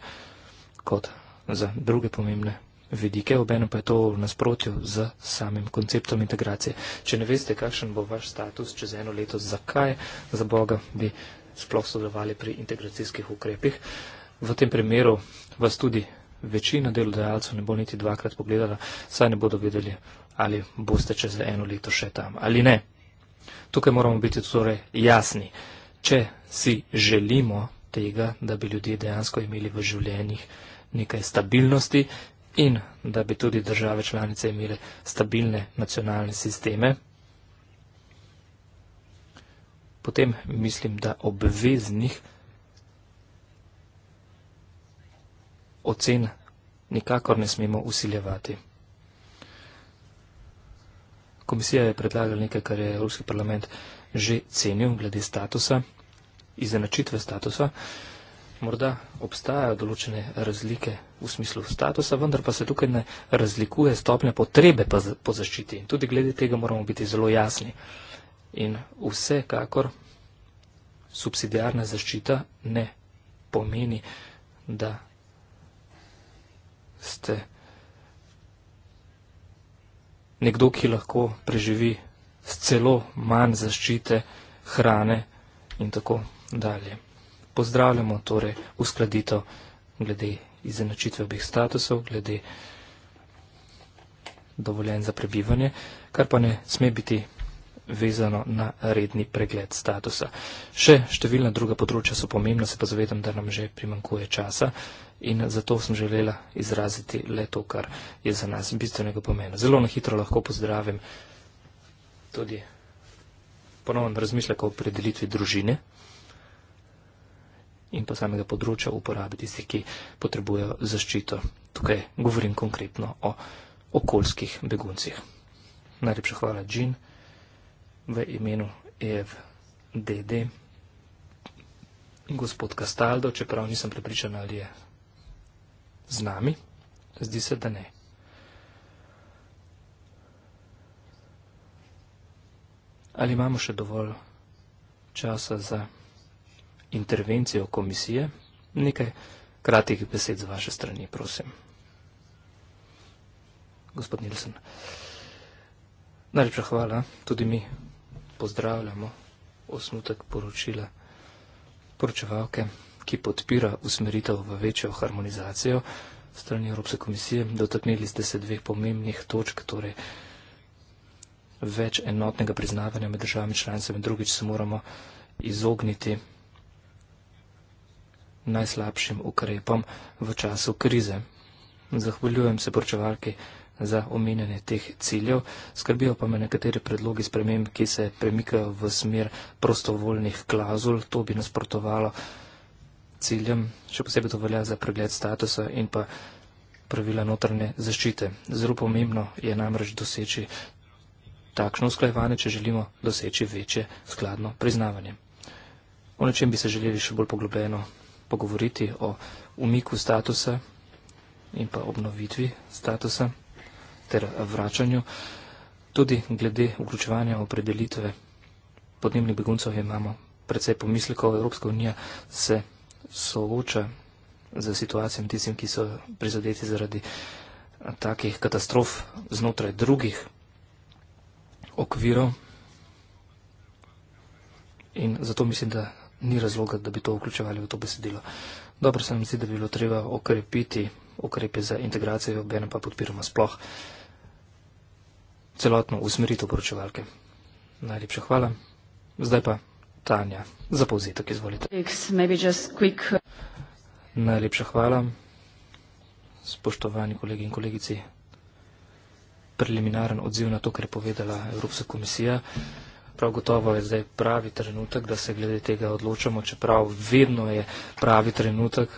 kot za druge pomembne vidike, obenem pa je to v nasprotju z samim konceptom integracije. Če ne veste, kakšen bo vaš status čez eno leto, zakaj za Boga bi sploh sodelovali pri integracijskih ukrepih, uh, v tem primeru vas tudi večina delodajalcev ne bo niti dvakrat pogledala, saj ne bodo vedeli, ali boste čez eno leto še tam ali ne. Tukaj moramo biti torej jasni, če si želimo tega, da bi ljudje dejansko imeli v življenjih nekaj stabilnosti in da bi tudi države članice imele stabilne nacionalne sisteme, potem mislim, da obveznih ocen nikakor ne smemo usiljevati. Komisija je predlagala nekaj, kar je Evropski parlament že cenil glede statusa, izenačitve statusa. Morda obstajajo določene razlike v smislu statusa, vendar pa se tukaj ne razlikuje stopnja potrebe po zaščiti. In tudi glede tega moramo biti zelo jasni. In vsekakor subsidijarna zaščita ne pomeni, da ste nekdo, ki lahko preživi s celo manj zaščite, hrane in tako dalje. Pozdravljamo torej uskladitev glede izenačitve obih statusov, glede dovoljen za prebivanje, kar pa ne sme biti vezano na redni pregled statusa. Še številna druga področja so pomembna, se pa zavedam, da nam že primankuje časa in zato sem želela izraziti le to, kar je za nas bistvenega pomena. Zelo na hitro lahko pozdravim tudi ponovno razmišljak o predelitvi družine in pa samega področja uporabi tistih, ki potrebujejo zaščito. Tukaj govorim konkretno o okoljskih beguncih. Najlepša hvala, Džin v imenu EFDD. Gospod Kastaldo, čeprav nisem prepričan, ali je z nami, zdi se, da ne. Ali imamo še dovolj časa za intervencijo komisije? Nekaj kratkih besed z vaše strani, prosim. Gospod Nilsen, najlepša hvala, tudi mi pozdravljamo osnutek poročila poročevalke, ki podpira usmeritev v večjo harmonizacijo strani Evropske komisije. Dotaknili ste se dveh pomembnih točk, torej več enotnega priznavanja med državami članicami. Drugič se moramo izogniti najslabšim ukrepom v času krize. Zahvaljujem se poročevalki za omenjanje teh ciljev. Skrbijo pa me nekatere predlogi sprememb, ki se premikajo v smer prostovoljnih klazul. To bi nasprotovalo ciljem, še posebej to velja za pregled statusa in pa pravila notranje zaščite. Zelo pomembno je namreč doseči takšno usklajevanje, če želimo doseči večje skladno priznavanje. O nečem bi se želeli še bolj poglobeno pogovoriti o umiku statusa in pa obnovitvi statusa ter vračanju. Tudi glede vključevanja opredelitve podnebnih beguncev imamo precej pomislekov. Evropska unija se sooča za situacijami tistim, ki so prizadeti zaradi takih katastrof znotraj drugih okvirov. In zato mislim, da ni razloga, da bi to vključevali v to besedilo. Dobro se nam zdi, da bi bilo treba okrepiti ukrepe za integracijo, obenem pa podpiramo sploh celotno usmeritev poročevalke. Najlepša hvala. Zdaj pa Tanja za povzetek, izvolite. Uh, Najlepša hvala, spoštovani kolegi in kolegici. Preliminaren odziv na to, kar je povedala Evropska komisija. Prav gotovo je zdaj pravi trenutek, da se glede tega odločamo, čeprav vedno je pravi trenutek,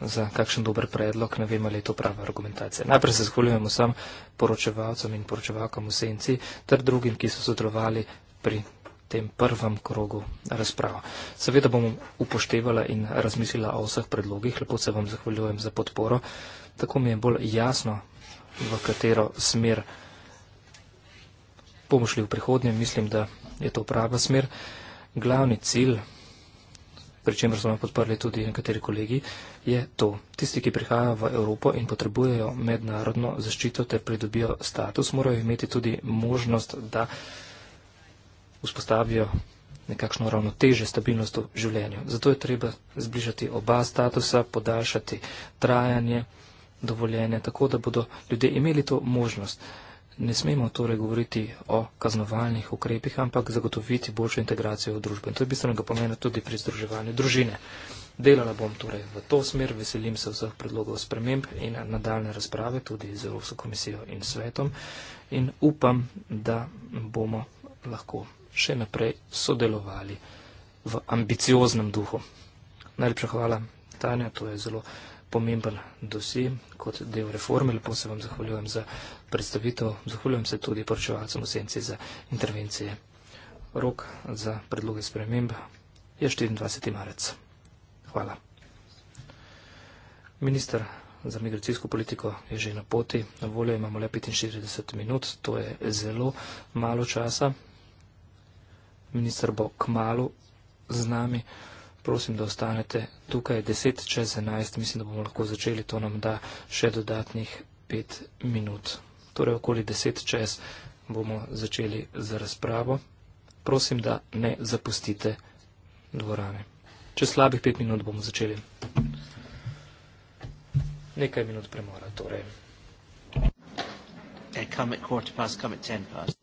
za kakšen dober predlog, ne vem, ali je to prava argumentacija. Najprej se zahvaljujem vsem poročevalcem in poročevalkam v senci ter drugim, ki so sodelovali pri tem prvem krogu razprav. Seveda bom upoštevala in razmislila o vseh predlogih, lepo se vam zahvaljujem za podporo, tako mi je bolj jasno, v katero smer bomo šli v prihodnje. Mislim, da je to prava smer. Glavni cilj pri čemer so me podprli tudi nekateri kolegi, je to. Tisti, ki prihajajo v Evropo in potrebujejo mednarodno zaščito ter pridobijo status, morajo imeti tudi možnost, da vzpostavijo nekakšno ravnoteže stabilnost v življenju. Zato je treba zbližati oba statusa, podaljšati trajanje dovoljenja, tako da bodo ljudje imeli to možnost. Uh, ne smemo torej govoriti o kaznovalnih ukrepih, ampak zagotoviti boljšo integracijo v družbo. In to je bistvenega pomena tudi pri združevanju družine. Delala bom torej v to smer, veselim se vseh predlogov sprememb in nadaljne razprave tudi z Evropsko komisijo in svetom in upam, da bomo lahko še naprej sodelovali v ambicioznem duhu. Najlepša hvala, Tanja, to je zelo pomemben dosi kot del reforme. Lepo se vam zahvaljujem za predstavitev. Zahvaljujem se tudi poročevalcem v senci za intervencije. Rok za predloge sprememb je 24. marec. Hvala. Ministr za migracijsko politiko je že na poti. Na voljo imamo le 45 minut, to je zelo malo časa. Ministr bo k malu z nami prosim, da ostanete tukaj 10 čez 11, mislim, da bomo lahko začeli, to nam da še dodatnih 5 minut. Torej, okoli 10 čez bomo začeli z razpravo. Prosim, da ne zapustite dvorane. Čez slabih 5 minut bomo začeli. Nekaj minut premora, torej. Hey, come at quarter past, come at ten past.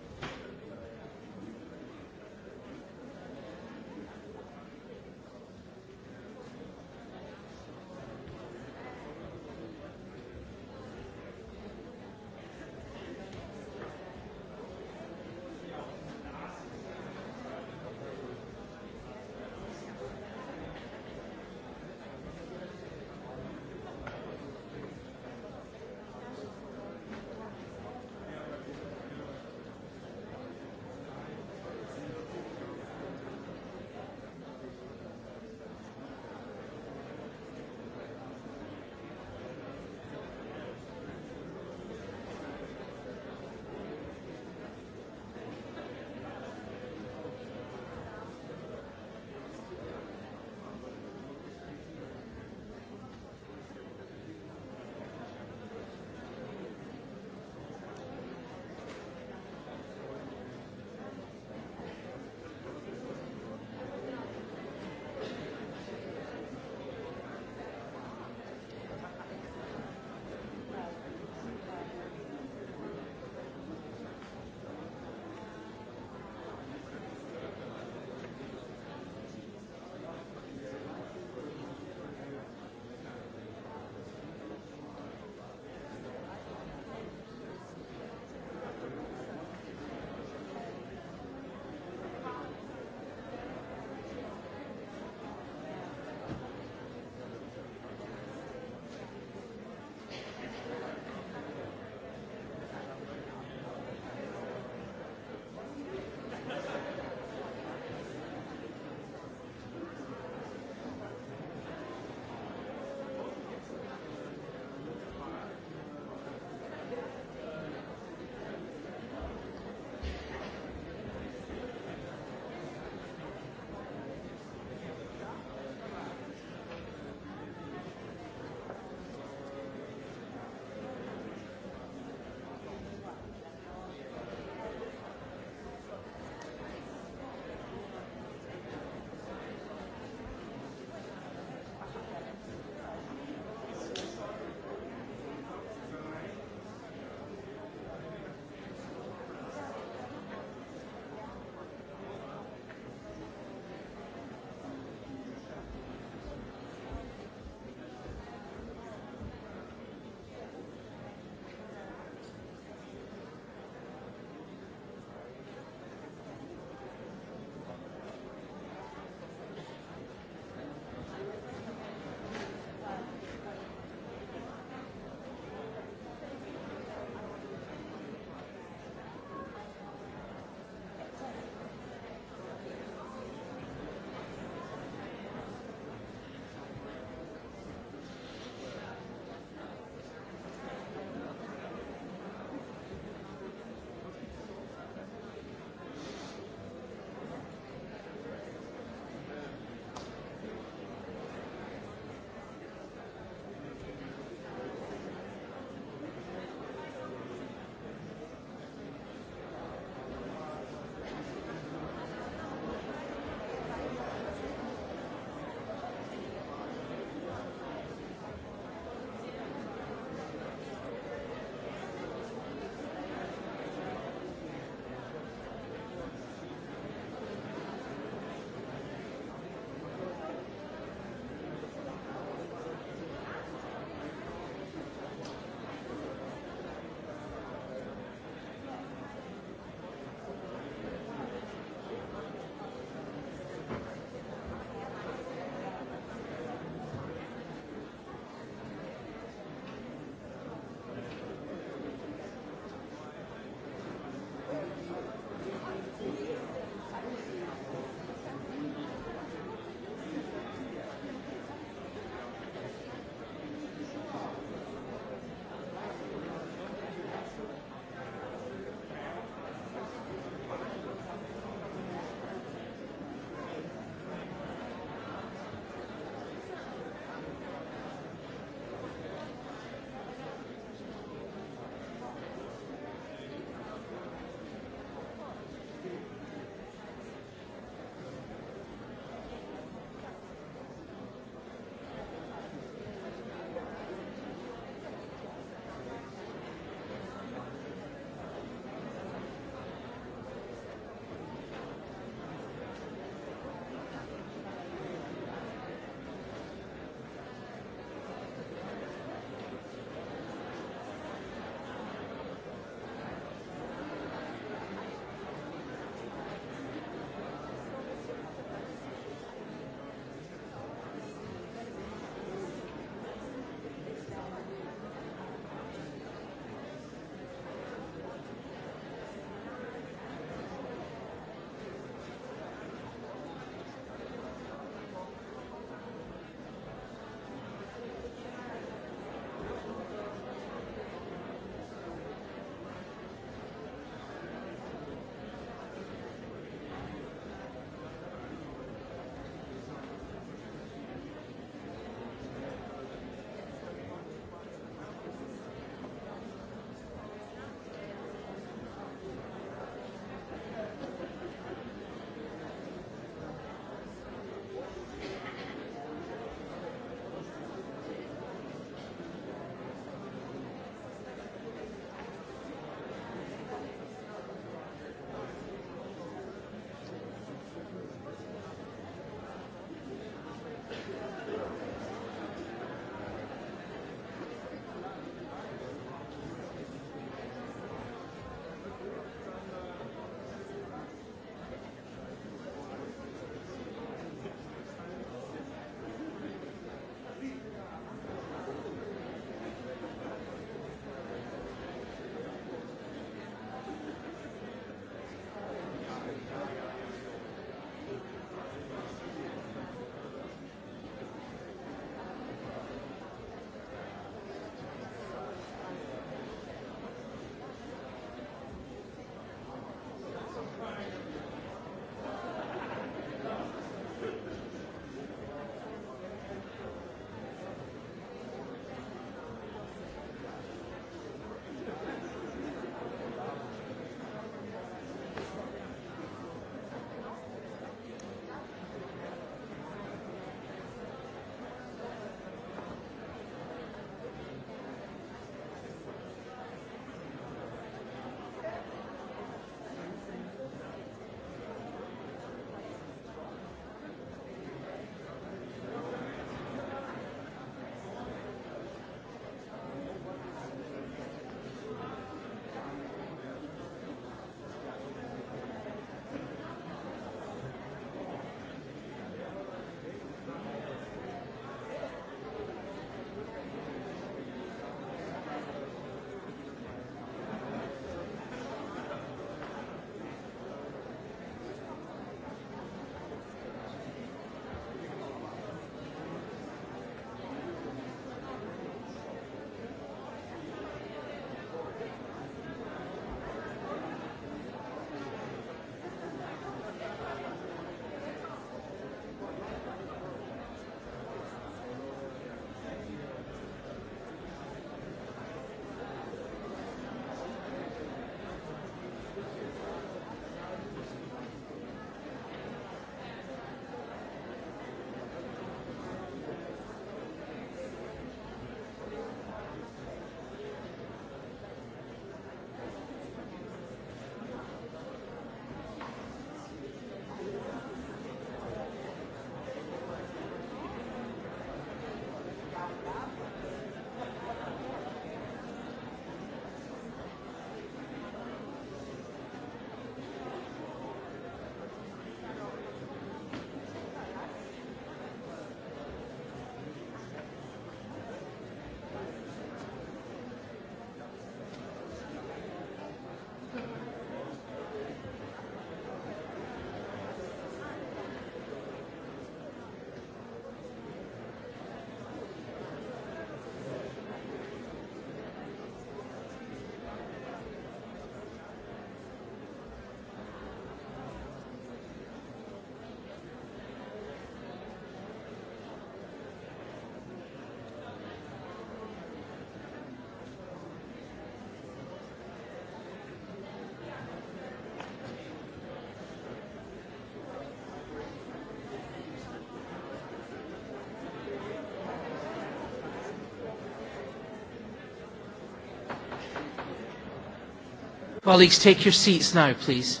Colleagues, take your seats now, please.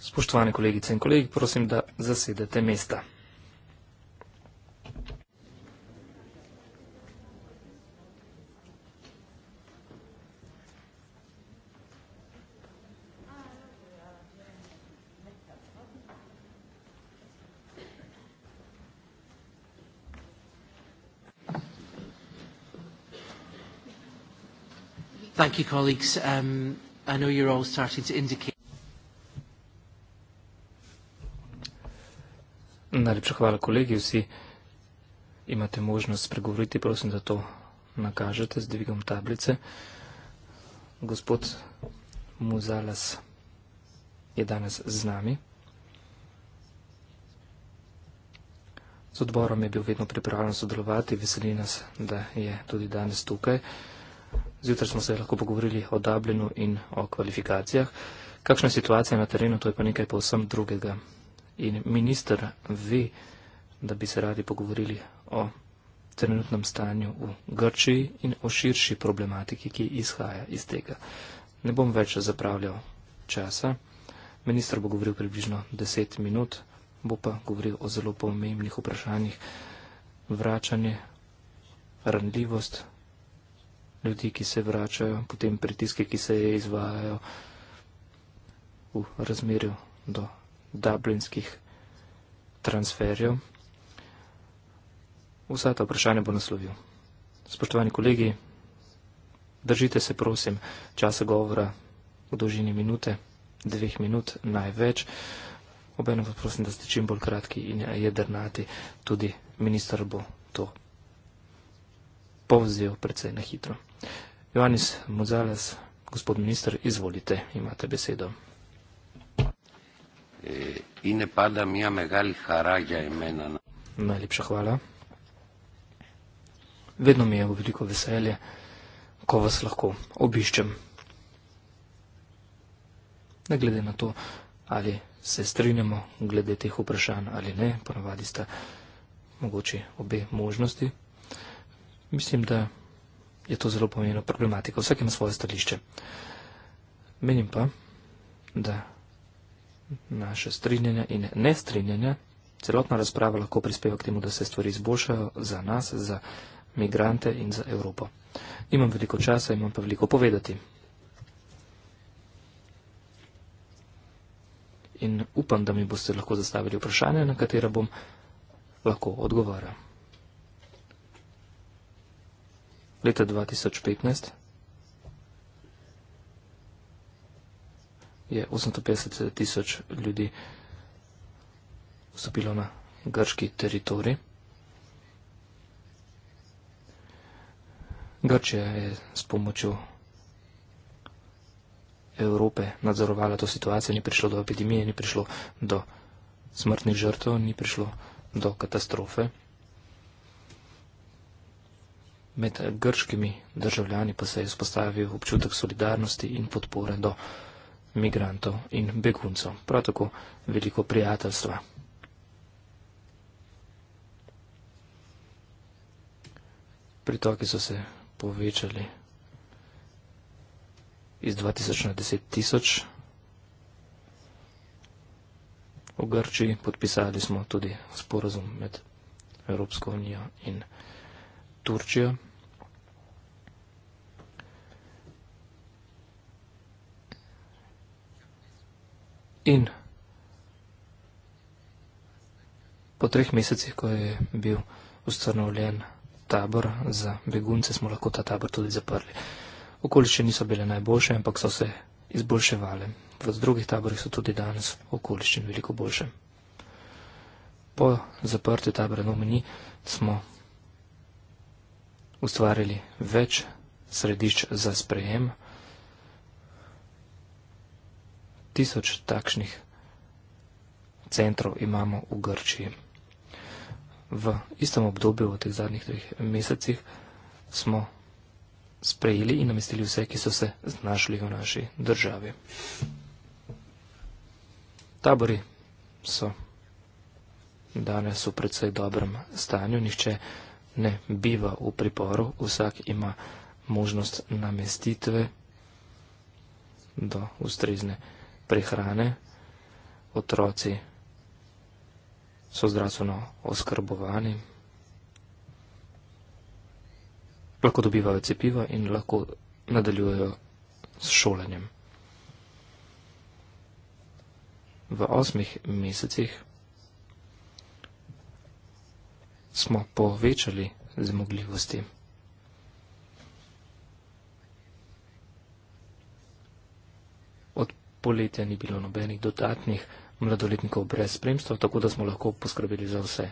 Spoštovane kolegice in kolegi, prosim, da zasedete mesta. you, colleagues. Um, I know you're all starting to indicate. Najlepša hvala, kolegi. Vsi imate možnost spregovoriti. Prosim, da to nakažete z dvigom tablice. Gospod Muzalas je danes z nami. Z odborom je bil vedno pripravljen sodelovati. Veseli nas, da je tudi danes tukaj. Zjutraj smo se lahko pogovorili o Dublinu in o kvalifikacijah. Kakšna je situacija na terenu, to je pa nekaj povsem drugega. In minister ve, da bi se radi pogovorili o trenutnem stanju v Grčiji in o širši problematiki, ki izhaja iz tega. Ne bom več zapravljal časa. Ministr bo govoril približno 10 minut, bo pa govoril o zelo pomembnih vprašanjih. Vračanje, randljivost, ljudi, ki se vračajo, potem pritiske, ki se izvajajo v razmerju do dublinskih transferjev. Vsa ta vprašanja bo naslovil. Spoštovani kolegi, držite se prosim časa govora v dolžini minute, dveh minut največ. Obenem pa prosim, da ste čim bolj kratki in jedrnati. Tudi minister bo to povzel predvsej na hitro. Joannis Mozales, gospod minister, izvolite, imate besedo. E, Najlepša hvala. Vedno mi je v veliko veselje, ko vas lahko obiščem. Ne glede na to, ali se strinjamo glede teh vprašanj ali ne, ponavadi sta mogoče obe možnosti, Mislim, da je to zelo pomembno problematiko. Vsak ima svoje stališče. Menim pa, da naše strinjanja in nestrinjanja, celotna razprava lahko prispeva k temu, da se stvari izboljšajo za nas, za migrante in za Evropo. Imam veliko časa, imam pa veliko povedati. In upam, da mi boste lahko zastavili vprašanje, na katera bom lahko odgovarjal. leta 2015 je 58 tisoč ljudi vstopilo na grški teritorij. Grčija je s pomočjo Evrope nadzorovala to situacijo, ni prišlo do epidemije, ni prišlo do smrtnih žrtev, ni prišlo do katastrofe med eh, grškimi državljani pa se je vzpostavil občutek solidarnosti in podpore do migrantov in beguncov. Prav tako veliko prijateljstva. Pritoki so se povečali iz 2000 na 10 tisoč. V Grčiji podpisali smo tudi sporozum med Evropsko unijo in Turčijo. In po treh mesecih, ko je bil ustanovljen tabor za begunce, smo lahko ta tabor tudi zaprli. Okoliščine niso bile najboljše, ampak so se izboljševale. V drugih taborih so tudi danes okoliščine veliko boljše. Po zaprti tabore Nomini smo ustvarili več središč za sprejem. tisoč takšnih centrov imamo v Grčiji. V istem obdobju, v teh zadnjih treh mesecih, smo sprejeli in namestili vse, ki so se znašli v naši državi. Tabori so danes v predvsej dobrem stanju, nišče ne biva v priporu, vsak ima možnost namestitve do ustrezne prihrane, otroci so zdravstveno oskrbovani, lahko dobivajo cepiva in lahko nadaljujejo s šolanjem. V osmih mesecih smo povečali zmogljivosti. poletja ni bilo nobenih dodatnih mladoletnikov brez spremstva, tako da smo lahko poskrbeli za vse.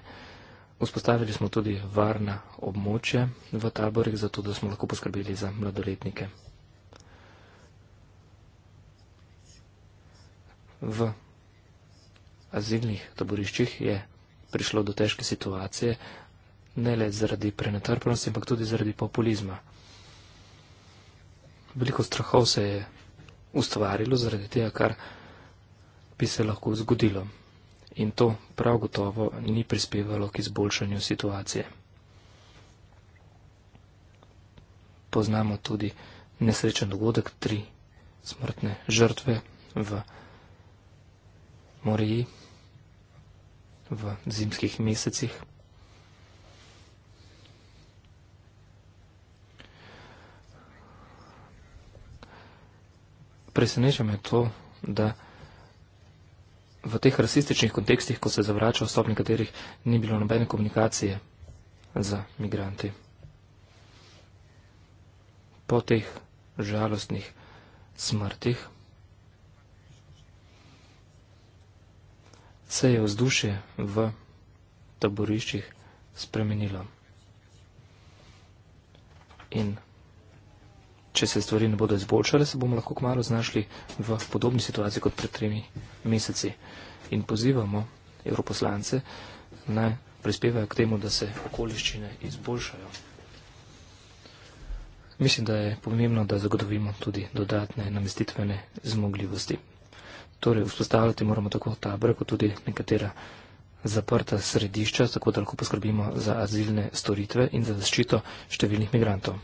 Vzpostavili smo tudi varna območja v taborih, zato da smo lahko poskrbeli za mladoletnike. V azilnih taboriščih je prišlo do težke situacije, ne le zaradi prenatrpnosti, ampak tudi zaradi populizma. Veliko strahov se je ustvarilo zaradi tega, kar bi se lahko zgodilo. In to prav gotovo ni prispevalo k izboljšanju situacije. Poznamo tudi nesrečen dogodek, tri smrtne žrtve v Moriji v zimskih mesecih preseneča me to, da v teh rasističnih kontekstih, ko se zavrača vstop nekaterih, ni bilo nobene komunikacije za migranti. Po teh žalostnih smrtih se je vzdušje v taboriščih spremenilo. In če se stvari ne bodo izboljšale, se bomo lahko kmalo znašli v podobni situaciji kot pred tremi meseci. In pozivamo europoslance naj prispevajo k temu, da se okoliščine izboljšajo. Mislim, da je pomembno, da zagotovimo tudi dodatne namestitvene zmogljivosti. Torej, vzpostavljati moramo tako tabre, kot tudi nekatera zaprta središča, tako da lahko poskrbimo za azilne storitve in za zaščito številnih migrantov.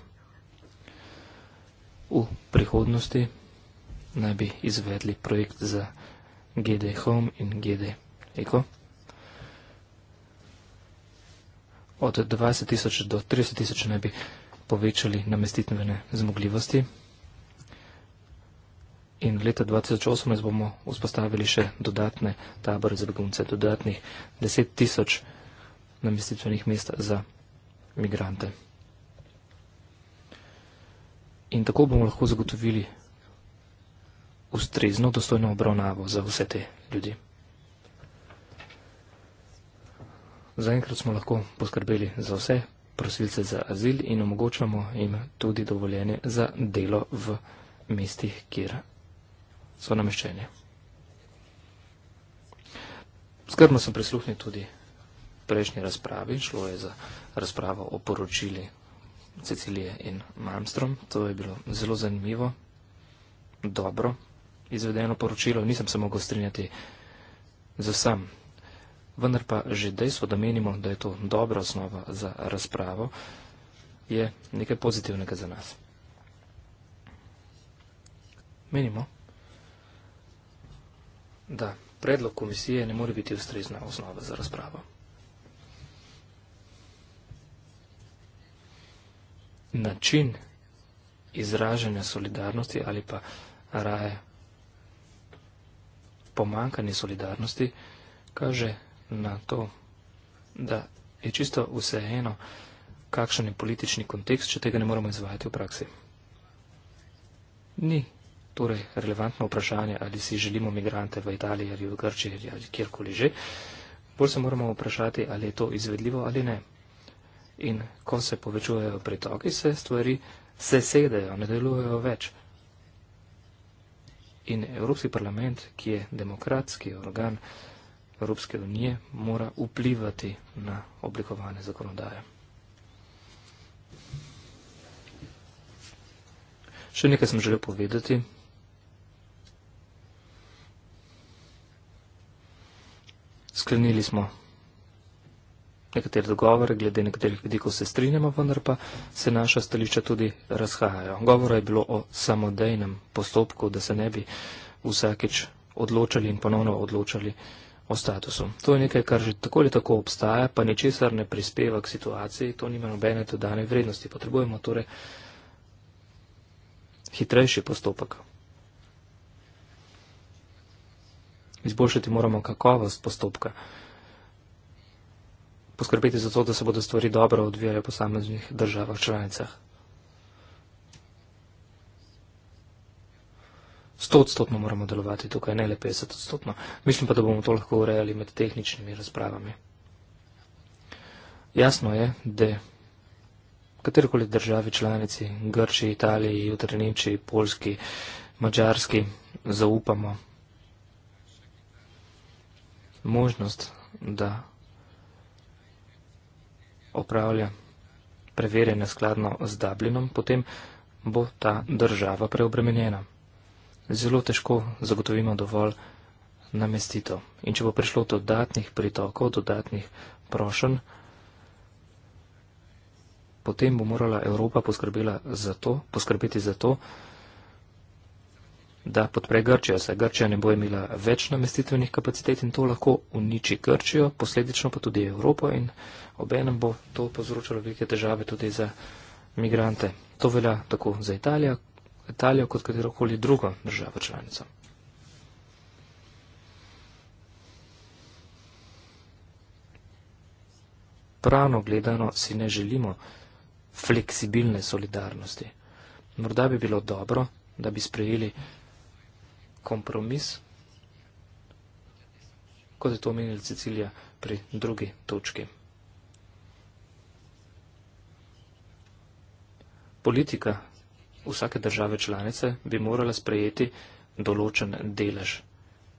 V prihodnosti naj bi izvedli projekt za GD Home in GD Eco. Od 20 tisoč do 30 tisoč naj bi povečali namestitvene zmogljivosti. In v leta 2018 bomo vzpostavili še dodatne tabore za begunce, dodatnih 10 tisoč namestitvenih mest za migrante in tako bomo lahko zagotovili ustrezno dostojno obravnavo za vse te ljudi. Zaenkrat smo lahko poskrbeli za vse prosilce za azil in omogočamo jim tudi dovoljenje za delo v mestih, kjer so nameščeni. Skrbno sem prisluhnil tudi prejšnji razpravi, šlo je za razpravo o poročili Cecilije in Malmström. To je bilo zelo zanimivo, dobro izvedeno poročilo. Nisem se mogel strinjati z vsem. Vendar pa že dejstvo, da menimo, da je to dobra osnova za razpravo, je nekaj pozitivnega za nas. Menimo, da predlog komisije ne more biti ustrezna osnova za razpravo. način izražanja solidarnosti ali pa raje pomankanje solidarnosti, kaže na to, da je čisto vseeno, kakšen je politični kontekst, če tega ne moramo izvajati v praksi. Ni torej relevantno vprašanje, ali si želimo migrante v Italiji ali v Grčiji ali kjerkoli že, bolj se moramo vprašati, ali je to izvedljivo ali ne. In ko se povečujejo pritoki, se stvari sesedejo, ne delujejo več. In Evropski parlament, ki je demokratski organ Evropske unije, mora vplivati na oblikovanje zakonodaje. Še nekaj sem želel povedati. Sklenili smo nekatere dogovore, glede nekaterih vidikov se strinjamo, vendar pa se naša stališča tudi razhajajo. Govora je bilo o samodejnem postopku, da se ne bi vsakeč odločali in ponovno odločali o statusu. To je nekaj, kar že tako ali tako obstaja, pa ničesar ne prispeva k situaciji, to nima nobene dodane vrednosti. Potrebujemo torej hitrejši postopek. Izboljšati moramo kakovost postopka poskrbeti za to, da se bodo stvari dobro odvijale v posameznih državah članicah. Stotstotno moramo delovati tukaj, ne le 50 odstotno. Mislim pa, da bomo to lahko urejali med tehničnimi razpravami. Jasno je, da katerikoli državi članici, Grči, Italiji, jutri Nemčiji, Polski, Mačarski, zaupamo možnost, da opravlja preverjanje skladno z Dublinom, potem bo ta država preobremenjena. Zelo težko zagotovimo dovolj namestitev. In če bo prišlo do dodatnih pritokov, dodatnih prošen, potem bo morala Evropa poskrbeti za to, da podpre Grčijo. Se Grčija ne bo imela več namestitvenih kapacitet in to lahko uniči Grčijo, posledično pa tudi Evropo in obenem bo to povzročalo velike težave tudi za migrante. To velja tako za Italijo, Italijo kot katerokoli drugo državo članico. Pravno gledano si ne želimo fleksibilne solidarnosti. Morda bi bilo dobro, da bi sprejeli kompromis, kot je to omenila Cecilija pri drugi točki. Politika vsake države članice bi morala sprejeti določen delež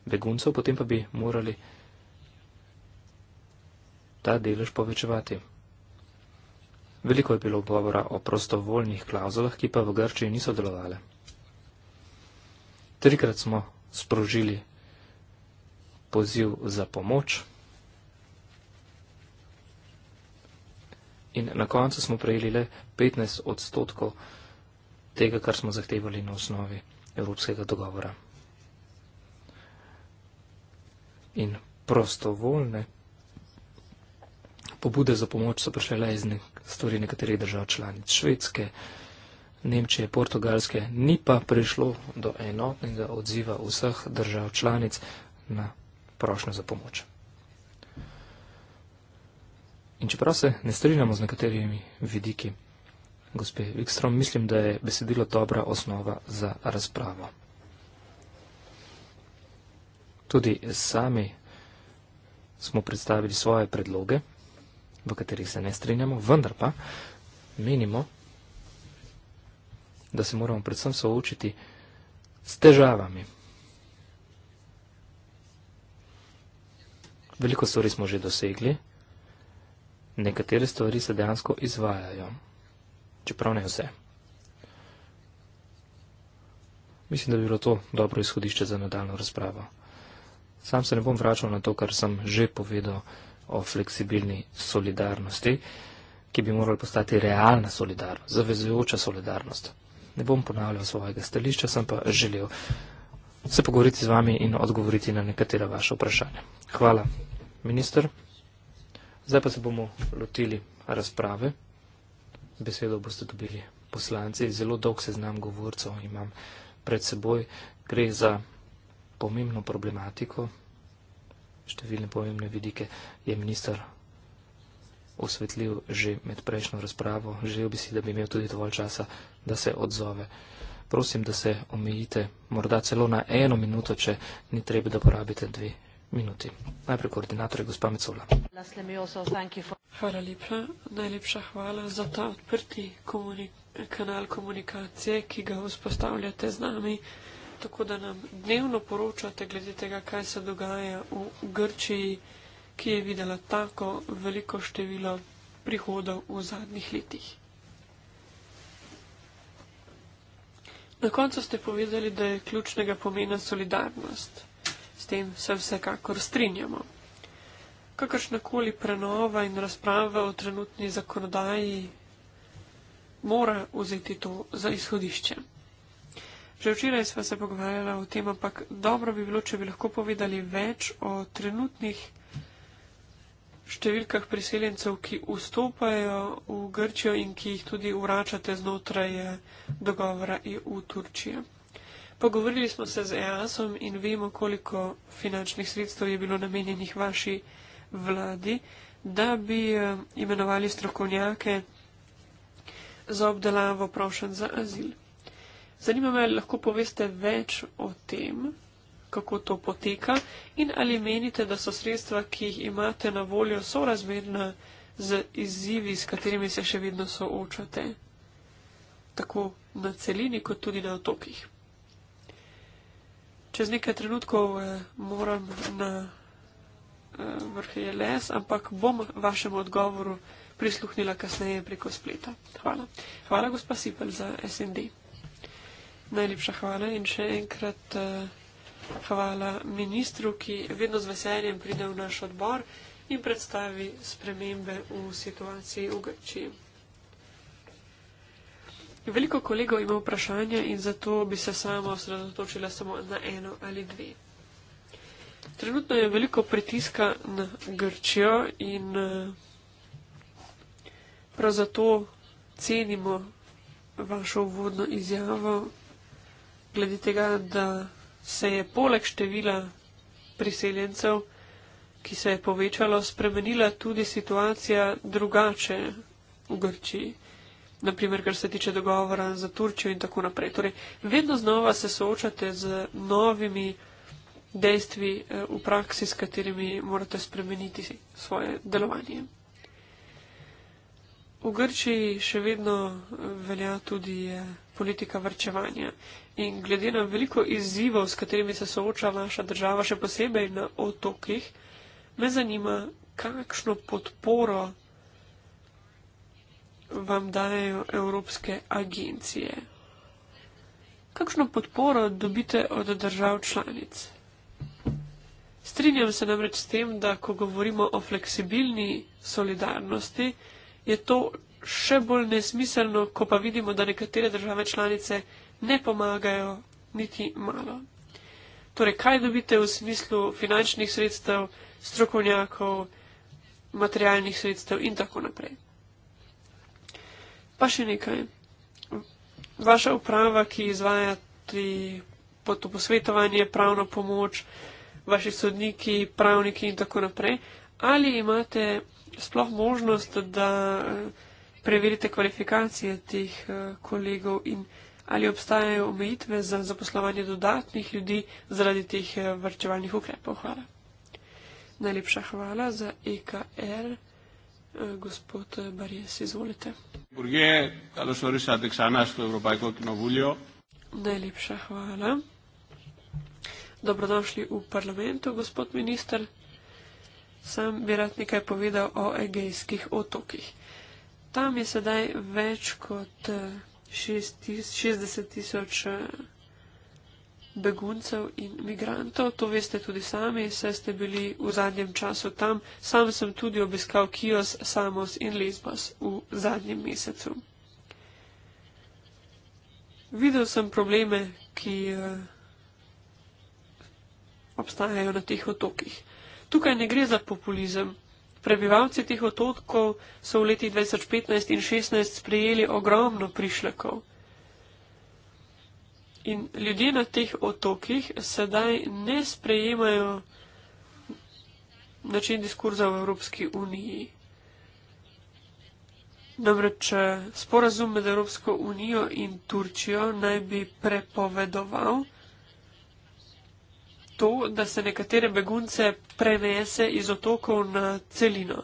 beguncev, potem pa bi morali ta delež povečevati. Veliko je bilo govora o prostovoljnih klauzulah, ki pa v Grčiji niso delovale. Trikrat smo sprožili poziv za pomoč in na koncu smo prejeli le 15 odstotkov tega, kar smo zahtevali na osnovi evropskega dogovora. In prostovoljne pobude za pomoč so prišle le iz stvari nekaterih držav članic Švedske, Nemčije, Portugalske, ni pa prišlo do enotnega odziva vseh držav članic na prošnjo za pomoč. In čeprav se ne strinjamo z nekaterimi vidiki, gospe Wikstrom, mislim, da je besedilo dobra osnova za razpravo. Tudi sami smo predstavili svoje predloge, v katerih se ne strinjamo, vendar pa menimo, da se moramo predvsem soočiti s težavami. Veliko stvari smo že dosegli, nekatere stvari se dejansko izvajajo, čeprav ne vse. Mislim, da bi bilo to dobro izhodišče za nadaljno razpravo. Sam se ne bom vračal na to, kar sem že povedal o fleksibilni solidarnosti, ki bi morala postati realna solidarnost, zavezujoča solidarnost ne bom ponavljal svojega stališča, sem pa želel se pogovoriti z vami in odgovoriti na nekatera vaša vprašanja. Hvala, minister. Zdaj pa se bomo lotili razprave. Besedo boste dobili poslanci. Zelo dolg seznam govorcev imam pred seboj. Gre za pomembno problematiko. Številne pomembne vidike je minister osvetlil že med prejšnjo razpravo. Želel bi si, da bi imel tudi dovolj časa, da se odzove. Prosim, da se omejite morda celo na eno minuto, če ni treba, da porabite dve minuti. Najprej koordinator je gospa Mecola. Hvala lepa, najlepša hvala za ta odprti komuni kanal komunikacije, ki ga vzpostavljate z nami, tako da nam dnevno poročate glede tega, kaj se dogaja v Grčiji ki je videla tako veliko število prihodov v zadnjih letih. Na koncu ste povedali, da je ključnega pomena solidarnost. S tem se vsekakor strinjamo. Kakršnakoli prenova in razprava o trenutni zakonodaji mora vzeti to za izhodišče. Že včeraj sva se pogovarjala o tem, ampak dobro bi bilo, če bi lahko povedali več o trenutnih številkah priseljencev, ki vstopajo v Grčijo in ki jih tudi vračate znotraj eh, dogovora EU Turčije. Pogovorili smo se z EASom in vemo, koliko finančnih sredstev je bilo namenjenih vaši vladi, da bi eh, imenovali strokovnjake za obdelavo prošen za azil. Zanima me, ali lahko poveste več o tem kako to poteka in ali menite, da so sredstva, ki jih imate na voljo, sorazmerna z izzivi, s katerimi se še vedno soočate, tako na celini, kot tudi na otokih. Čez nekaj trenutkov eh, moram na eh, vrh LS, ampak bom vašemu odgovoru prisluhnila kasneje preko spleta. Hvala. Hvala, gospa Sipel, za SND. Najlepša hvala in še enkrat. Uh, Hvala ministru, ki vedno z veseljem pride v naš odbor in predstavi spremembe v situaciji v Grčiji. Veliko kolegov ima vprašanja in zato bi se sama osredotočila samo na eno ali dve. Trenutno je veliko pritiska na Grčijo in eh, prav zato cenimo vašo uvodno izjavo glede tega, da se je poleg števila priseljencev, ki se je povečalo, spremenila tudi situacija drugače v Grčiji. Naprimer, kar se tiče dogovora za Turčijo in tako naprej. Torej, vedno znova se soočate z novimi dejstvi eh, v praksi, s katerimi morate spremeniti svoje delovanje. V Grčiji še vedno eh, velja tudi eh, politika vrčevanja. In glede na veliko izzivov, s katerimi se sooča naša država, še posebej na otokih, me zanima, kakšno podporo vam dajo evropske agencije. Kakšno podporo dobite od držav članic? Strinjam se namreč s tem, da ko govorimo o fleksibilni solidarnosti, je to še bolj nesmiselno, ko pa vidimo, da nekatere države članice ne pomagajo niti malo. Torej, kaj dobite v smislu finančnih sredstev, strokovnjakov, materialnih sredstev in tako naprej. Pa še nekaj. Vaša uprava, ki izvaja ti potoposvetovanje, pravno pomoč, vaši sodniki, pravniki in tako naprej, ali imate sploh možnost, da eh, preverite kvalifikacije teh eh, kolegov in kolegov? ali obstajajo omejitve za zaposlovanje dodatnih ljudi zaradi teh eh, vrčevalnih ukrepov. Hvala. Najlepša hvala za EKR. Eh, gospod eh, Barjes, izvolite. Najlepša hvala. Dobrodošli v parlamentu, gospod minister. Sam bi rad nekaj povedal o egejskih otokih. Tam je sedaj več kot 60 tisoč eh, beguncev in migrantov. To veste tudi sami, vse ste bili v zadnjem času tam. Sam sem tudi obiskal Kios, Samos in Lesbos v zadnjem mesecu. Videl sem probleme, ki eh, obstajajo na teh otokih. Tukaj ne gre za populizem, Prebivalci teh otokov so v letih 2015 in 2016 sprejeli ogromno prišlekov. In ljudje na teh otokih sedaj ne sprejemajo način diskurza v Evropski uniji. Namreč eh, sporazum med Evropsko unijo in Turčijo naj bi prepovedoval, to, da se nekatere begunce prenese iz otokov na celino.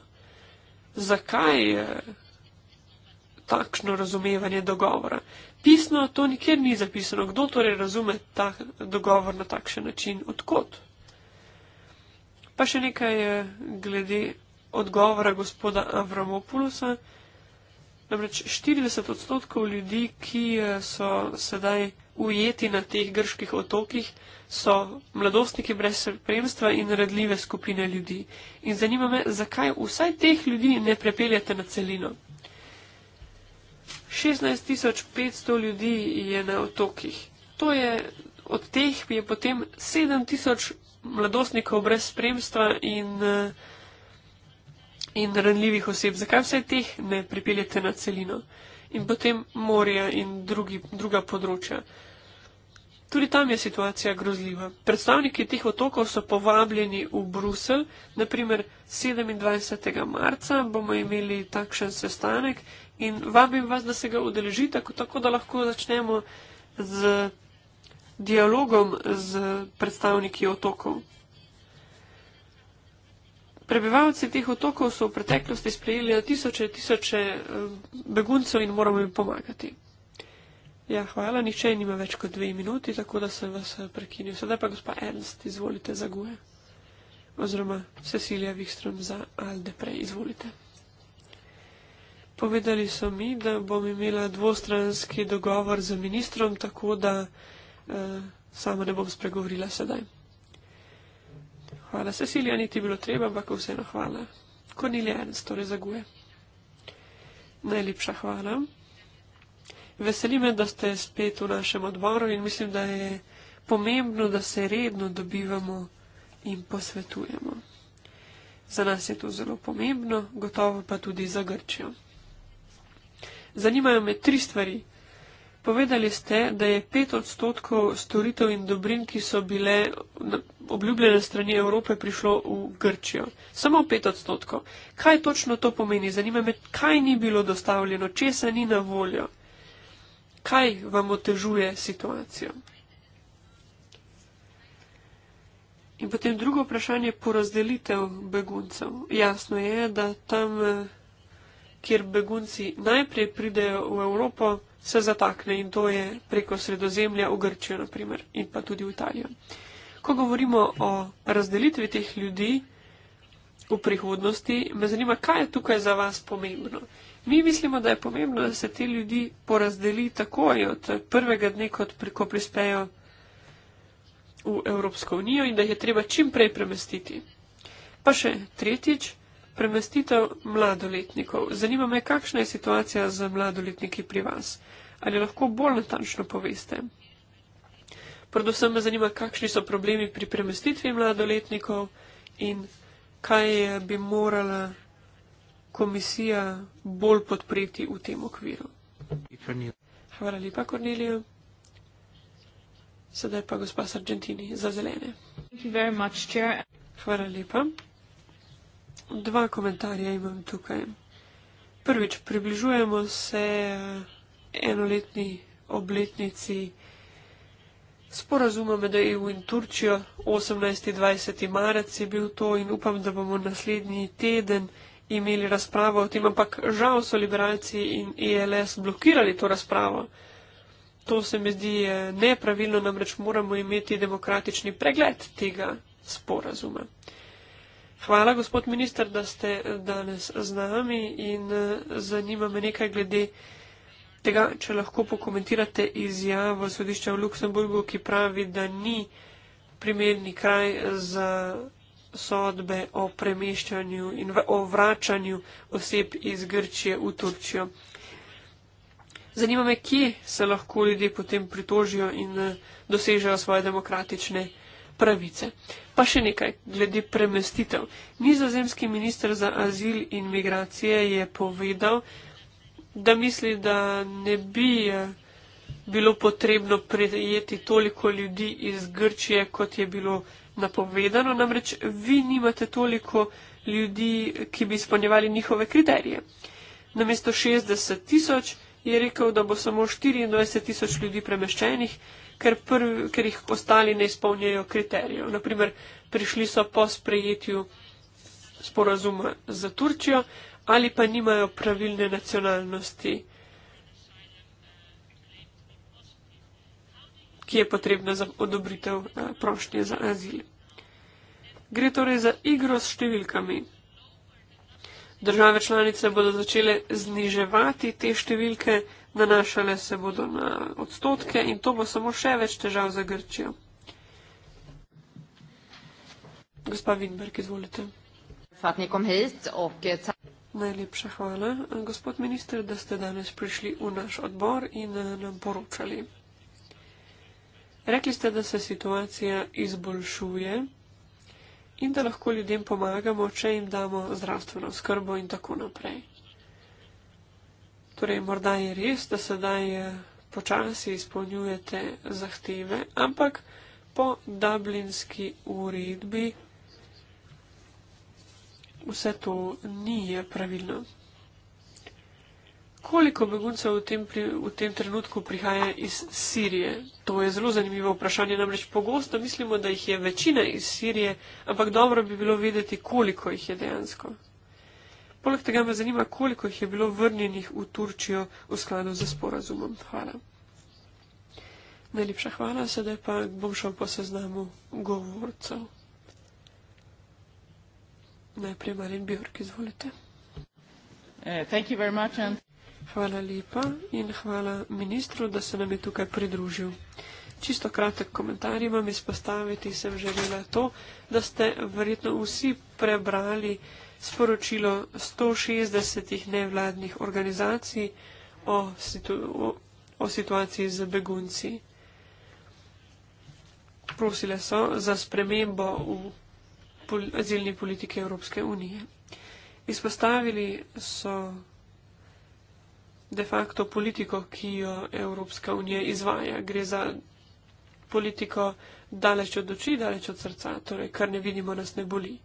Zakaj eh, takšno razumevanje dogovora? Pisno to nikjer ni zapisano. Kdo torej razume ta dogovor na takšen način? Odkot? Pa še nekaj eh, glede odgovora gospoda Avramopulusa. Namreč 40 odstotkov ljudi, ki eh, so sedaj ujeti na teh grških otokih, so mladostniki brez spremstva in radljive skupine ljudi. In zanima me, zakaj vsaj teh ljudi ne prepeljate na celino. 16.500 ljudi je na otokih. To je, od teh je potem 7.000 mladostnikov brez spremstva in, in ranljivih oseb. Zakaj vsaj teh ne pripeljete na celino? In potem morja in drugi, druga področja. Tudi tam je situacija grozljiva. Predstavniki teh otokov so povabljeni v Brusel, naprimer 27. marca bomo imeli takšen sestanek in vabim vas, da se ga udeležite, tako da lahko začnemo z dialogom z predstavniki otokov. Prebivalci teh otokov so v preteklosti sprejeli na tisoče, tisoče eh, beguncev in moramo jim pomagati. Ja, hvala, nihče nima več kot dve minuti, tako da sem vas eh, prekinil. Sedaj pa gospa Ernst, izvolite za Guje. Oziroma Cecilija Wikström za Alde prej, izvolite. Povedali so mi, da bom imela dvostranski dogovor z ministrom, tako da eh, sama ne bom spregovorila sedaj. Hvala, Cecilija, niti bilo treba, ampak vseeno hvala. Kornilija Ernst, torej za Guje. Najlepša hvala veseli me, da ste spet v našem odboru in mislim, da je pomembno, da se redno dobivamo in posvetujemo. Za nas je to zelo pomembno, gotovo pa tudi za Grčijo. Zanimajo me tri stvari. Povedali ste, da je pet odstotkov storitev in dobrin, ki so bile obljubljene strani Evrope, prišlo v Grčijo. Samo pet odstotkov. Kaj točno to pomeni? Zanima me, kaj ni bilo dostavljeno, česa ni na voljo kaj vam otežuje situacijo. In potem drugo vprašanje je porazdelitev beguncev. Jasno je, da tam, kjer begunci najprej pridejo v Evropo, se zatakne in to je preko sredozemlja v Grčijo, naprimer, in pa tudi v Italijo. Ko govorimo o razdelitvi teh ljudi v prihodnosti, me zanima, kaj je tukaj za vas pomembno. Mi mislimo, da je pomembno, da se te ljudi porazdeli takoj od prvega dne, kot preko prispejo v Evropsko unijo in da jih je treba čim prej premestiti. Pa še tretjič, premestitev mladoletnikov. Zanima me, kakšna je situacija z mladoletniki pri vas. Ali lahko bolj natančno poveste? Predvsem me zanima, kakšni so problemi pri premestitvi mladoletnikov in kaj bi morala komisija bolj podpreti v tem okviru. Hvala lepa, Kornelija. Sedaj pa gospa Sargentini za zelene. Much, Hvala lepa. Dva komentarja imam tukaj. Prvič, približujemo se eh, enoletni obletnici sporazuma med EU in Turčijo. 18. 20. marec je bil to in upam, da bomo naslednji teden imeli razpravo o tem, ampak žal so liberalci in ELS blokirali to razpravo. To se mi zdi eh, nepravilno, namreč moramo imeti demokratični pregled tega sporazuma. Hvala, gospod minister, da ste eh, danes z nami in eh, zanima me nekaj glede tega, če lahko pokomentirate izjavo sodišča v Luksemburgu, ki pravi, da ni primerni kraj za sodbe o premeščanju in v, o vračanju oseb iz Grčije v Turčijo. Zanima me, kje se lahko ljudje potem pritožijo in eh, dosežejo svoje demokratične pravice. Pa še nekaj glede premestitev. Nizozemski minister za azil in migracije je povedal, da misli, da ne bi eh, bilo potrebno prejeti toliko ljudi iz Grčije, kot je bilo napovedano, namreč vi nimate toliko ljudi, ki bi izpolnjevali njihove kriterije. Namesto 60 tisoč je rekel, da bo samo 24 tisoč ljudi premeščenih, ker, prvi, ker jih ostali ne izpolnjajo kriterijev. Naprimer, prišli so po sprejetju sporazuma za Turčijo ali pa nimajo pravilne nacionalnosti. ki je potrebna za odobritev eh, prošnje za azil. Gre torej za igro s številkami. Države članice bodo začele zniževati te številke, nanašale se bodo na odstotke in to bo samo še več težav za Grčijo. Gospa Winberg, izvolite. Najlepša hvala, gospod minister, da ste danes prišli v naš odbor in eh, nam poročali. Rekli ste, da se situacija izboljšuje in da lahko ljudem pomagamo, če jim damo zdravstveno skrbo in tako naprej. Torej, morda je res, da sedaj eh, počasi izpolnjujete zahteve, ampak po dublinski uredbi vse to ni pravilno. Koliko beguncev v tem, pri, v tem trenutku prihaja iz Sirije? To je zelo zanimivo vprašanje. Namreč pogosto mislimo, da jih je večina iz Sirije, ampak dobro bi bilo vedeti, koliko jih je dejansko. Poleg tega me zanima, koliko jih je bilo vrnjenih v Turčijo v skladu z sporazumom. Hvala. Najlepša hvala, sedaj pa bom šel po seznamu govorcev. Najprej Marin Bjork, izvolite. Uh, thank you very much. And... Hvala lepa in hvala ministru, da se nam je tukaj pridružil. Čisto kratek komentar imam izpostaviti, sem želela to, da ste verjetno vsi prebrali sporočilo 160 nevladnih organizacij o, situ o, o situaciji z begunci. Prosile so za spremembo v pol azilni politiki Evropske unije. Izpostavili so de facto politiko, ki jo Evropska unija izvaja. Gre za politiko daleč od oči, daleč od srca, torej kar ne vidimo, nas ne boli.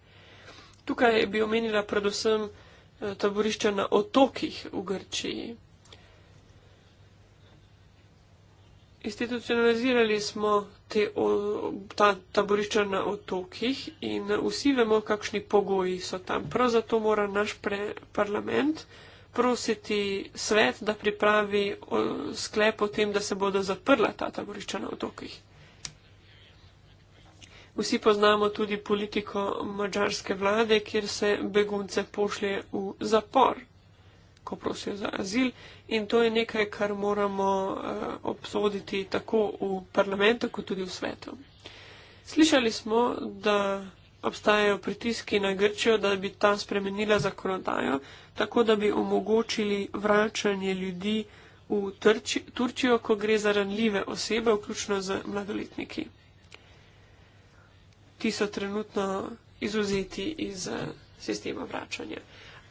Tukaj bi omenila predvsem eh, taborišče na otokih v Grčiji. Institucionalizirali smo te, o, ta taborišča na otokih in vsi vemo, kakšni pogoji so tam. Prav zato mora naš pre, parlament uh, prositi svet, da pripravi sklep o tem, da se bodo zaprla ta taborišča na otokih. Vsi poznamo tudi politiko mađarske vlade, kjer se begunce pošlje v zapor, ko prosijo za azil. In to je nekaj, kar moramo eh, obsoditi tako v parlamentu, kot tudi v svetu. Slišali smo, da obstajajo pritiski na Grčijo, da bi tam spremenila zakonodajo, tako da bi omogočili vračanje ljudi v Trči, Turčijo, ko gre za ranljive osebe, vključno z mladoletniki. Ti so trenutno izuzeti iz eh, sistema vračanja.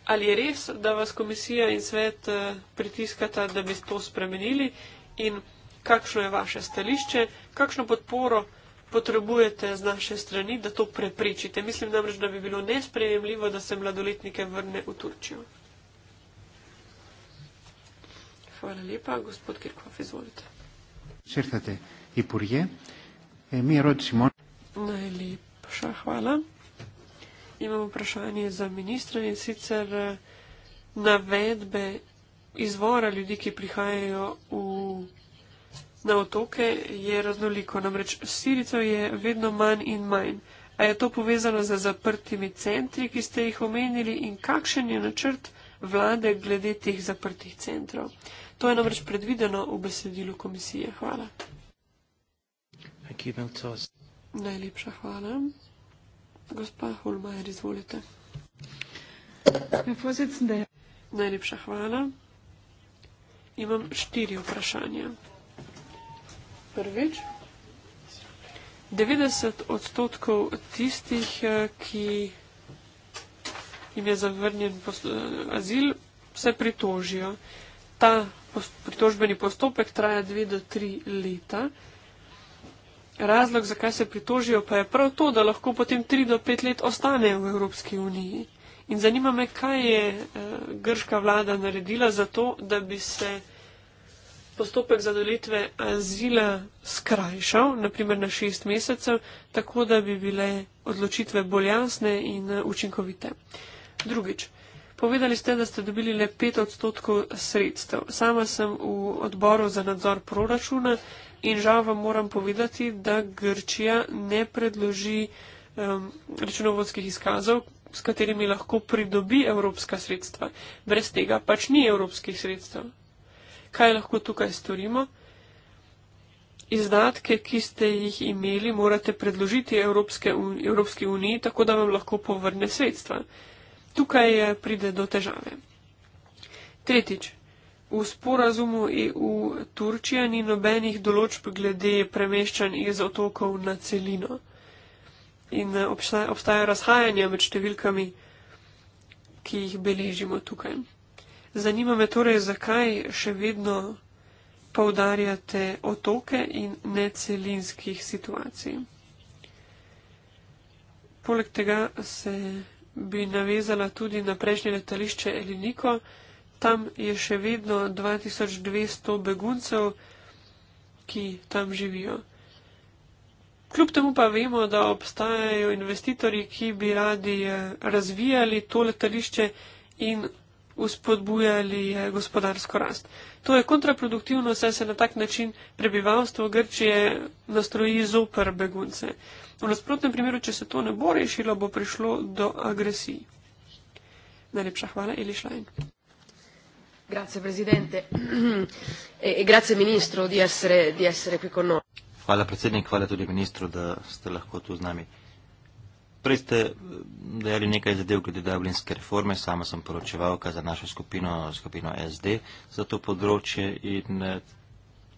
Ali je res, da vas komisija in svet eh, pritiskata, da bi to spremenili in kakšno je vaše stališče, kakšno podporo? potrebujete z naše strani, da to preprečite. Mislim namreč, da bi bilo nespremljivo, da se mladoletnike vrne v Turčijo. Hvala lepa, gospod Kirkov, izvolite. Črtate, je purje. E, mi je rodi Simon. Najlepša hvala. Imamo vprašanje za ministra in sicer e, navedbe izvora ljudi, ki prihajajo v na otoke je raznoliko, namreč siricov je vedno manj in manj. A je to povezano z zaprtimi centri, ki ste jih omenili in kakšen je načrt vlade glede teh zaprtih centrov? To je namreč predvideno v besedilu komisije. Hvala. Najlepša hvala. Gospa Holmajer, izvolite. Najlepša hvala. Imam štiri vprašanja. Prvič. 90 odstotkov tistih, eh, ki jim je zavrnjen eh, azil, se pritožijo. Ta pritožbeni postopek traja dve do tri leta. Razlog, zakaj se pritožijo, pa je prav to, da lahko potem tri do pet let ostanejo v Evropski uniji. In zanima me, kaj je eh, grška vlada naredila za to, da bi se postopek za delitve azila skrajšal, naprimer na šest mesecev, tako da bi bile odločitve bolj jasne in eh, učinkovite. Drugič, povedali ste, da ste dobili le pet odstotkov sredstev. Sama sem v odboru za nadzor proračuna in žal vam moram povedati, da Grčija ne predloži um, računovodskih izkazov s katerimi lahko pridobi evropska sredstva. Brez tega pač ni evropskih sredstev kaj lahko tukaj storimo. Izdatke, ki ste jih imeli, morate predložiti Evropske, Evropski uniji, tako da vam lahko povrne sredstva. Tukaj pride do težave. Tretjič, v sporazumu EU-Turčija ni nobenih določb glede premeščanj iz otokov na celino. In eh, obstaja razhajanje med številkami, ki jih beležimo tukaj. Zanima me torej, zakaj še vedno poudarjate otoke in necelinskih situacij. Poleg tega se bi navezala tudi na prejšnje letališče Eliniko. Tam je še vedno 2200 beguncev, ki tam živijo. Kljub temu pa vemo, da obstajajo investitorji, ki bi radi eh, razvijali to letališče in uspodbujali eh, gospodarsko rast. To je kontraproduktivno, saj se na tak način prebivalstvo Grčije nastroji zoper begunce. V nasprotnem primeru, če se to ne bo rešilo, bo prišlo do agresij. Najlepša hvala, Eli Šlajn. E, e hvala, predsednik, hvala tudi ministru, da ste lahko tu z nami. Prej ste eh, dejali nekaj zadev glede dublinske reforme, sama sem poročevalka za našo skupino, skupino SD, za to področje in eh,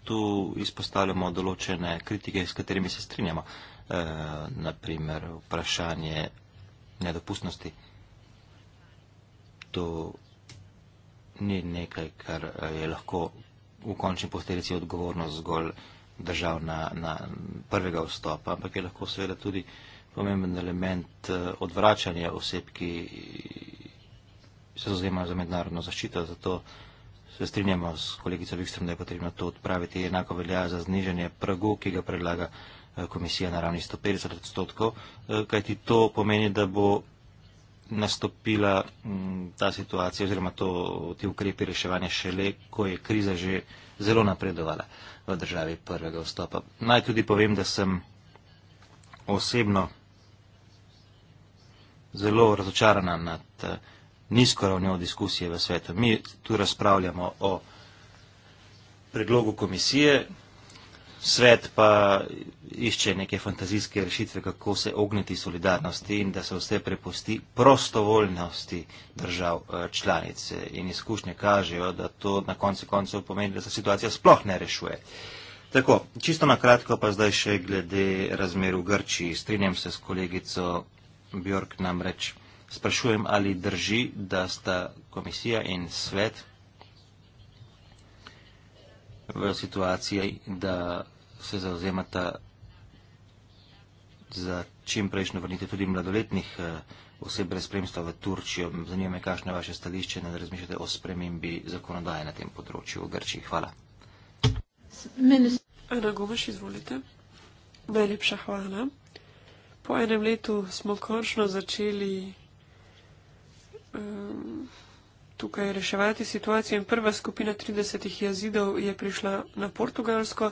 tu izpostavljamo določene kritike, s katerimi se strinjamo. E, eh, naprimer, vprašanje nedopustnosti. To ni nekaj, kar je lahko v končni posledici odgovornost zgolj držav na, na prvega vstopa, ampak je lahko seveda tudi pomemben element eh, odvračanja oseb, ki se zauzemajo za mednarodno zaščito. Zato se strinjamo s kolegico Vikstrom, da je potrebno to odpraviti. Enako velja za zniženje pragu, ki ga predlaga eh, komisija na ravni 150 odstotkov, eh, kajti to pomeni, da bo nastopila mm, ta situacija oziroma to, ti ukrepi reševanja šele, ko je kriza že zelo napredovala v državi prvega vstopa. Naj tudi povem, da sem osebno zelo razočarana nad eh, nizko ravnjo diskusije v svetu. Mi tu razpravljamo o predlogu komisije, svet pa išče neke fantazijske rešitve, kako se ogniti solidarnosti in da se vse prepusti prostovoljnosti držav eh, članice. In izkušnje kažejo, da to na koncu koncev pomeni, da se situacija sploh ne rešuje. Tako, čisto na kratko pa zdaj še glede razmer v Grčiji. Strinjam se s kolegico Björk namreč sprašujem, ali drži, da sta komisija in svet v situaciji, da se zauzemata za čim prejšnjo vrnite tudi mladoletnih eh, oseb brez spremstva v Turčijo. Zanima me, kakšno je vaše stališče, da razmišljate o spremembi zakonodaje na tem področju v Grčiji. Hvala. Ragoveš, izvolite. Najlepša hvala po enem letu smo končno začeli um, tukaj reševati situacijo in prva skupina 30 jezidov je prišla na Portugalsko,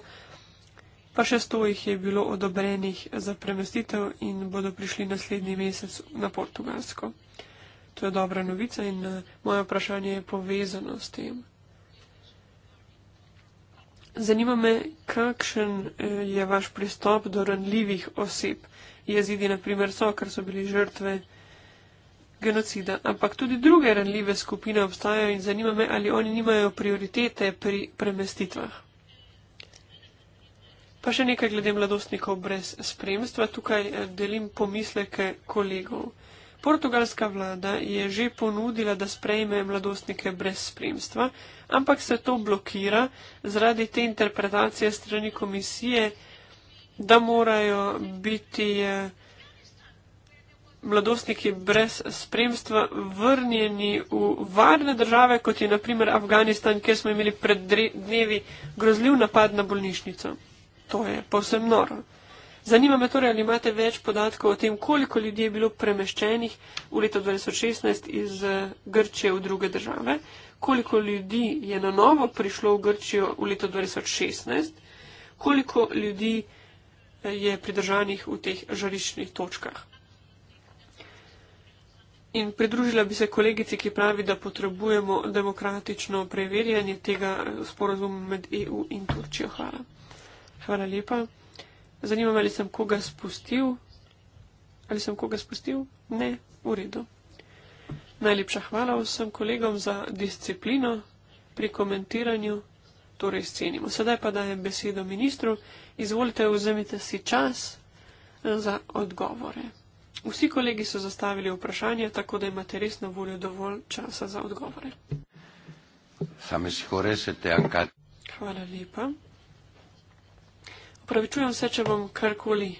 pa še 100 jih je bilo odobrenih za premestitev in bodo prišli naslednji mesec na Portugalsko. To je dobra novica in eh, moje vprašanje je povezano s tem. Zanima me, kakšen eh, je vaš pristop do ranljivih oseb jezidi, na primer, so, ker so bili žrtve genocida. Ampak tudi druge ranljive skupine obstajajo in zanima me, ali oni nimajo prioritete pri premestitvah. Pa še nekaj glede mladostnikov brez spremstva. Tukaj eh, delim pomisleke kolegov. Portugalska vlada je že ponudila, da sprejme mladostnike brez spremstva, ampak se to blokira zaradi te interpretacije strani komisije, da morajo biti eh, mladostniki brez spremstva vrnjeni v varne države, kot je naprimer Afganistan, kjer smo imeli pred dnevi grozljiv napad na bolnišnico. To je povsem noro. Zanima me torej, ali imate več podatkov o tem, koliko ljudi je bilo premeščenih v leto 2016 iz eh, Grčije v druge države, koliko ljudi je na novo prišlo v Grčijo v leto 2016, koliko ljudi je pridržanih v teh žariščnih točkah. In pridružila bi se kolegici, ki pravi, da potrebujemo demokratično preverjanje tega eh, sporozuma med EU in Turčijo. Hvala. Hvala lepa. Zanima me, ali sem koga spustil. Ali sem koga spustil? Ne, v redu. Najlepša hvala vsem kolegom za disciplino pri komentiranju, torej scenimo. Sedaj pa dajem besedo ministru. Izvolite, vzemite si čas eh, za odgovore. Vsi kolegi so zastavili vprašanje, tako da imate res na voljo dovolj časa za odgovore. Hvala lepa. Upravičujem se, če bom karkoli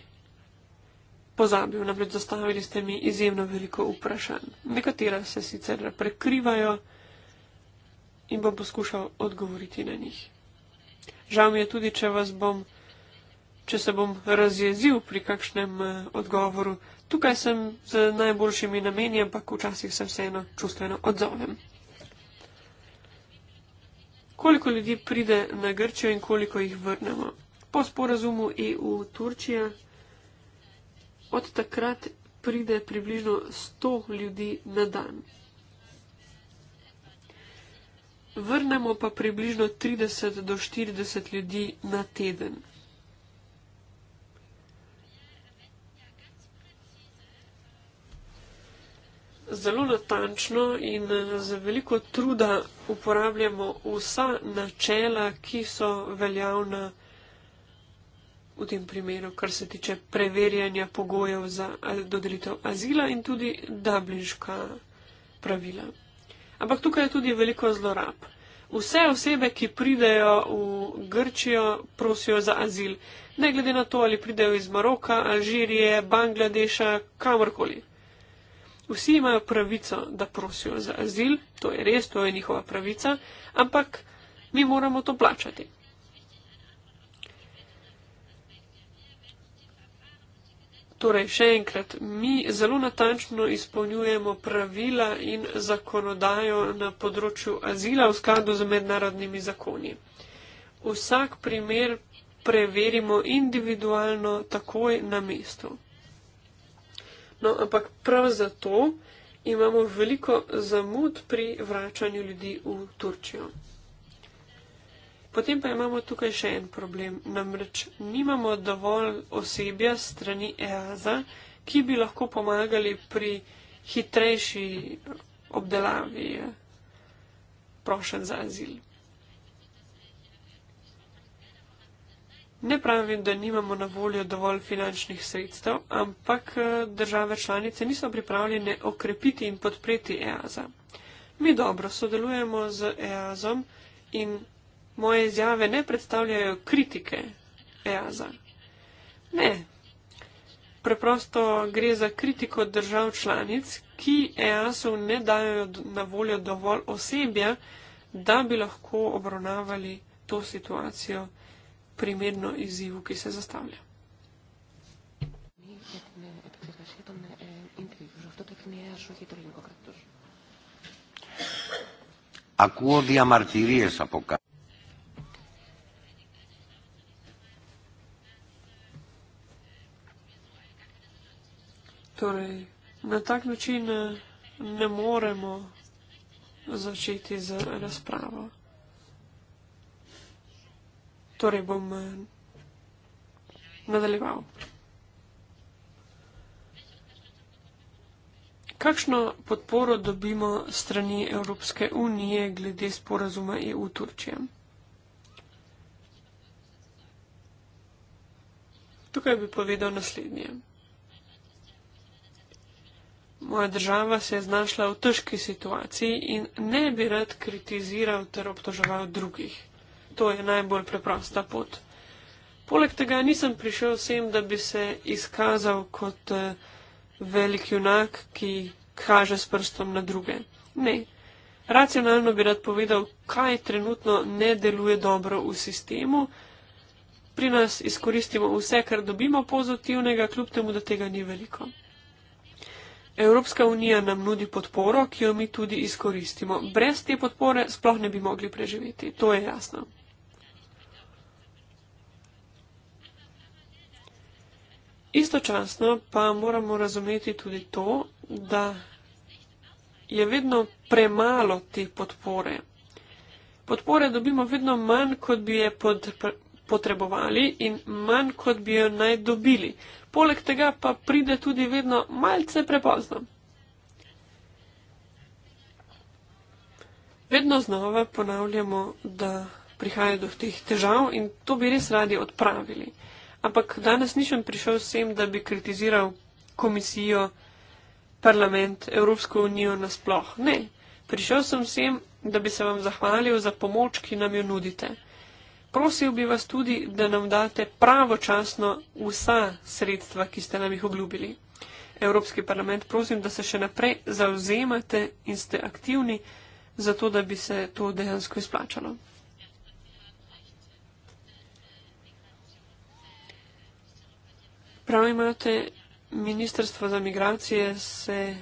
pozabil, namreč zastavili ste mi izjemno veliko vprašanj. Nekatera se sicer prekrivajo in bom poskušal odgovoriti na njih. Žal mi je tudi, če vas bom če se bom razjezil pri kakšnem eh, odgovoru. Tukaj sem z najboljšimi nameni, ampak včasih se vseeno čustveno odzovem. Koliko ljudi pride na Grčijo in koliko jih vrnemo? Po sporazumu EU-Turčija od takrat pride približno 100 ljudi na dan. Vrnemo pa približno 30 do 40 ljudi na teden. zelo natančno in eh, z veliko truda uporabljamo vsa načela, ki so veljavna v tem primeru, kar se tiče preverjanja pogojev za eh, dodelitev azila in tudi dublinska pravila. Ampak tukaj je tudi veliko zlorab. Vse osebe, ki pridejo v Grčijo, prosijo za azil, ne glede na to, ali pridejo iz Maroka, Alžirije, Bangladeša, kamorkoli. Vsi imajo pravico, da prosijo za azil, to je res, to je njihova pravica, ampak mi moramo to plačati. Torej, še enkrat, mi zelo natančno izpolnjujemo pravila in zakonodajo na področju azila v skladu z mednarodnimi zakoni. Vsak primer preverimo individualno, takoj na mestu. No, ampak prav zato imamo veliko zamud pri vračanju ljudi v Turčijo. Potem pa imamo tukaj še en problem. Namreč nimamo dovolj osebja strani EASA, ki bi lahko pomagali pri hitrejši obdelavi prošen za azil. Ne pravim, da nimamo na voljo dovolj finančnih sredstev, ampak eh, države članice niso pripravljene okrepiti in podpreti EASA. Mi dobro sodelujemo z EASOM in moje izjave ne predstavljajo kritike EASA. Ne. Preprosto gre za kritiko držav članic, ki EASO ne dajo na voljo dovolj osebja, da bi lahko obravnavali to situacijo primerno izzivu, ki se zastavlja. Torej, na tak način eh, ne moremo začeti z razpravo. Torej bom eh, nadaljeval. Kakšno podporo dobimo strani Evropske unije glede sporazuma EU Turčije? Tukaj bi povedal naslednje. Moja država se je znašla v težki situaciji in ne bi rad kritiziral ter obtoževal drugih to je najbolj preprosta pot. Poleg tega nisem prišel sem, da bi se izkazal kot eh, velik junak, ki kaže s prstom na druge. Ne. Racionalno bi rad povedal, kaj trenutno ne deluje dobro v sistemu. Pri nas izkoristimo vse, kar dobimo pozitivnega, kljub temu, da tega ni veliko. Evropska unija nam nudi podporo, ki jo mi tudi izkoristimo. Brez te podpore sploh ne bi mogli preživeti. To je jasno. Istočasno pa moramo razumeti tudi to, da je vedno premalo te podpore. Podpore dobimo vedno manj, kot bi je pod, potrebovali in manj, kot bi jo naj dobili. Poleg tega pa pride tudi vedno malce prepozno. Vedno znova ponavljamo, da prihaja do teh težav in to bi res radi odpravili. Ampak danes nisem prišel sem, da bi kritiziral komisijo, parlament, Evropsko unijo nasploh. Ne, prišel sem sem, da bi se vam zahvalil za pomoč, ki nam jo nudite. Prosil bi vas tudi, da nam date pravočasno vsa sredstva, ki ste nam jih obljubili. Evropski parlament, prosim, da se še naprej zauzemate in ste aktivni, zato da bi se to dejansko izplačalo. Prav imate, Ministrstvo za migracije se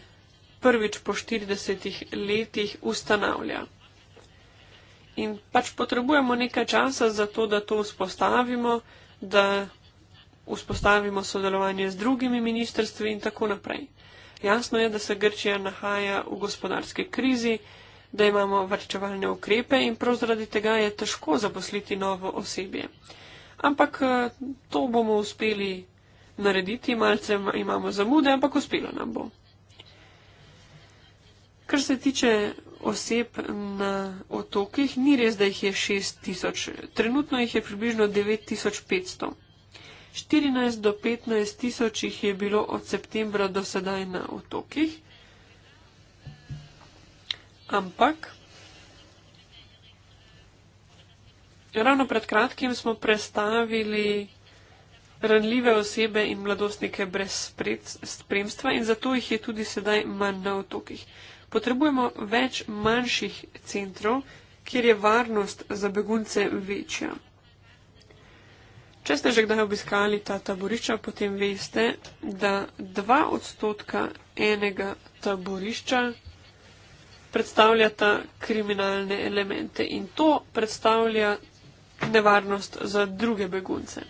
prvič po 40 letih ustanavlja. In pač potrebujemo nekaj časa za to, da to vzpostavimo, da vzpostavimo sodelovanje z drugimi ministrstvi in tako naprej. Jasno je, da se Grčija nahaja v gospodarske krizi, da imamo varčevalne ukrepe in prav zaradi tega je težko zaposliti novo osebje. Ampak eh, to bomo uspeli narediti, malce imamo zamude, ampak uspelo nam bo. Kar se tiče oseb na otokih, ni res, da jih je 6000, trenutno jih je približno 9500. 14 do 15 tisoč jih je bilo od septembra do sedaj na otokih, ampak ravno pred kratkim smo prestavili ranljive osebe in mladostnike brez spremstva in zato jih je tudi sedaj manj na otokih. Potrebujemo več manjših centrov, kjer je varnost za begunce večja. Če ste že kdaj obiskali ta taborišča, potem veste, da dva odstotka enega taborišča predstavljata kriminalne elemente in to predstavlja nevarnost za druge begunce.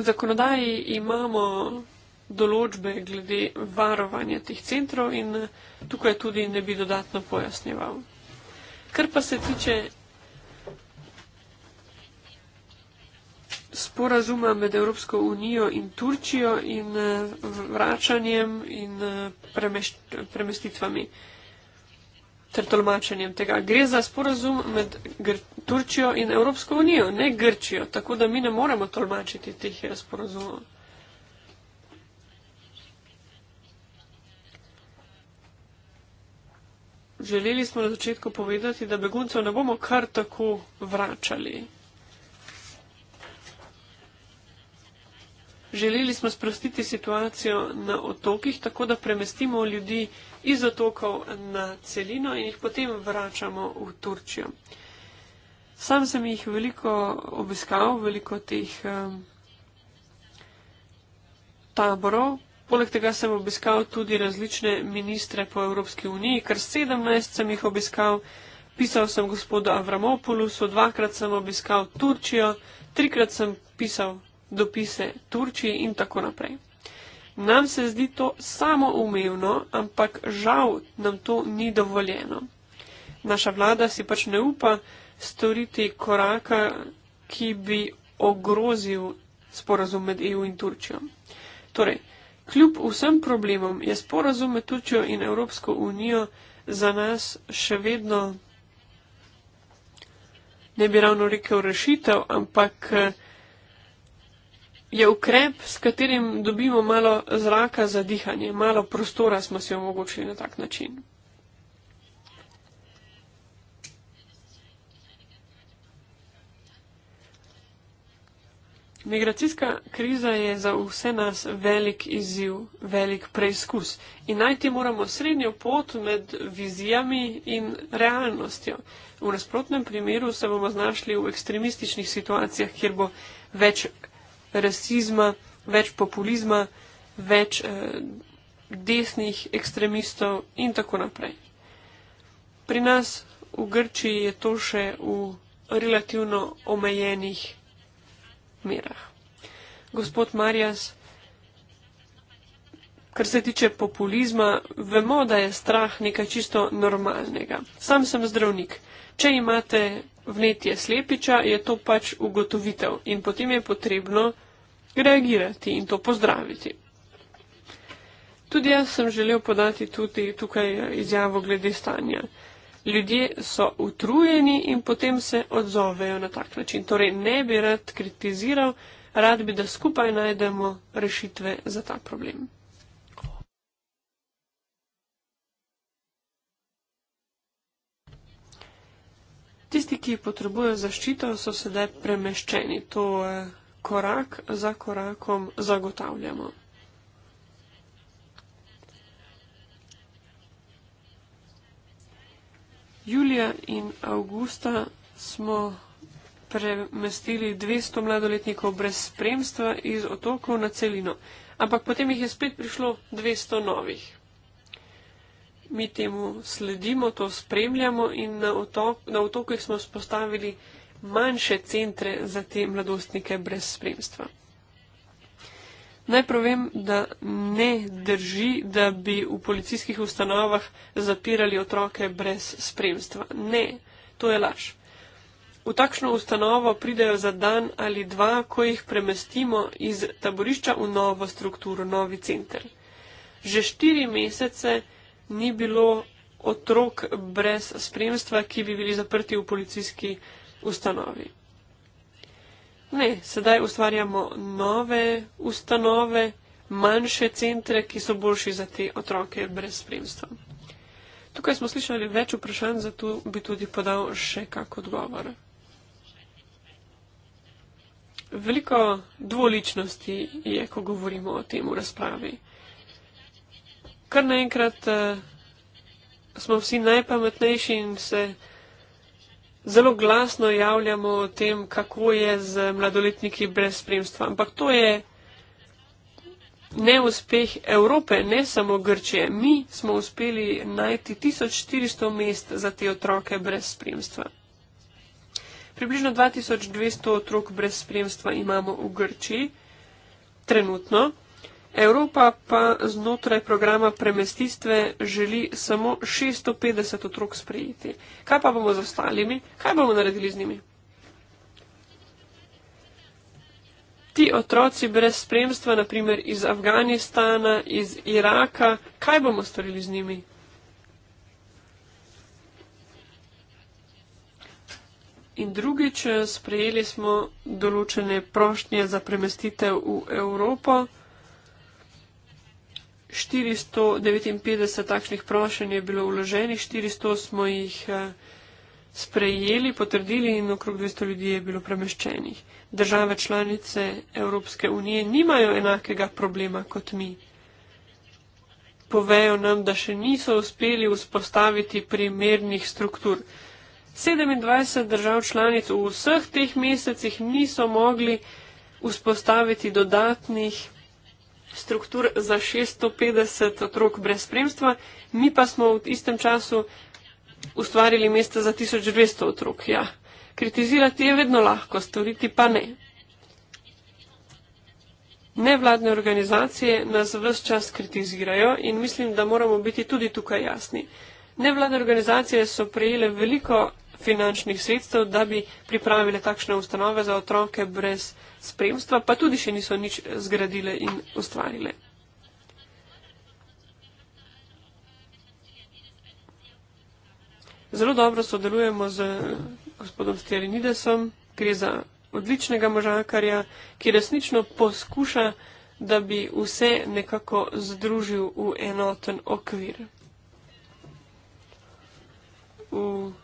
V zakonodaji imamo določbe glede varovanja teh centrov in tukaj tudi ne bi dodatno pojasnjeval. Kar pa se tiče sporazuma med Evropsko unijo in Turčijo in eh, vračanjem in eh, premest, premestitvami ter tolmačenjem tega. Gre za sporazum med Gr Turčijo in Evropsko unijo, ne Grčijo, tako da mi ne moremo tolmačiti teh eh, sporazumov. Želeli smo na začetku povedati, da beguncev ne bomo kar tako vračali. Želeli smo sprostiti situacijo na otokih, tako da premestimo ljudi, iz otokov na celino in jih potem vračamo v Turčijo. Sam sem jih veliko obiskal, veliko teh um, taborov. Poleg tega sem obiskal tudi različne ministre po Evropski uniji, kar 17 sem jih obiskal. Pisal sem gospodu Avramopulusu, dvakrat sem obiskal Turčijo, trikrat sem pisal dopise Turčiji in tako naprej. Nam se zdi to samoumevno, ampak žal nam to ni dovoljeno. Naša vlada si pač ne upa storiti koraka, ki bi ogrozil sporazum med EU in Turčijo. Torej, kljub vsem problemom je sporazum med Turčijo in Evropsko unijo za nas še vedno, ne bi ravno rekel rešitev, ampak. Uh, je ukrep, s katerim dobimo malo zraka za dihanje, malo prostora smo si omogočili na tak način. Migracijska kriza je za vse nas velik izziv, velik preizkus in najti moramo srednjo pot med vizijami in realnostjo. V nasprotnem primeru se bomo znašli v ekstremističnih situacijah, kjer bo več rasizma, več populizma, več eh, desnih ekstremistov in tako naprej. Pri nas v Grčiji je to še v relativno omejenih merah. Gospod Marjas, kar se tiče populizma, vemo, da je strah nekaj čisto normalnega. Sam sem zdravnik. Če imate vnetje slepiča, je to pač ugotovitev in potem je potrebno reagirati in to pozdraviti. Tudi jaz sem želel podati tudi tukaj izjavo glede stanja. Ljudje so utrujeni in potem se odzovejo na tak način. Torej, ne bi rad kritiziral, rad bi, da skupaj najdemo rešitve za ta problem. Tisti, ki potrebujejo zaščito, so sedaj premeščeni. To korak za korakom zagotavljamo. Julija in avgusta smo premestili 200 mladoletnikov brez spremstva iz otokov na celino, ampak potem jih je spet prišlo 200 novih mi temu sledimo, to spremljamo in na, otok, na otokih smo spostavili manjše centre za te mladostnike brez spremstva. Naj provem, da ne drži, da bi v policijskih ustanovah zapirali otroke brez spremstva. Ne, to je laž. V takšno ustanovo pridejo za dan ali dva, ko jih premestimo iz taborišča v novo strukturo, novi center. Že štiri mesece ni bilo otrok brez spremstva, ki bi bili zaprti v policijski ustanovi. Ne, sedaj ustvarjamo nove ustanove, manjše centre, ki so boljši za te otroke brez spremstva. Tukaj smo slišali več vprašanj, zato bi tudi podal še kak odgovor. Veliko dvoličnosti je, ko govorimo o tem v razpravi kar naenkrat uh, smo vsi najpametnejši in se zelo glasno javljamo o tem, kako je z mladoletniki brez spremstva. Ampak to je neuspeh Evrope, ne samo Grčije. Mi smo uspeli najti 1400 mest za te otroke brez spremstva. Približno 2200 otrok brez spremstva imamo v Grčiji trenutno. Evropa pa znotraj programa premestitve želi samo 650 otrok sprejeti. Kaj pa bomo z ostalimi? Kaj bomo naredili z njimi? Ti otroci brez spremstva, naprimer iz Afganistana, iz Iraka, kaj bomo storili z njimi? In drugič, sprejeli smo določene prošnje za premestitev v Evropo. 459 takšnih prošenj je bilo vloženih, 400 smo jih eh, sprejeli, potrdili in okrog 200 ljudi je bilo premeščenih. Države članice Evropske unije nimajo enakega problema kot mi. Povejo nam, da še niso uspeli vzpostaviti primernih struktur. 27 držav članic v vseh teh mesecih niso mogli vzpostaviti dodatnih struktur za 650 otrok brez spremstva, mi pa smo v istem času ustvarili mesta za 1200 otrok. Ja. Kritizirati je vedno lahko, storiti pa ne. Nevladne organizacije nas vse čas kritizirajo in mislim, da moramo biti tudi tukaj jasni. Nevladne organizacije so prejele veliko finančnih sredstev, da bi pripravile takšne ustanove za otroke brez spremstva, pa tudi še niso nič zgradile in ustvarile. Zelo dobro sodelujemo z gospodom Stjerinidesom, gre za odličnega možakarja, ki resnično poskuša, da bi vse nekako združil v enoten okvir. 嗯。Ooh.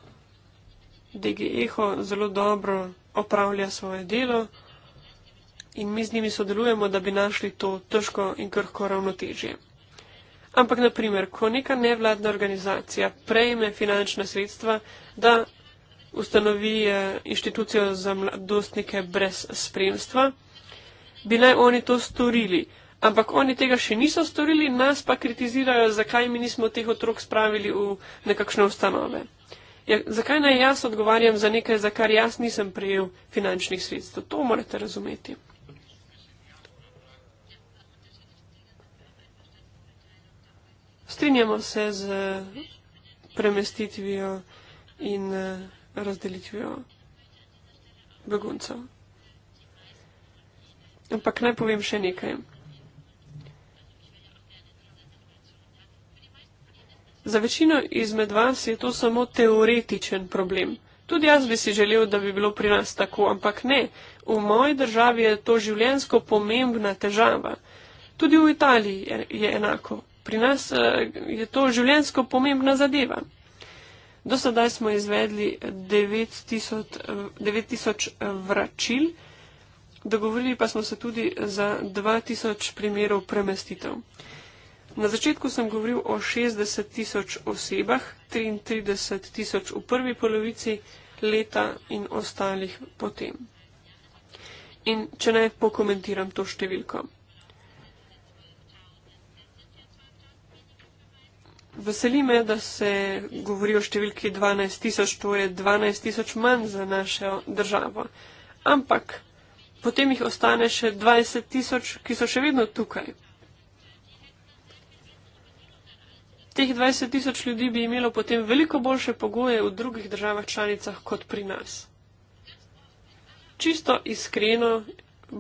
DGEHO zelo dobro opravlja svoje delo in mi z njimi sodelujemo, da bi našli to težko in krhko ravnotežje. Ampak, naprimer, ko neka nevladna organizacija prejme finančna sredstva, da ustanovi eh, inštitucijo za mladostnike brez spremstva, bi naj oni to storili. Ampak oni tega še niso storili, nas pa kritizirajo, zakaj mi nismo teh otrok spravili v nekakšne ustanove. Ja, zakaj naj jaz odgovarjam za nekaj, za kar jaz nisem prejel finančnih sredstev? To morate razumeti. Strinjamo se z premestitvijo in eh, razdelitvijo beguncev. Ampak naj povem še nekaj. Za večino izmed vas je to samo teoretičen problem. Tudi jaz bi si želel, da bi bilo pri nas tako, ampak ne. V moji državi je to življensko pomembna težava. Tudi v Italiji je, je enako. Pri nas eh, je to življensko pomembna zadeva. Do sedaj smo izvedli 9000 eh, vračil, dogovorili pa smo se tudi za 2000 primerov premestitev. Na začetku sem govoril o 60 tisoč osebah, 33 tisoč v prvi polovici leta in ostalih potem. In če ne, pokomentiram to številko. Veseli me, da se govori o številki 12 tisoč, torej 12 tisoč manj za našo državo. Ampak potem jih ostane še 20 tisoč, ki so še vedno tukaj, teh 20 tisoč ljudi bi imelo potem veliko boljše pogoje v drugih državah članicah kot pri nas. Čisto iskreno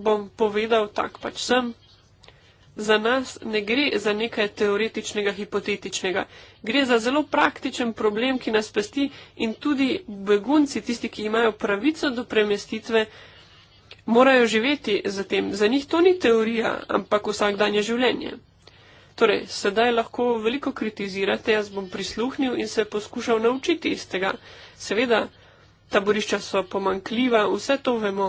bom povedal, tak pač sem, za nas ne gre za nekaj teoretičnega, hipotetičnega. Gre za zelo praktičen problem, ki nas pesti in tudi begunci, tisti, ki imajo pravico do premestitve, morajo živeti z tem. Za njih to ni teorija, ampak vsakdanje življenje. Torej, sedaj lahko veliko kritizirate, jaz bom prisluhnil in se poskušal naučiti iz tega. Seveda, taborišča so pomankljiva, vse to vemo,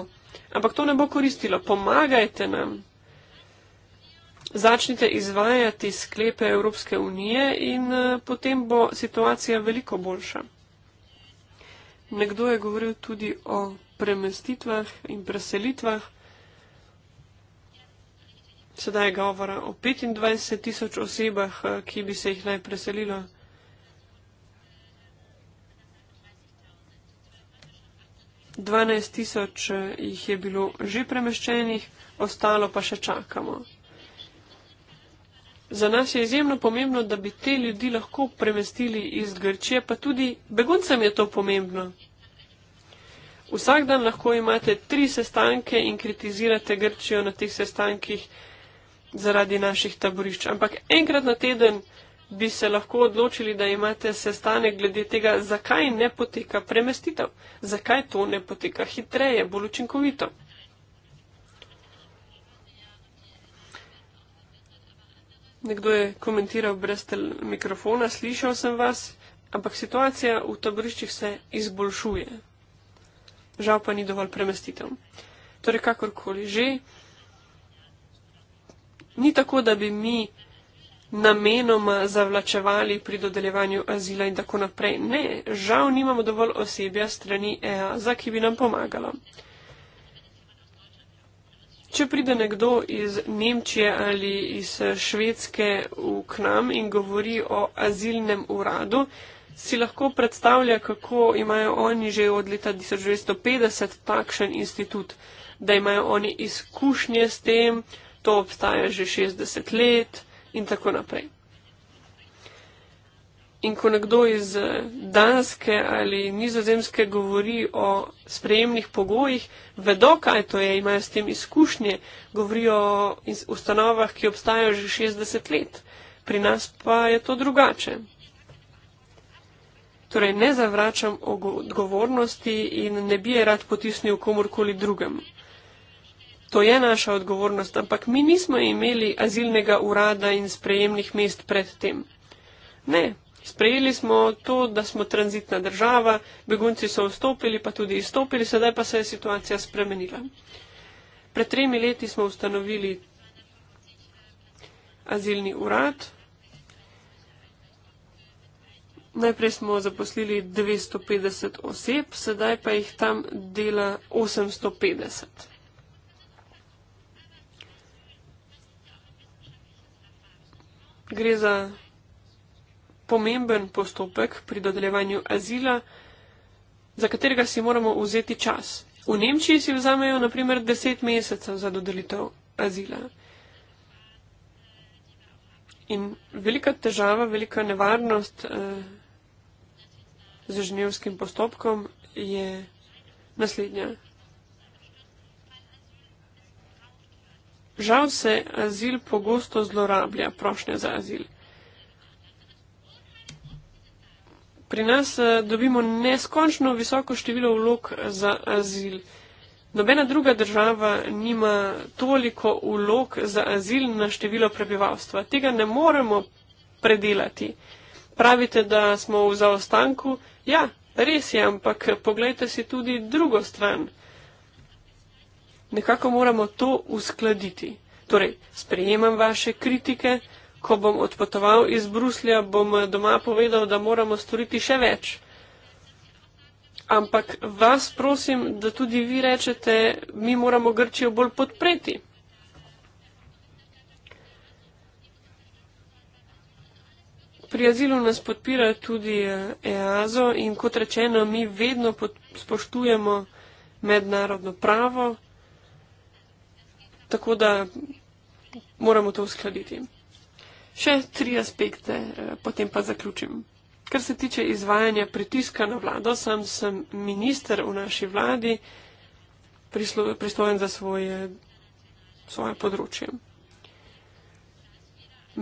ampak to ne bo koristilo. Pomagajte nam. Začnite izvajati sklepe Evropske unije in eh, potem bo situacija veliko boljša. Nekdo je govoril tudi o premestitvah in preselitvah. Sedaj je govora o 25 tisoč osebah, eh, ki bi se jih naj preselilo. Dvanajst tisoč eh, jih je bilo že premeščenih, ostalo pa še čakamo. Za nas je izjemno pomembno, da bi te ljudi lahko premestili iz Grčije, pa tudi beguncem je to pomembno. Vsak dan lahko imate tri sestanke in kritizirate Grčijo na teh sestankih, zaradi naših taborišč. Ampak enkrat na teden bi se lahko odločili, da imate sestanek glede tega, zakaj ne poteka premestitev, zakaj to ne poteka hitreje, bolj učinkovito. Nekdo je komentiral brez mikrofona, slišal sem vas, ampak situacija v taboriščih se izboljšuje. Žal pa ni dovolj premestitev. Torej, kakorkoli že. Ni tako, da bi mi namenoma zavlačevali pri dodeljevanju azila in tako naprej. Ne, žal nimamo dovolj osebja strani EASA, ki bi nam pomagala. Če pride nekdo iz Nemčije ali iz Švedske v k nam in govori o azilnem uradu, si lahko predstavlja, kako imajo oni že od leta 1950 takšen institut, da imajo oni izkušnje s tem, to obstaja že 60 let in tako naprej. In ko nekdo iz eh, Danske ali Nizozemske govori o sprejemnih pogojih, vedo, kaj to je, imajo s tem izkušnje, govorijo o ustanovah, ki obstajajo že 60 let. Pri nas pa je to drugače. Torej, ne zavračam odgovornosti in ne bi je rad potisnil komorkoli drugemu. To je naša odgovornost, ampak mi nismo imeli azilnega urada in sprejemnih mest pred tem. Ne, sprejeli smo to, da smo tranzitna država, begunci so vstopili, pa tudi izstopili, sedaj pa se je situacija spremenila. Pred tremi leti smo ustanovili azilni urad. Najprej smo zaposlili 250 oseb, sedaj pa jih tam dela 850. Gre za pomemben postopek pri dodeljevanju azila, za katerega si moramo vzeti čas. V Nemčiji si vzamejo naprimer deset mesecev za dodelitev azila. In velika težava, velika nevarnost eh, z ženevskim postopkom je naslednja. Žal se azil pogosto zlorablja, prošnja za azil. Pri nas eh, dobimo neskončno visoko število vlog za azil. Nobena druga država nima toliko vlog za azil na število prebivalstva. Tega ne moremo predelati. Pravite, da smo v zaostanku. Ja, res je, ampak poglejte si tudi drugo stran nekako moramo to uskladiti. Torej, sprejemam vaše kritike, ko bom odpotoval iz Bruslja, bom eh, doma povedal, da moramo storiti še več. Ampak vas prosim, da tudi vi rečete, mi moramo Grčijo bolj podpreti. Pri azilu nas podpira tudi eh, EASO in kot rečeno, mi vedno spoštujemo mednarodno pravo. Tako da moramo to uskladiti. Še tri aspekte, eh, potem pa zaključim. Kar se tiče izvajanja pritiska na vlado, sam sem minister v naši vladi, pristojen za svoje, svoje področje.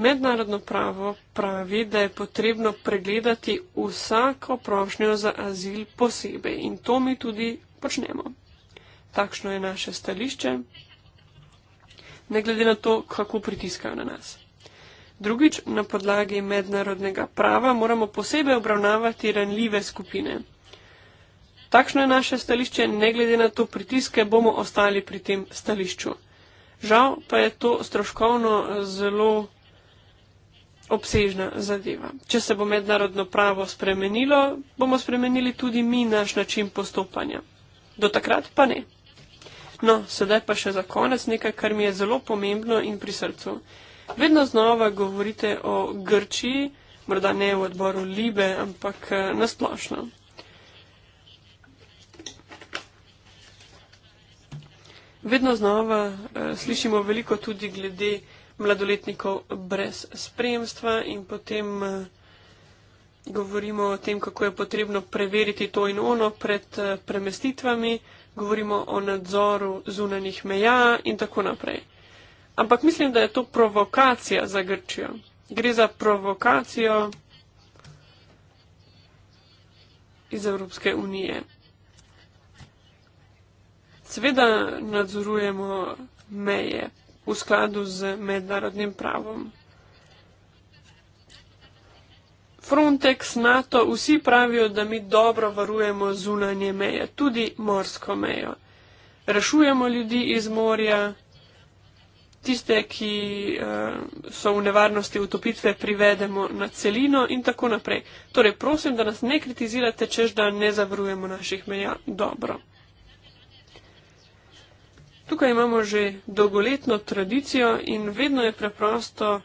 Mednarodno pravo pravi, da je potrebno pregledati vsako prošnjo za azil posebej in to mi tudi počnemo. Takšno je naše stališče, ne glede na to, kako pritiskajo na nas. Drugič, na podlagi mednarodnega prava moramo posebej obravnavati ranljive skupine. Takšno je naše stališče, ne glede na to pritiske, bomo ostali pri tem stališču. Žal pa je to stroškovno zelo obsežna zadeva. Če se bo mednarodno pravo spremenilo, bomo spremenili tudi mi naš način postopanja. Do takrat pa ne. No, sedaj pa še za konec nekaj, kar mi je zelo pomembno in pri srcu. Vedno znova govorite o Grčiji, morda ne v odboru Libe, ampak eh, nasplošno. Vedno znova uh, slišimo veliko tudi glede mladoletnikov brez spremstva in potem. Uh, govorimo o tem, kako je potrebno preveriti to in ono pred eh, premestitvami, govorimo o nadzoru zunanih meja in tako naprej. Ampak mislim, da je to provokacija za Grčijo. Gre za provokacijo iz Evropske unije. Seveda nadzorujemo meje v skladu z mednarodnim pravom. Frontex, NATO, vsi pravijo, da mi dobro varujemo zunanje meje, tudi morsko mejo. Rešujemo ljudi iz morja, tiste, ki uh, so v nevarnosti utopitve, privedemo na celino in tako naprej. Torej, prosim, da nas ne kritizirate, čež da ne zavarujemo naših meja dobro. Tukaj imamo že dolgoletno tradicijo in vedno je preprosto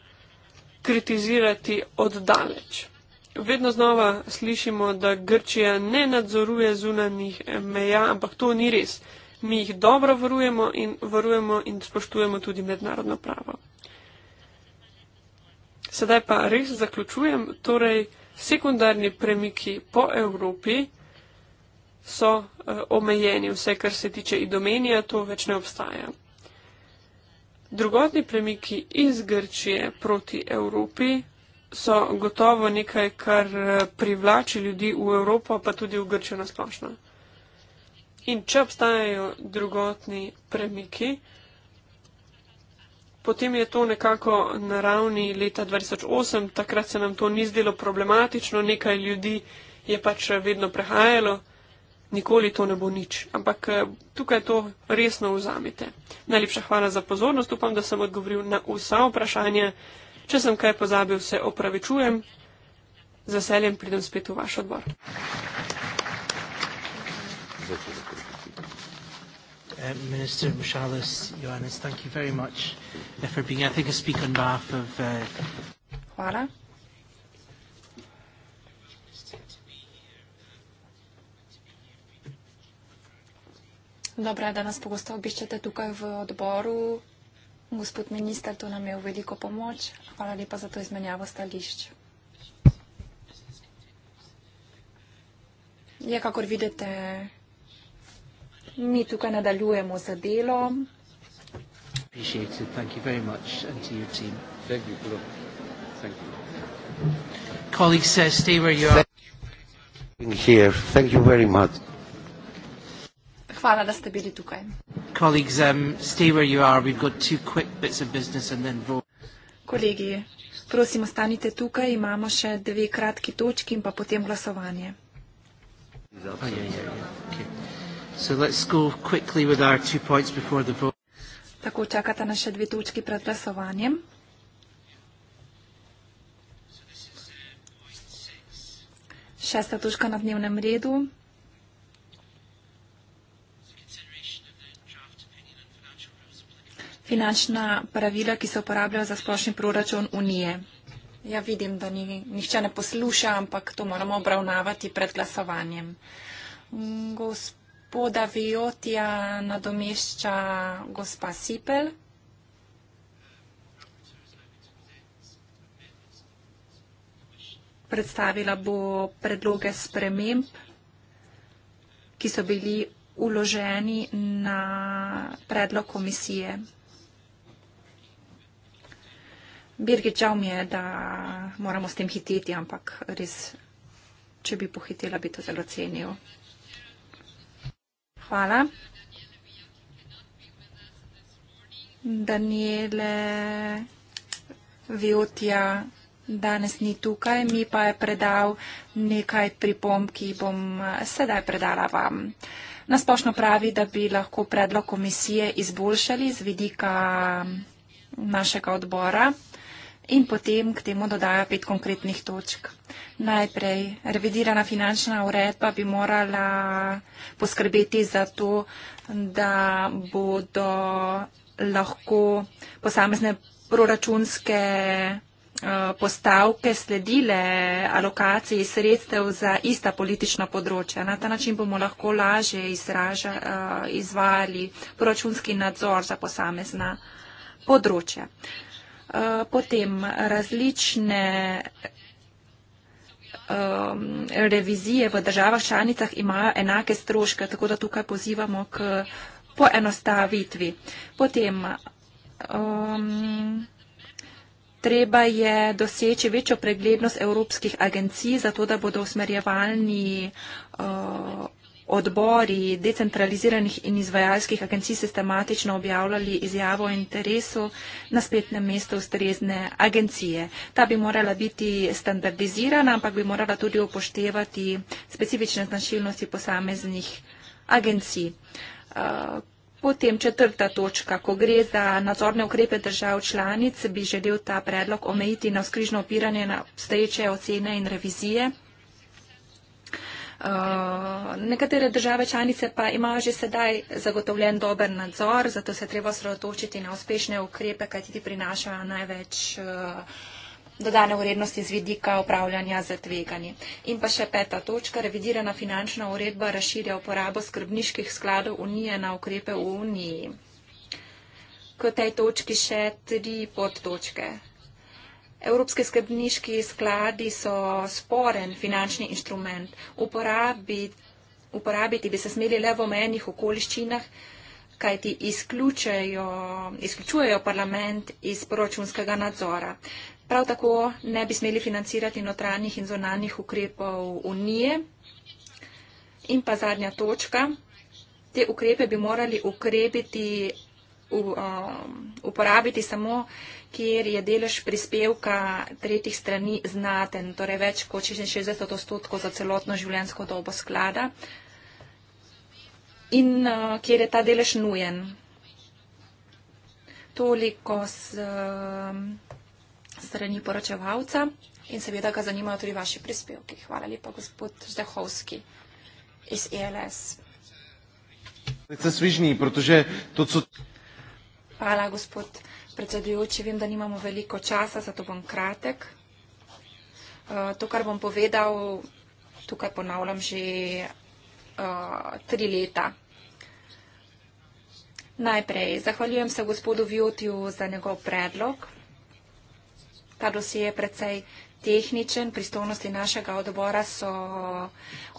kritizirati oddaleč. Vedno znova slišimo, da Grčija ne nadzoruje zunanih meja, ampak to ni res. Mi jih dobro varujemo in varujemo in spoštujemo tudi mednarodno pravo. Sedaj pa res zaključujem, torej sekundarni premiki po Evropi so eh, omejeni, vse kar se tiče idomenija, to več ne obstaja. Drugotni premiki iz Grčije proti Evropi so gotovo nekaj, kar eh, privlači ljudi v Evropo, pa tudi v Grčijo nasplošno. In če obstajajo drugotni premiki, potem je to nekako na ravni leta 2008, takrat se nam to ni zdelo problematično, nekaj ljudi je pač eh, vedno prehajalo, nikoli to ne bo nič. Ampak eh, tukaj to resno vzamite. Najlepša hvala za pozornost, upam, da sem odgovoril na vsa vprašanja. Če sem kaj pozabil, se opravičujem. Z veseljem pridem spet v vaš odbor. Uh, Minister Mušalis, Johannes, thank you very much uh, for being here. I think I speak on behalf of. Uh... Hvala. Dobro je, da nas pogosto obiščete tukaj v odboru. Gospod minister, to nam je v veliko pomoč. Hvala lepa za to izmenjavo stališč. Je, ja, kakor vidite, mi tukaj nadaljujemo za delo. Kolega, stay where you are. Thank you very much. Hvala, da ste bili tukaj. Um, Kolegi, prosim, ostanite tukaj. Imamo še dve kratki točki in pa potem glasovanje. Oh, Tako čakata na še dve točki pred glasovanjem. Šesta točka na dnevnem redu. finančna pravila, ki se uporabljajo za splošni proračun Unije. Ja, vidim, da ni, nihče ne posluša, ampak to moramo obravnavati pred glasovanjem. Gospoda Viotija nadomešča gospa Sipel. Predstavila bo predloge sprememb, ki so bili uloženi na predlog komisije. Birgit, žal mi je, da moramo s tem hititi, ampak res, če bi pohitela, bi to zelo cenil. Hvala. Daniele, Viotija danes ni tukaj, mi pa je predal nekaj pripomb, ki bom sedaj predala vam. Nasplošno pravi, da bi lahko predlog komisije izboljšali z vidika našega odbora in potem k temu dodajo pet konkretnih točk. Najprej, revidirana finančna uredba bi morala poskrbeti za to, da bodo lahko posamezne proračunske eh, postavke sledile alokaciji sredstev za ista politična področja. Na ta način bomo lahko lažje izraža, eh, izvajali proračunski nadzor za posamezna področja. Eh, potem različne um, revizije v državah članicah imajo enake stroške, tako da tukaj pozivamo k poenostavitvi. Potem um, treba je doseči večjo preglednost evropskih agencij, zato da bodo usmerjevalni uh, odbori decentraliziranih in izvajalskih agencij sistematično objavljali izjavo o interesu na spletnem mestu ustrezne agencije. Ta bi morala biti standardizirana, ampak bi morala tudi upoštevati specifične značilnosti posameznih agencij. Eh, potem četrta točka, ko gre za nadzorne ukrepe držav članic, bi želel ta predlog omejiti na skrižno opiranje na obstoječe ocene in revizije. Eh, nekatere države članice pa imajo že sedaj zagotovljen dober nadzor, zato se treba sredotočiti na uspešne ukrepe, kaj ti prinašajo največ eh, dodane vrednosti z vidika upravljanja za tveganje. In pa še peta točka, revidirana finančna uredba razširja uporabo skrbniških skladov Unije na ukrepe v Uniji. K tej točki še tri podtočke. Evropski skrbniški skladi so sporen finančni instrument. Uporabiti, uporabiti bi se smeli le v omenjih okoliščinah, kaj ti izključujejo parlament iz proračunskega nadzora. Prav tako ne bi smeli financirati notranjih in zonalnih ukrepov Unije. In pa zadnja točka. Te ukrepe bi morali ukrepiti Um, uporabiti samo, kjer je delež prispevka tretjih strani znaten, torej več kot 66 odstotkov za celotno življenjsko dobo sklada in uh, kjer je ta delež nujen. Toliko s um, strani poročevalca in seveda ga zanimajo tudi vaši prispevki. Hvala lepa, gospod Zdehovski iz ELS. Jsem svižný, protože to, co... Hvala, gospod predsedujoči. Vem, da nimamo veliko časa, zato bom kratek. Eh, to, kar bom povedal, tukaj ponavljam že eh, tri leta. Najprej zahvaljujem se gospodu Vjotju za njegov predlog. Ta dosje je precej tehničen, pristojnosti našega odbora so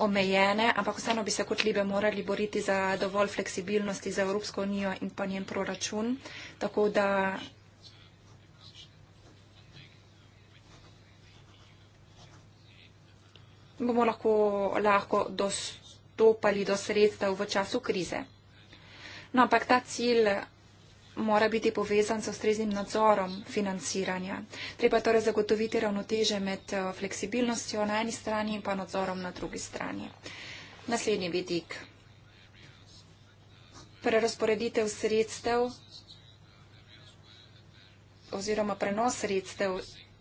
omejene, ampak vseeno bi se kot libe morali boriti za dovolj fleksibilnosti za Evropsko unijo in pa njen proračun. Tako da. bomo lahko, lahko dostopali do sredstev v času krize. No, ampak ta cilj mora biti povezan s ustreznim nadzorom financiranja. Treba torej zagotoviti ravnoteže med eh, fleksibilnostjo na eni strani in pa nadzorom na drugi strani. Naslednji vidik. Prerasporeditev sredstev oziroma prenos sredstev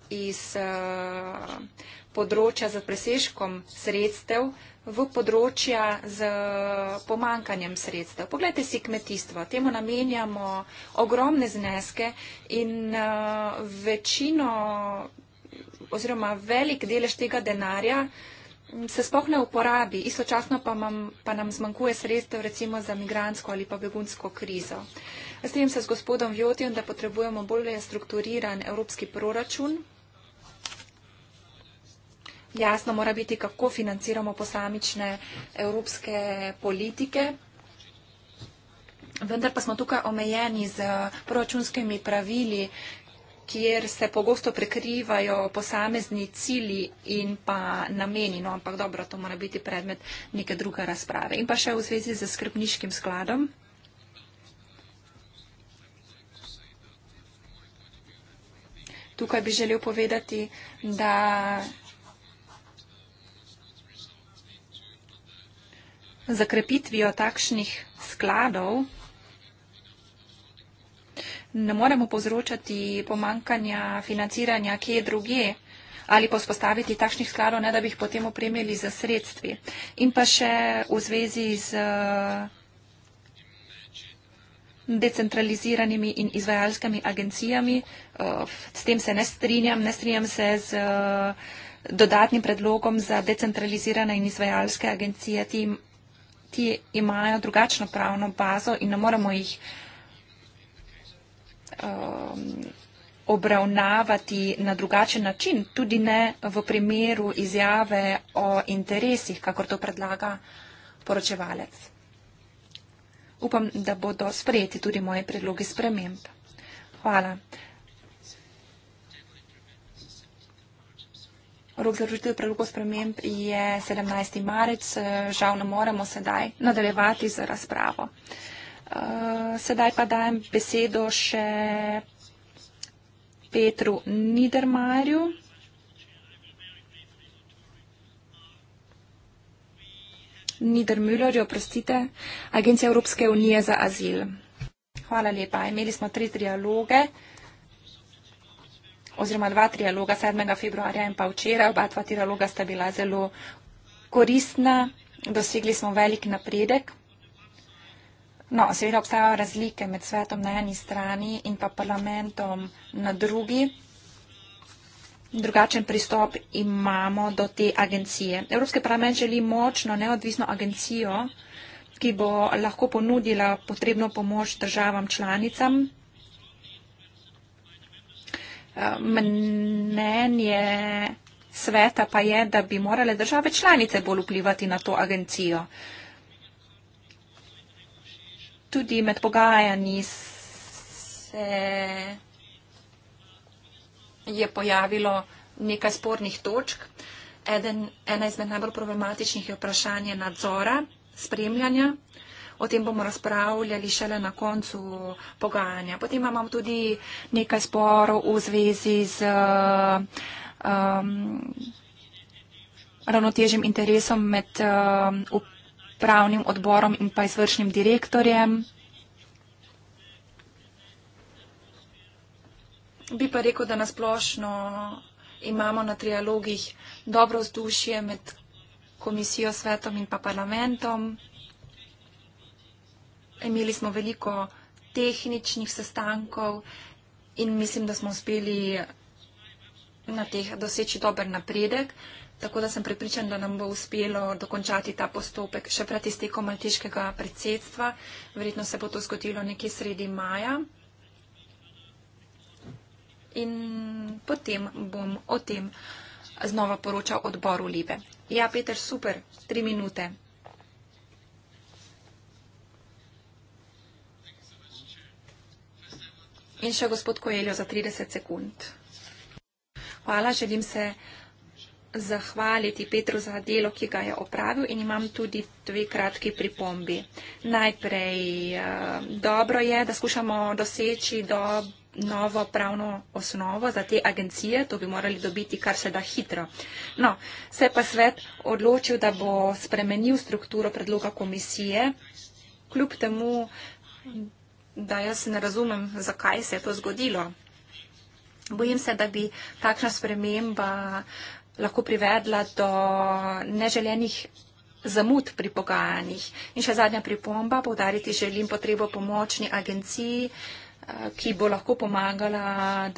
iz eh, področja za presežkom sredstev v področja z pomankanjem sredstev. Poglejte si kmetijstvo, temu namenjamo ogromne zneske in eh, večino oziroma velik delež tega denarja mm, se spohne v porabi, istočasno pa, mam, pa nam zmanjkuje sredstev recimo za migransko ali pa begunsko krizo. S tem se s gospodom Vjotijem, da potrebujemo bolje strukturiran evropski proračun, jasno mora biti, kako financiramo posamične evropske politike. Vendar pa smo tukaj omejeni z proračunskimi pravili, kjer se pogosto prekrivajo posamezni cili in pa nameni. No, ampak dobro, to mora biti predmet neke druge razprave. In pa še v zvezi z skrbniškim skladom. Tukaj bi želel povedati, da zakrepitvijo takšnih skladov ne moremo povzročati pomankanja financiranja kje druge ali pa spostaviti takšnih skladov, ne da bi jih potem opremili za sredstvi. In pa še v zvezi z eh, decentraliziranimi in izvajalskimi agencijami. Eh, s tem se ne strinjam, ne strinjam se z eh, dodatnim predlogom za decentralizirane in izvajalske agencije. Ti ti imajo drugačno pravno bazo in ne moremo jih um, obravnavati na drugačen način, tudi ne v primeru izjave o interesih, kakor to predlaga poročevalec. Upam, da bodo sprejeti tudi moje predloge sprememb. Hvala. Rok za vložitev predlogov sprememb je 17. marec, eh, žal ne moremo sedaj nadaljevati z razpravo. Eh, sedaj pa dajem besedo še Petru Nidermarju. Nidermüller, oprostite, Agencija Evropske unije za azil. Hvala lepa. Imeli smo tri trialoge oziroma dva trialoga 7. februarja in pa včeraj. Oba dva trialoga sta bila zelo koristna, dosegli smo velik napredek. No, seveda obstajajo razlike med svetom na eni strani in pa parlamentom na drugi. Drugačen pristop imamo do te agencije. Evropski parlament želi močno, neodvisno agencijo, ki bo lahko ponudila potrebno pomoč državam članicam mnenje sveta pa je, da bi morale države članice bolj vplivati na to agencijo. Tudi med pogajanji se je pojavilo nekaj spornih točk. Eden, ena izmed najbolj problematičnih je vprašanje nadzora, spremljanja o tem bomo razpravljali šele na koncu pogajanja. Potem imamo tudi nekaj sporov v zvezi z um, ravnotežjem interesom med um, pravnim odborom in pa izvršnim direktorjem. Bi pa rekel, da nasplošno imamo na trialogih dobro vzdušje med komisijo, svetom in pa parlamentom imeli smo veliko tehničnih sestankov in mislim, da smo uspeli na teh doseči dober napredek. Tako da sem pripričan, da nam bo uspelo dokončati ta postopek še pred iztekom maltiškega predsedstva. Verjetno se bo to zgodilo nekje sredi maja. In potem bom o tem znova poročal odboru Libe. Ja, Peter, super, tri minute. In še gospod Koeljo za 30 sekund. Hvala, želim se zahvaliti Petru za delo, ki ga je opravil in imam tudi dve kratki pripombi. Najprej, eh, dobro je, da skušamo doseči do novo pravno osnovo za te agencije, to bi morali dobiti kar se da hitro. No, se pa svet odločil, da bo spremenil strukturo predloga komisije, kljub temu, da jaz ne razumem, zakaj se je to zgodilo. Bojim se, da bi takšna sprememba lahko privedla do neželenih zamud pri pogajanjih. In še zadnja pripomba, povdariti želim potrebo pomočni agenciji, eh, ki bo lahko pomagala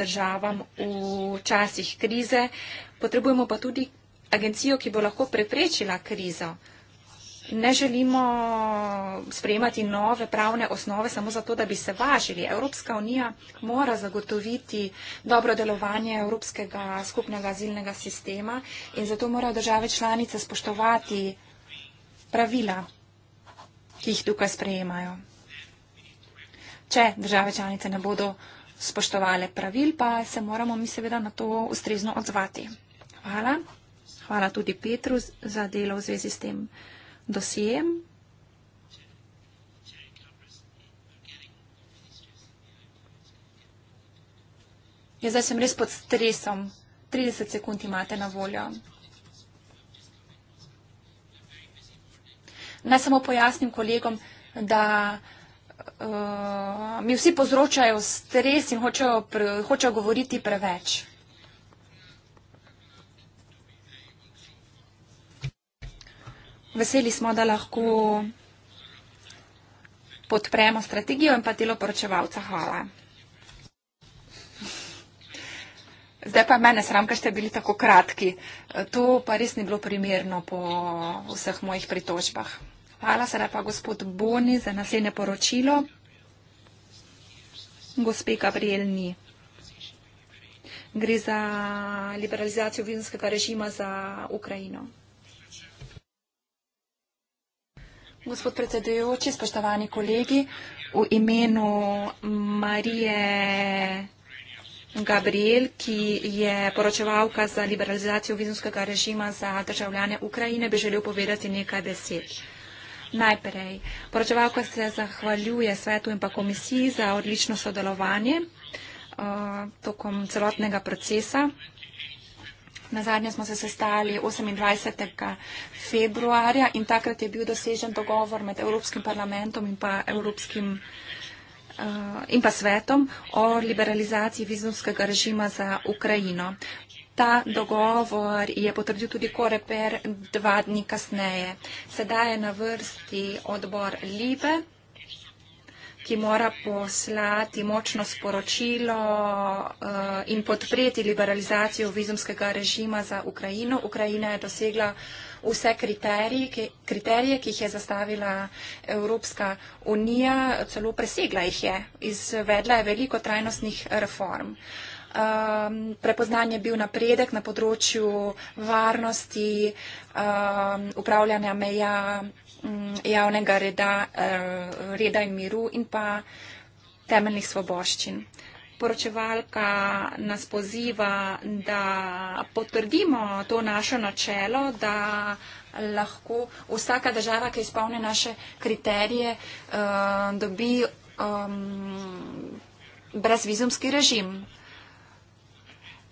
državam v časih krize. Potrebujemo pa tudi agencijo, ki bo lahko preprečila krizo ne želimo sprejemati nove pravne osnove samo zato, da bi se važili. Evropska unija mora zagotoviti dobro delovanje Evropskega skupnega azilnega sistema in zato morajo države članice spoštovati pravila, ki jih tukaj sprejemajo. Če države članice ne bodo spoštovale pravil, pa se moramo mi seveda na to ustrezno odzvati. Hvala. Hvala tudi Petru za delo v zvezi s tem dosijem. Ja, zdaj sem res pod stresom. 30 sekund imate na voljo. Naj samo pojasnim kolegom, da uh, mi vsi povzročajo stres in hočejo, pre, hočejo govoriti preveč. Veseli smo, da lahko podpremo strategijo in pa delo poročevalca. Hvala. Zdaj pa mene sram, ker ste bili tako kratki. To pa res ni bilo primerno po vseh mojih pritožbah. Hvala, sedaj pa gospod Boni za naslednje poročilo. Gospe Gabriel ni. Gre za liberalizacijo vizumskega režima za Ukrajino. Gospod predsedujoči, spoštovani kolegi, v imenu Marije Gabriel, ki je poročevalka za liberalizacijo vizumskega režima za državljane Ukrajine, bi želel povedati nekaj besed. Najprej, poročevalka se zahvaljuje svetu in pa komisiji za odlično sodelovanje uh, tokom celotnega procesa. Na zadnje smo se sestali 28. februarja in takrat je bil dosežen dogovor med Evropskim parlamentom in pa, Evropskim, uh, in pa svetom o liberalizaciji vizumskega režima za Ukrajino. Ta dogovor je potrdil tudi Koreper dva dni kasneje. Sedaj je na vrsti odbor Libe ki mora poslati močno sporočilo uh, in podpreti liberalizacijo vizumskega režima za Ukrajino. Ukrajina je dosegla vse kriterije, ki, kriterije, ki jih je zastavila Evropska unija, celo presegla jih je, izvedla je veliko trajnostnih reform. Um, prepoznan je bil napredek na področju varnosti, um, upravljanja meja, javnega reda, eh, reda in miru in pa temeljnih svoboščin. Poročevalka nas poziva, da potrdimo to naše načelo, da lahko vsaka država, ki izpolne naše kriterije, eh, dobi um, brezvizumski režim.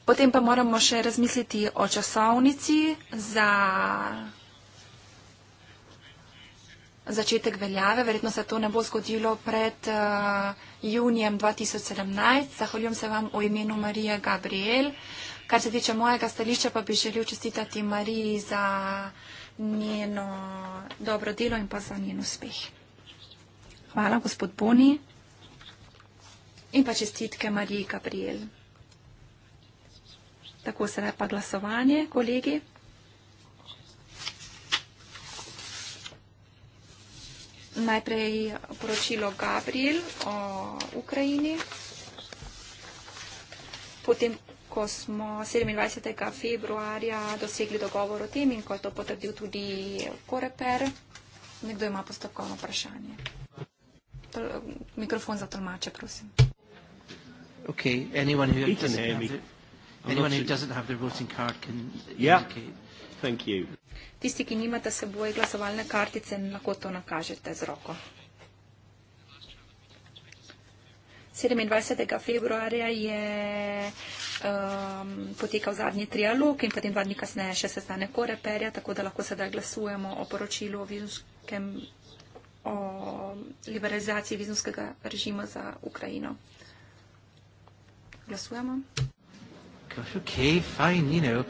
Potem pa moramo še razmisliti o časovnici za začetek veljave. Verjetno se to ne bo zgodilo pred uh, junijem 2017. Zahvaljujem se vam v imenu Marije Gabriel. Kar se tiče mojega stališča, pa bi želel čestitati Mariji za njeno dobro delo in pa za njen uspeh. Hvala, gospod Boni. In pa čestitke Mariji Gabriel. Tako se da pa glasovanje, kolegi. najprej poročilo Gabriel o Ukrajini. Potem, ko smo 27. februarja dosegli dogovor o tem in ko je to potrdil tudi Koreper, nekdo ima postopkovno vprašanje. Mikrofon za tolmače, prosim. Ok, anyone who doesn't have the, anyone who doesn't have the voting card can yeah. indicate. Thank you. Tisti, ki nimate seboj glasovalne kartice, lahko to nakažete z roko. 27. februarja je um, potekal zadnji trialog in potem dva dni kasneje še sestane koreperja, tako da lahko sedaj glasujemo o poročilu o, vizumskem, o liberalizaciji vizumskega režima za Ukrajino. Glasujemo. Gosh, okay, fine, you know,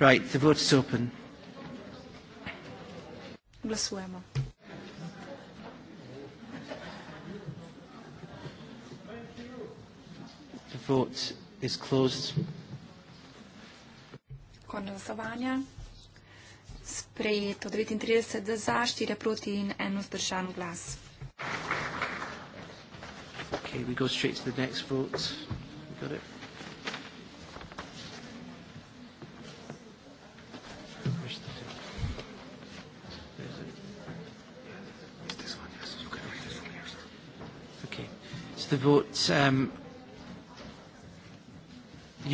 Right, the vote is open. Glasujemo. The vote is closed. Konec glasovanja. Sprejeto 39 za, 4 proti in en vzdržan glas. Okay, we go straight to the next vote. We got it. the vote um,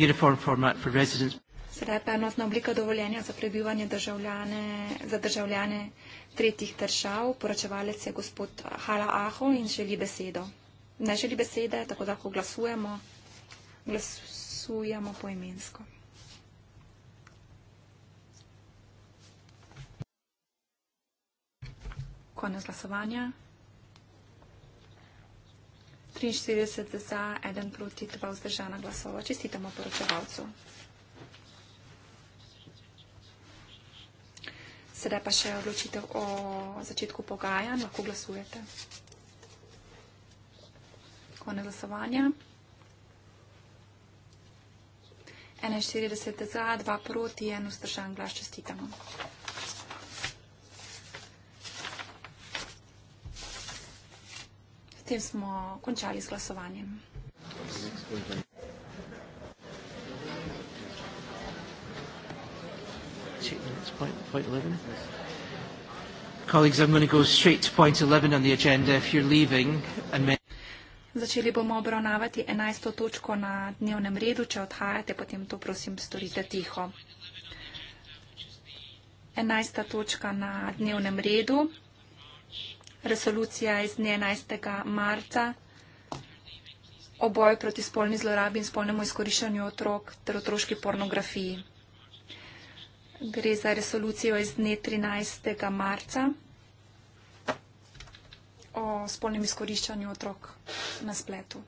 uniform format for residents. Sedaj pa enotna oblika dovoljenja za prebivanje državljane, za državljane tretjih držav. Poročevalec je gospod Hala Aho in želi besedo. Ne želi besede, tako da lahko glasujemo. Glasujemo poimensko. Konec glasovanja. 43 za, 1 proti, 2 vzdržana glasova. Čestitamo poročevalcu. Sedaj pa še odločitev o začetku pogajanj. Lahko glasujete. Kone glasovanja. 41 za, 2 proti, 1 vzdržan glas. Čestitamo. tem smo končali z glasovanjem. Začeli bomo obravnavati 11. točko na dnevnem redu. Če odhajate, potem to prosim storite tiho. 11. točka na dnevnem redu resolucija iz 11. marca o boju proti spolni zlorabi in spolnemu izkoriščanju otrok ter otroški pornografiji. Gre za resolucijo iz dne 13. marca o spolnem izkoriščanju otrok na spletu.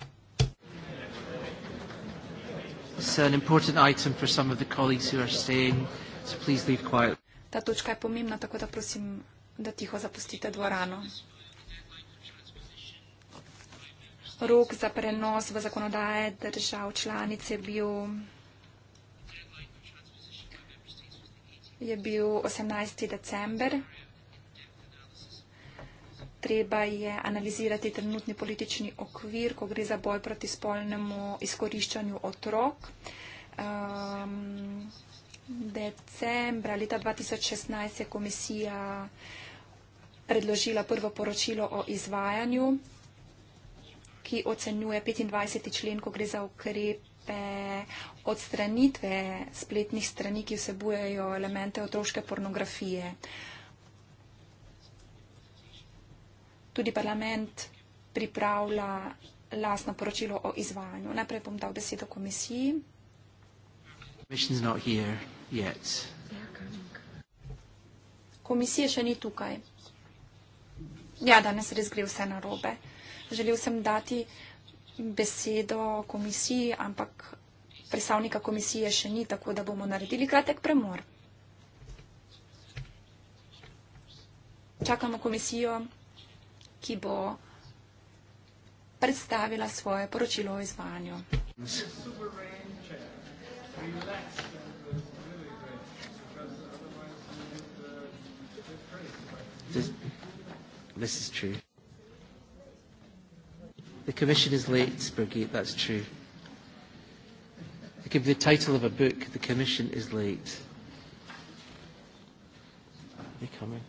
Ta točka je pomembna, tako da prosim da tiho zapustite dvorano. Rok za prenos v zakonodaje držav članic je bil, je bil 18. december. Treba je analizirati trenutni politični okvir, ko gre za boj proti spolnemu izkoriščanju otrok. Um, decembra leta 2016 je komisija predložila prvo poročilo o izvajanju, ki ocenjuje 25. člen, ko gre za ukrepe odstranitve spletnih strani, ki vsebujejo elemente otroške pornografije. Tudi parlament pripravlja lasno poročilo o izvajanju. Najprej bom dal besedo komisiji. Komisija še ni tukaj ja, danes res gre vse na robe. Želel sem dati besedo komisiji, ampak predstavnika komisije še ni, tako da bomo naredili kratek premor. Čakamo komisijo, ki bo predstavila svoje poročilo o izvajanju. Just This is true. The commission is late, Brigitte, that's true. It could be the title of a book, The Commission is Late. Are they coming?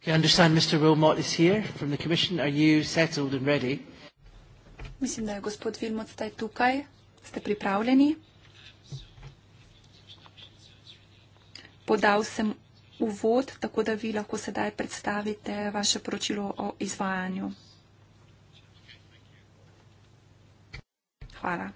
Okay, I understand Mr. Wilmot is here from the Commission. Are you settled and ready? Mislim, da je gospod Wilmot zdaj tukaj. Ste pripravljeni? Podal sem uvod, tako da vi lahko sedaj predstavite vaše poročilo o izvajanju. Hvala.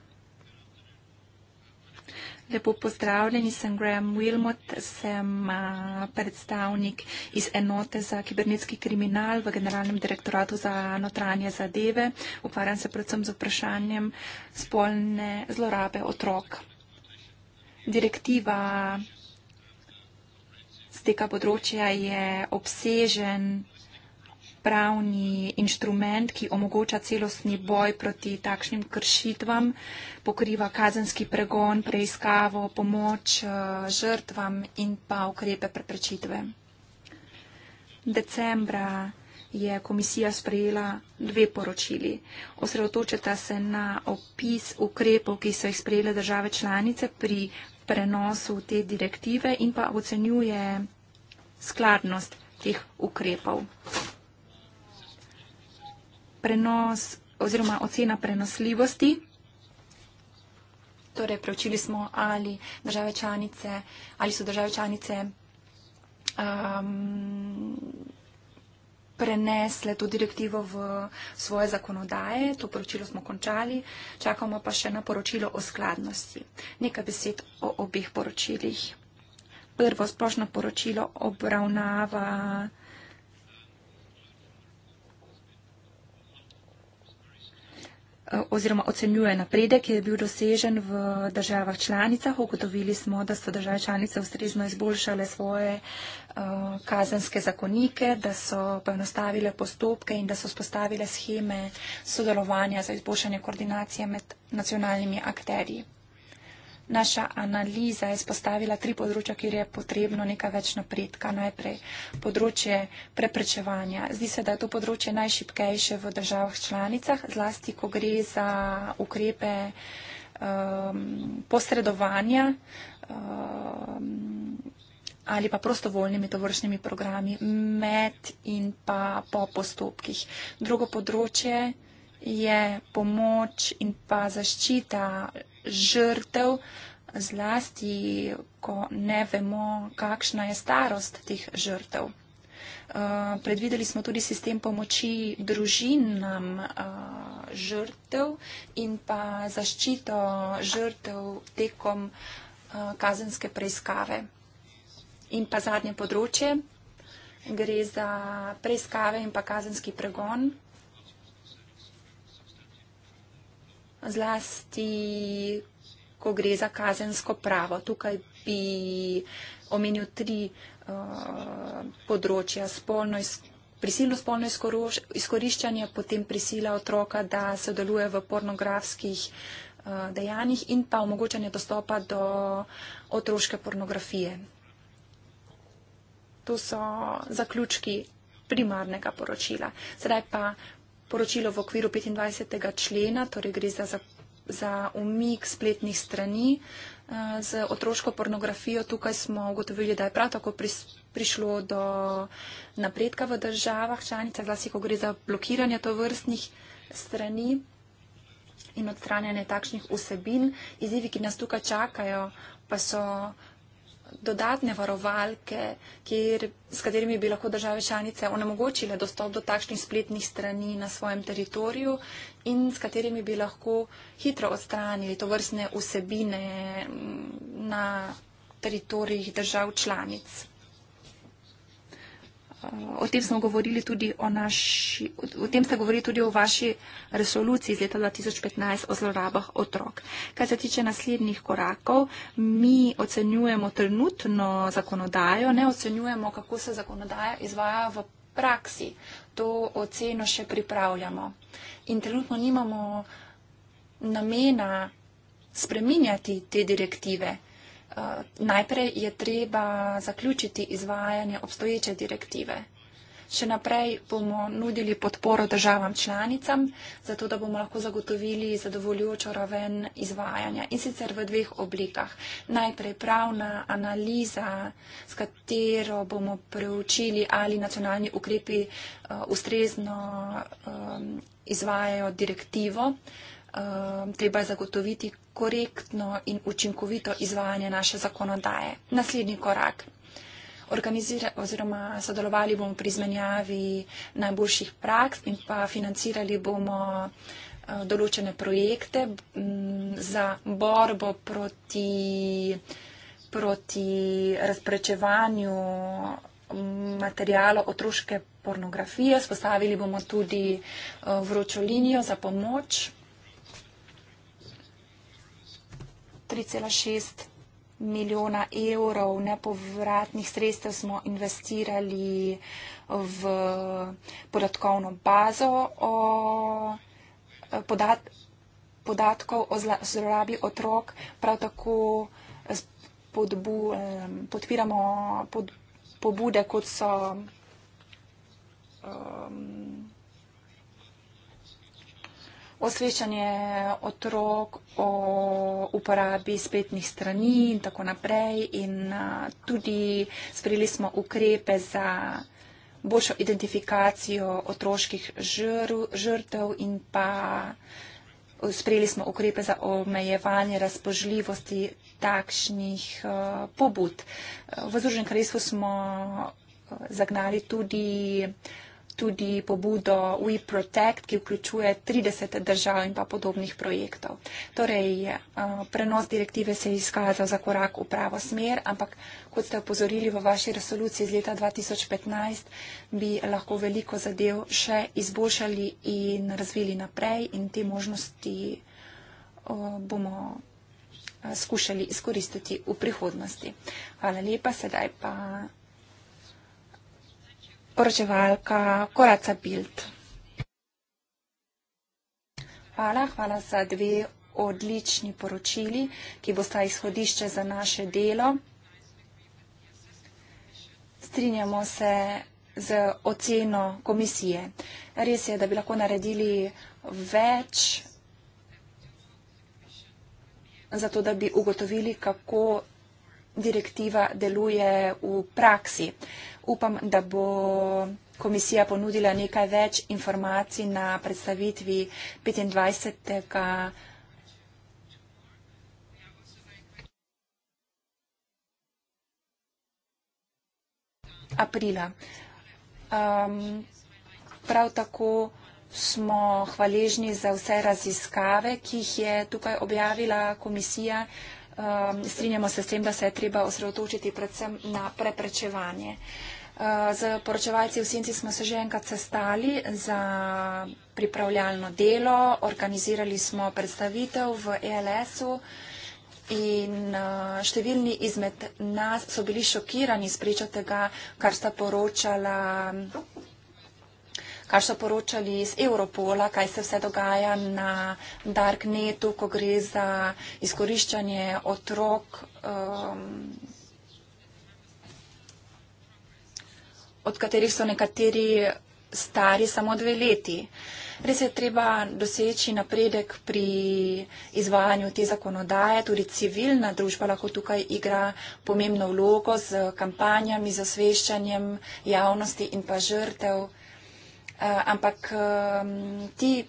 Lepo pozdravljeni, sem Graham Wilmot, sem a, predstavnik iz enote za kibernetski kriminal v Generalnem direktoratu za notranje zadeve. Ukvarjam se predvsem z vprašanjem spolne zlorabe otrok. Direktiva z tega področja je obsežen pravni inštrument, ki omogoča celostni boj proti takšnim kršitvam, pokriva kazenski pregon, preiskavo, pomoč eh, žrtvam in pa ukrepe preprečitve. Decembra je komisija sprejela dve poročili. Osredotočata se na opis ukrepov, ki so jih sprejele države članice pri prenosu te direktive in pa ocenjuje skladnost teh ukrepov prenos oziroma ocena prenosljivosti. Torej, preučili smo, ali, države članice, ali so države članice um, prenesle to direktivo v svoje zakonodaje. To poročilo smo končali. Čakamo pa še na poročilo o skladnosti. Nekaj besed o obeh poročilih. Prvo splošno poročilo obravnava. Eh, oziroma ocenjuje napredek, ki je bil dosežen v državah članicah. Ugotovili smo, da so države članice ustrezno izboljšale svoje eh, kazenske zakonike, da so poenostavile postopke in da so spostavile scheme sodelovanja za izboljšanje koordinacije med nacionalnimi akterji naša analiza izpostavila tri področja, kjer je potrebno nekaj več napredka. Najprej področje preprečevanja. Zdi se, da je to področje najšipkejše v državah članicah, zlasti, ko gre za ukrepe um, posredovanja. Um, ali pa prostovoljnimi tovršnimi programi med in pa po postopkih. Drugo področje je pomoč in pa zaščita žrtev, zlasti, ko ne vemo, kakšna je starost teh žrtev. Eh, predvideli smo tudi sistem pomoči družinam eh, žrtev in pa zaščito žrtev tekom eh, kazenske preiskave. In pa zadnje področje, gre za preiskave in pa kazenski pregon, zlasti, ko gre za kazensko pravo. Tukaj bi omenil tri uh, področja. Spolno prisilno spolno izkoriščanje, potem prisila otroka, da sodeluje v pornografskih eh, dejanjih in pa omogočanje dostopa do otroške pornografije. To so zaključki primarnega poročila. Sedaj pa poročilo v okviru 25. člena, torej gre za, za, za umik spletnih strani eh, z otroško pornografijo. Tukaj smo ugotovili, da je prav tako pris, prišlo do napredka v državah članicah, zlasti ko gre za blokiranje tovrstnih strani in odstranjanje takšnih vsebin. Izzivi, ki nas tukaj čakajo, pa so dodatne varovalke, kjer, s katerimi bi lahko države članice onemogočile dostop do takšnih spletnih strani na svojem teritoriju in s katerimi bi lahko hitro odstranili to vrstne vsebine mm, na teritorijih držav članic o tem smo govorili tudi o naši, o tem ste govorili tudi o vaši resoluciji iz leta 2015 o zlorabah otrok. Kar se tiče naslednjih korakov, mi ocenjujemo trenutno zakonodajo, ne ocenjujemo, kako se zakonodaja izvaja v praksi. To oceno še pripravljamo. In trenutno nimamo namena spreminjati te direktive. Eh, najprej je treba zaključiti izvajanje obstoječe direktive. Še naprej bomo nudili podporo državam članicam, zato da bomo lahko zagotovili zadovoljujočo raven izvajanja in sicer v dveh oblikah. Najprej pravna analiza, s katero bomo preučili, ali nacionalni ukrepi uh, ustrezno um, izvajajo direktivo. Uh, Ehm, treba je zagotoviti korektno in učinkovito izvajanje naše zakonodaje. Naslednji korak. Organizirali oziroma sodelovali bomo pri izmenjavi najboljših praks in pa financirali bomo eh, določene projekte za borbo proti, proti razprečevanju materijala otroške pornografije. Spostavili bomo tudi eh, vročo linijo za pomoč 3,6 milijona evrov nepovratnih sredstev smo investirali v podatkovno bazo o podat podatkov o zlorabi otrok. Prav tako podpiramo pod pobude, kot so um, osveščanje otrok o uporabi spletnih strani in tako naprej. In tudi sprejeli smo ukrepe za boljšo identifikacijo otroških žr, žrtev in pa sprejeli smo ukrepe za omejevanje razpožljivosti takšnih pobud. V Združenem kraljestvu smo zagnali tudi tudi pobudo WeProtect, ki vključuje 30 držav in pa podobnih projektov. Torej, eh, prenos direktive se je izkazal za korak v pravo smer, ampak kot ste opozorili v vaši resoluciji iz leta 2015, bi lahko veliko zadev še izboljšali in razvili naprej in te možnosti eh, bomo eh, skušali izkoristiti v prihodnosti. Hvala lepa, sedaj pa poročevalka Koraca Bild. Hvala, hvala za dve odlični poročili, ki bosta izhodišče za naše delo. Strinjamo se z oceno komisije. Res je, da bi lahko naredili več, zato da bi ugotovili, kako direktiva deluje v praksi upam, da bo komisija ponudila nekaj več informacij na predstavitvi 25. aprila. Um, prav tako smo hvaležni za vse raziskave, ki jih je tukaj objavila komisija um, strinjamo se s tem, da se je treba osredotočiti predvsem na preprečevanje. Ehm, z poročevalci v Sinci smo se že enkrat sestali za pripravljalno delo, organizirali smo predstavitev v ELS-u in ehm, številni izmed nas so bili šokirani spričo tega, kar sta poročala kar so poročali iz Europola, kaj se vse dogaja na Darknetu, ko gre za izkoriščanje otrok. Um, od katerih so nekateri stari samo dve leti. Res je treba doseči napredek pri izvajanju te zakonodaje, tudi civilna družba lahko tukaj igra pomembno vlogo z kampanjami, z osveščanjem javnosti in pa žrtev. Uh, ampak um, ti,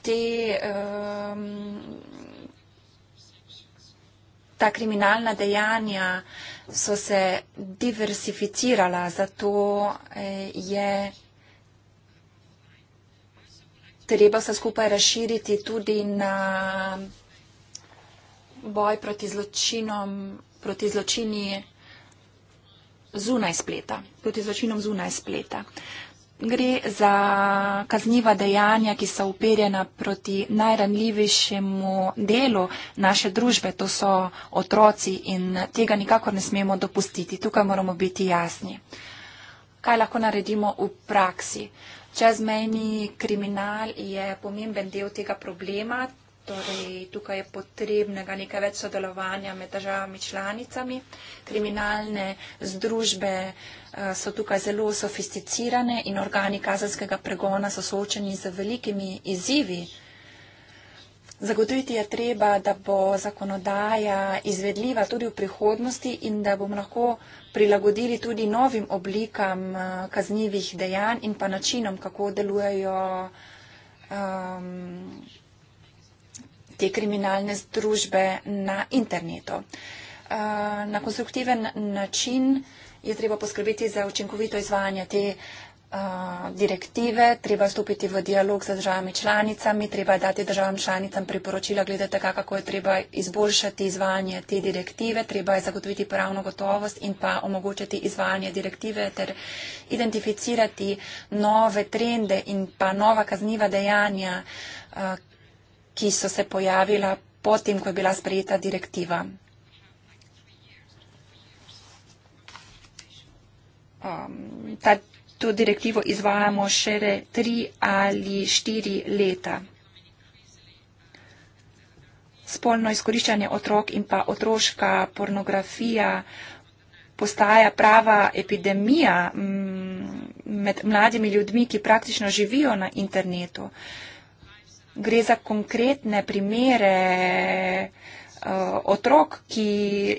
ti, um, ehm, ta kriminalna dejanja so se diversificirala, zato eh, je treba se skupaj razširiti tudi na boj proti zločinom, proti zločini zunaj spleta, proti zločinom zunaj spleta. Gre za kazniva dejanja, ki so uperjena proti najranljivejšemu delu naše družbe, to so otroci in tega nikakor ne smemo dopustiti. Tukaj moramo biti jasni. Kaj lahko naredimo v praksi? Čezmejni kriminal je pomemben del tega problema, Torej, tukaj je potrebnega nekaj več sodelovanja med državami članicami. Kriminalne združbe eh, so tukaj zelo sofisticirane in organi kazanskega pregona so soočeni z velikimi izzivi. Zagotoviti je treba, da bo zakonodaja izvedljiva tudi v prihodnosti in da bomo lahko prilagodili tudi novim oblikam eh, kaznjivih dejanj in pa načinom, kako delujejo. Um, te kriminalne združbe na internetu. Eh, na konstruktiven način je treba poskrbeti za učinkovito izvajanje te eh, direktive, treba stopiti v dialog z državami članicami, treba dati državam članicam priporočila glede tega, kako je treba izboljšati izvajanje te direktive, treba je zagotoviti pravno gotovost in pa omogočiti izvajanje direktive ter identificirati nove trende in pa nova kazniva dejanja, eh, ki so se pojavila potem, ko je bila sprejeta direktiva. Um, ta, to direktivo izvajamo šele tri ali štiri leta. Spolno izkoriščanje otrok in pa otroška pornografija postaja prava epidemija mm, med mladimi ljudmi, ki praktično živijo na internetu. Uh, gre za konkretne primere eh, otrok, ki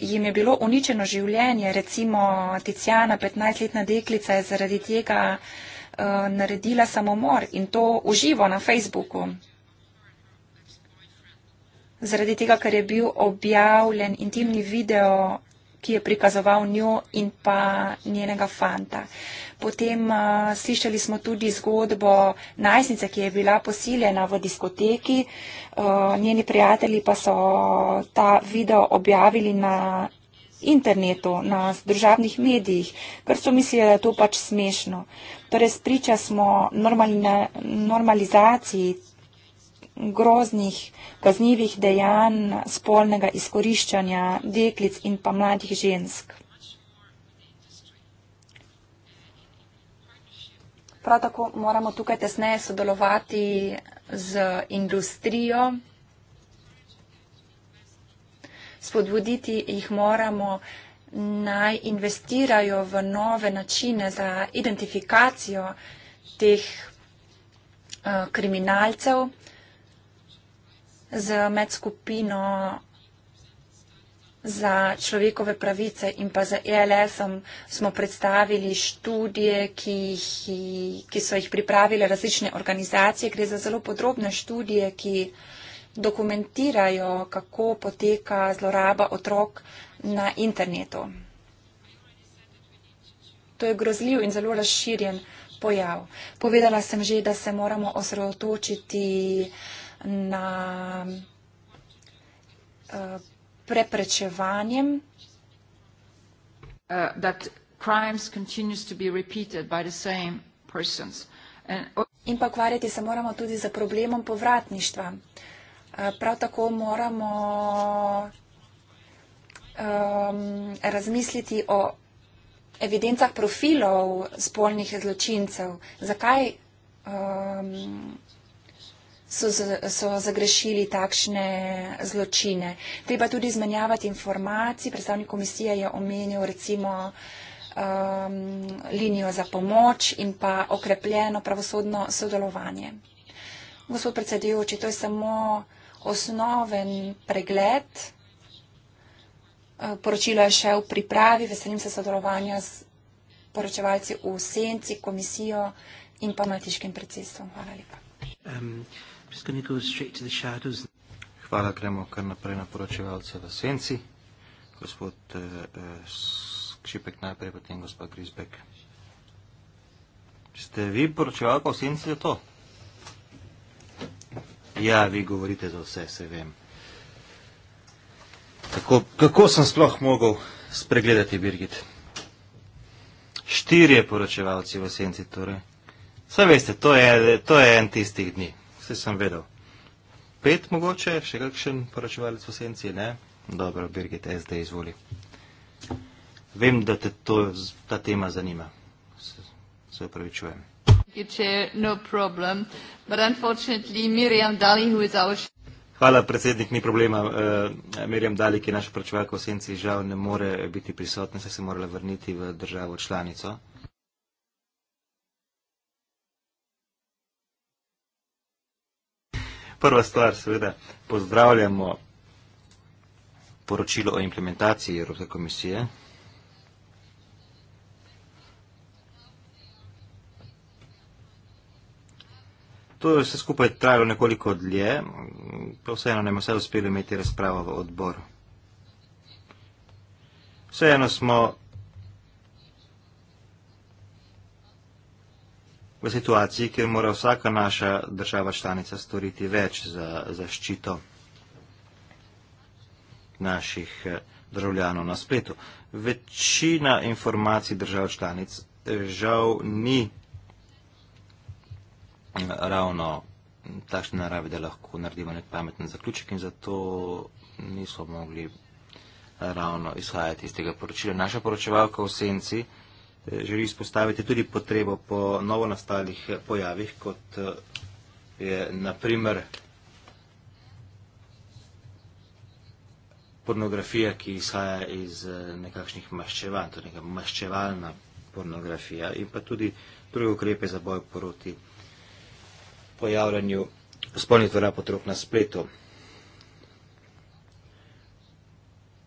jim je bilo uničeno življenje, recimo Ticijana, 15-letna deklica je zaradi tega eh, naredila samomor in to uživo na Facebooku. Zaradi tega, ker je bil objavljen intimni video, ki je prikazoval njo in pa njenega fanta. Potem uh, slišali smo tudi zgodbo najstnice, ki je bila posiljena v diskoteki. Uh, njeni prijatelji pa so ta video objavili na internetu, na državnih medijih, ker so mislili, da je to pač smešno. Torej, spriča smo normalizaciji groznih kaznjivih dejanj spolnega izkoriščanja deklic in pa mladih žensk. prav tako moramo tukaj tesneje sodelovati z industrijo. Spodbuditi jih moramo naj investirajo v nove načine za identifikacijo teh eh, kriminalcev z medskupino za človekove pravice in pa za ELS-om smo predstavili študije, ki, jih, ki so jih pripravile različne organizacije. Gre za zelo podrobne študije, ki dokumentirajo, kako poteka zloraba otrok na internetu. To je grozljiv in zelo razširjen pojav. Povedala sem že, da se moramo osredotočiti na. Uh, preprečevanjem. Uh, In pa ukvarjati se moramo tudi z problemom povratništva. Uh, prav tako moramo um, razmisliti o evidencah profilov spolnih zločincev. Zakaj um, so, so zagrešili takšne zločine. Treba tudi izmenjavati informacije. Predstavnik komisije je omenil recimo um, linijo za pomoč in pa okrepljeno pravosodno sodelovanje. Gospod predsedujoči, to je samo osnoven pregled. Poročilo je še v pripravi. Veselim se sodelovanja z poročevalci v Senci, komisijo in pa Maltiškim predsedstvom. Hvala lepa. Um. Hvala, gremo kar naprej na poročevalce v senci. Gospod eh, eh Šipek najprej, potem gospod Grisbek. Ste vi poročevalka v senci za to? Ja, vi govorite za vse, se vem. Tako, kako sem sploh mogel spregledati, Birgit? Štirje poročevalci v senci, torej. Saj veste, to je, to je en tistih dni veste, sem vedel. Pet mogoče, še kakšen poročevalec v senci, ne? Dobro, Birgit, zdaj izvoli. Vem, da te to, ta tema zanima. Se upravičujem. No Hvala, predsednik, ni problema. Uh, eh, Mirjam Dalik je naš poročevalka v senci, žal ne more biti prisotna, saj se je morala vrniti v državo članico. prva stvar, seveda, pozdravljamo poročilo o implementaciji Evropske komisije. To je vse skupaj trajalo nekoliko dlje, pa vseeno nam je vse uspelo imeti razpravo v odboru. Vseeno smo v situaciji, kjer mora vsaka naša država članica storiti več za zaščito naših eh, državljanov na spletu. Večina informacij držav članic eh, žal ni mm, ravno takšne narave, da lahko naredimo nek pameten zaključek in zato niso mogli ravno izhajati iz tega poročila. Naša poročevalka v Senci je Eh, želi izpostaviti tudi potrebo po novo nastalih eh, pojavih, kot eh, je naprimer pornografija, ki izhaja iz nekakšnih maščevanj, to torej je neka maščevalna pornografija in pa tudi druge ukrepe za boj proti pojavljanju spolnih zlorab otrok na spletu.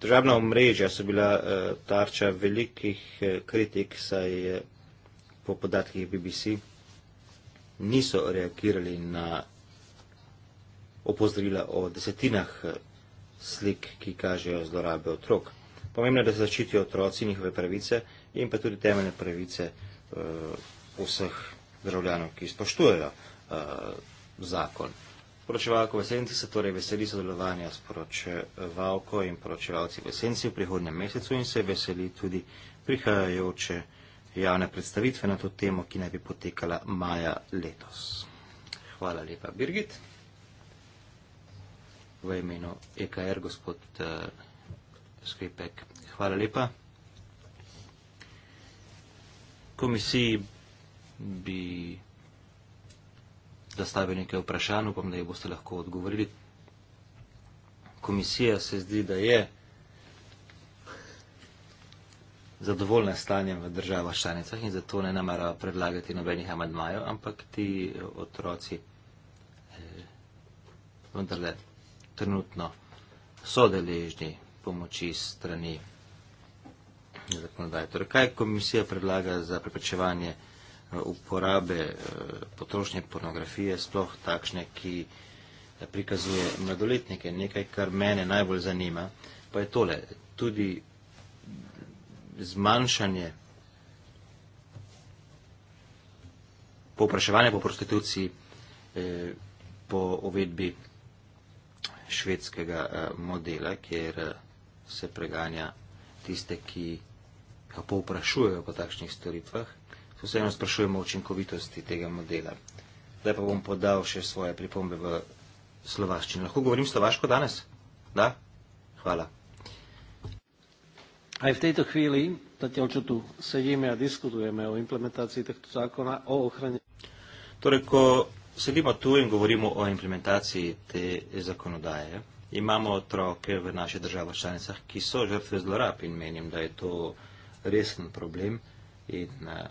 Državna omrežja so bila uh, tarča velikih uh, kritik, saj uh, po podatkih BBC niso reagirali na opozorila o desetinah uh, slik, ki kažejo zlorabe otrok. Pomembno je, da se zaščitijo otroci, njihove pravice in pa tudi temeljne pravice uh, vseh državljanov, ki spoštujejo uh, zakon. Poročevalko v Esenci se torej veseli sodelovanja s poročevalko in poročevalci v Esenci v prihodnjem mesecu in se veseli tudi prihajajoče javne predstavitve na to temo, ki naj bi potekala maja letos. Hvala lepa, Birgit. V imenu EKR, gospod uh, Skripek, hvala lepa. Komisiji bi zastavil nekaj vprašanj, upam, da jih boste lahko odgovorili. Komisija se zdi, da je zadovoljna stanjem v državah članicah in zato ne namera predlagati nobenih amadmajev, ampak ti otroci eh, vendarle trenutno so deležni pomoči strani zakonodaje. Torej, kaj komisija predlaga za preprečevanje? uporabe eh, potrošnje pornografije, sploh takšne, ki eh, prikazuje mladoletnike. Nekaj, kar mene najbolj zanima, pa je tole. Tudi zmanjšanje povpraševanja po prostituciji, eh, po uvedbi švedskega modela, kjer se preganja tiste, ki ga povprašujejo po takšnih storitvah, se vseeno sprašujemo o učinkovitosti tega modela. Zdaj pa bom podal še svoje pripombe v slovaščini. Lahko govorim slovaško danes? Da? Hvala. Aj v tejto chvíli, zatiaľ čo tu sedíme a diskutujeme o implementácii tohto zákona o ochrane. Torej, ko sedimo tu in govorimo o implementaciji te zakonodaje, imamo otroke v naših državah članicah, ki so žrtve zlorab in menim, da je to resen problem in uh,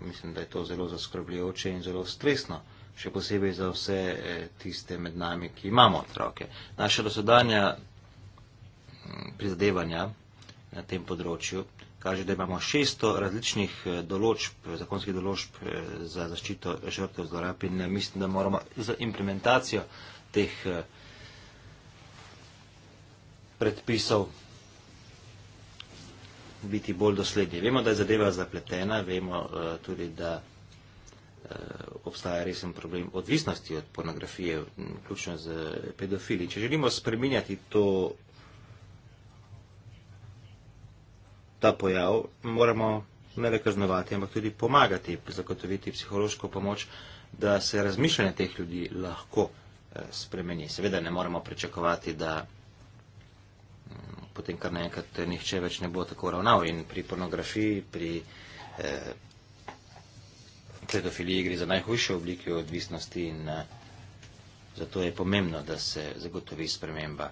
mislim, da je to zelo zaskrbljujoče in zelo stresno, še posebej za vse eh, tiste med nami, ki imamo otroke. Naša dosedanja mm, prizadevanja na tem področju kaže, da imamo 600 različnih eh, določb, zakonskih določb eh, za zaščito žrtev zlorab in mislim, da moramo z implementacijo teh predpisov biti bolj dosledni. Vemo, da je zadeva zapletena, vemo uh, tudi, da uh, obstaja resen problem odvisnosti od pornografije, vključno z pedofili. Če želimo spreminjati to, ta pojav, moramo ne le kaznovati, ampak tudi pomagati, zagotoviti psihološko pomoč, da se razmišljanje teh ljudi lahko uh, spremeni. Seveda ne moramo pričakovati, da potem kar naenkrat eh, nihče več ne bo tako ravnal. In pri pornografiji, pri eh, kledofiliji gre za najhujše oblike odvisnosti in eh, zato je pomembno, da se zagotovi sprememba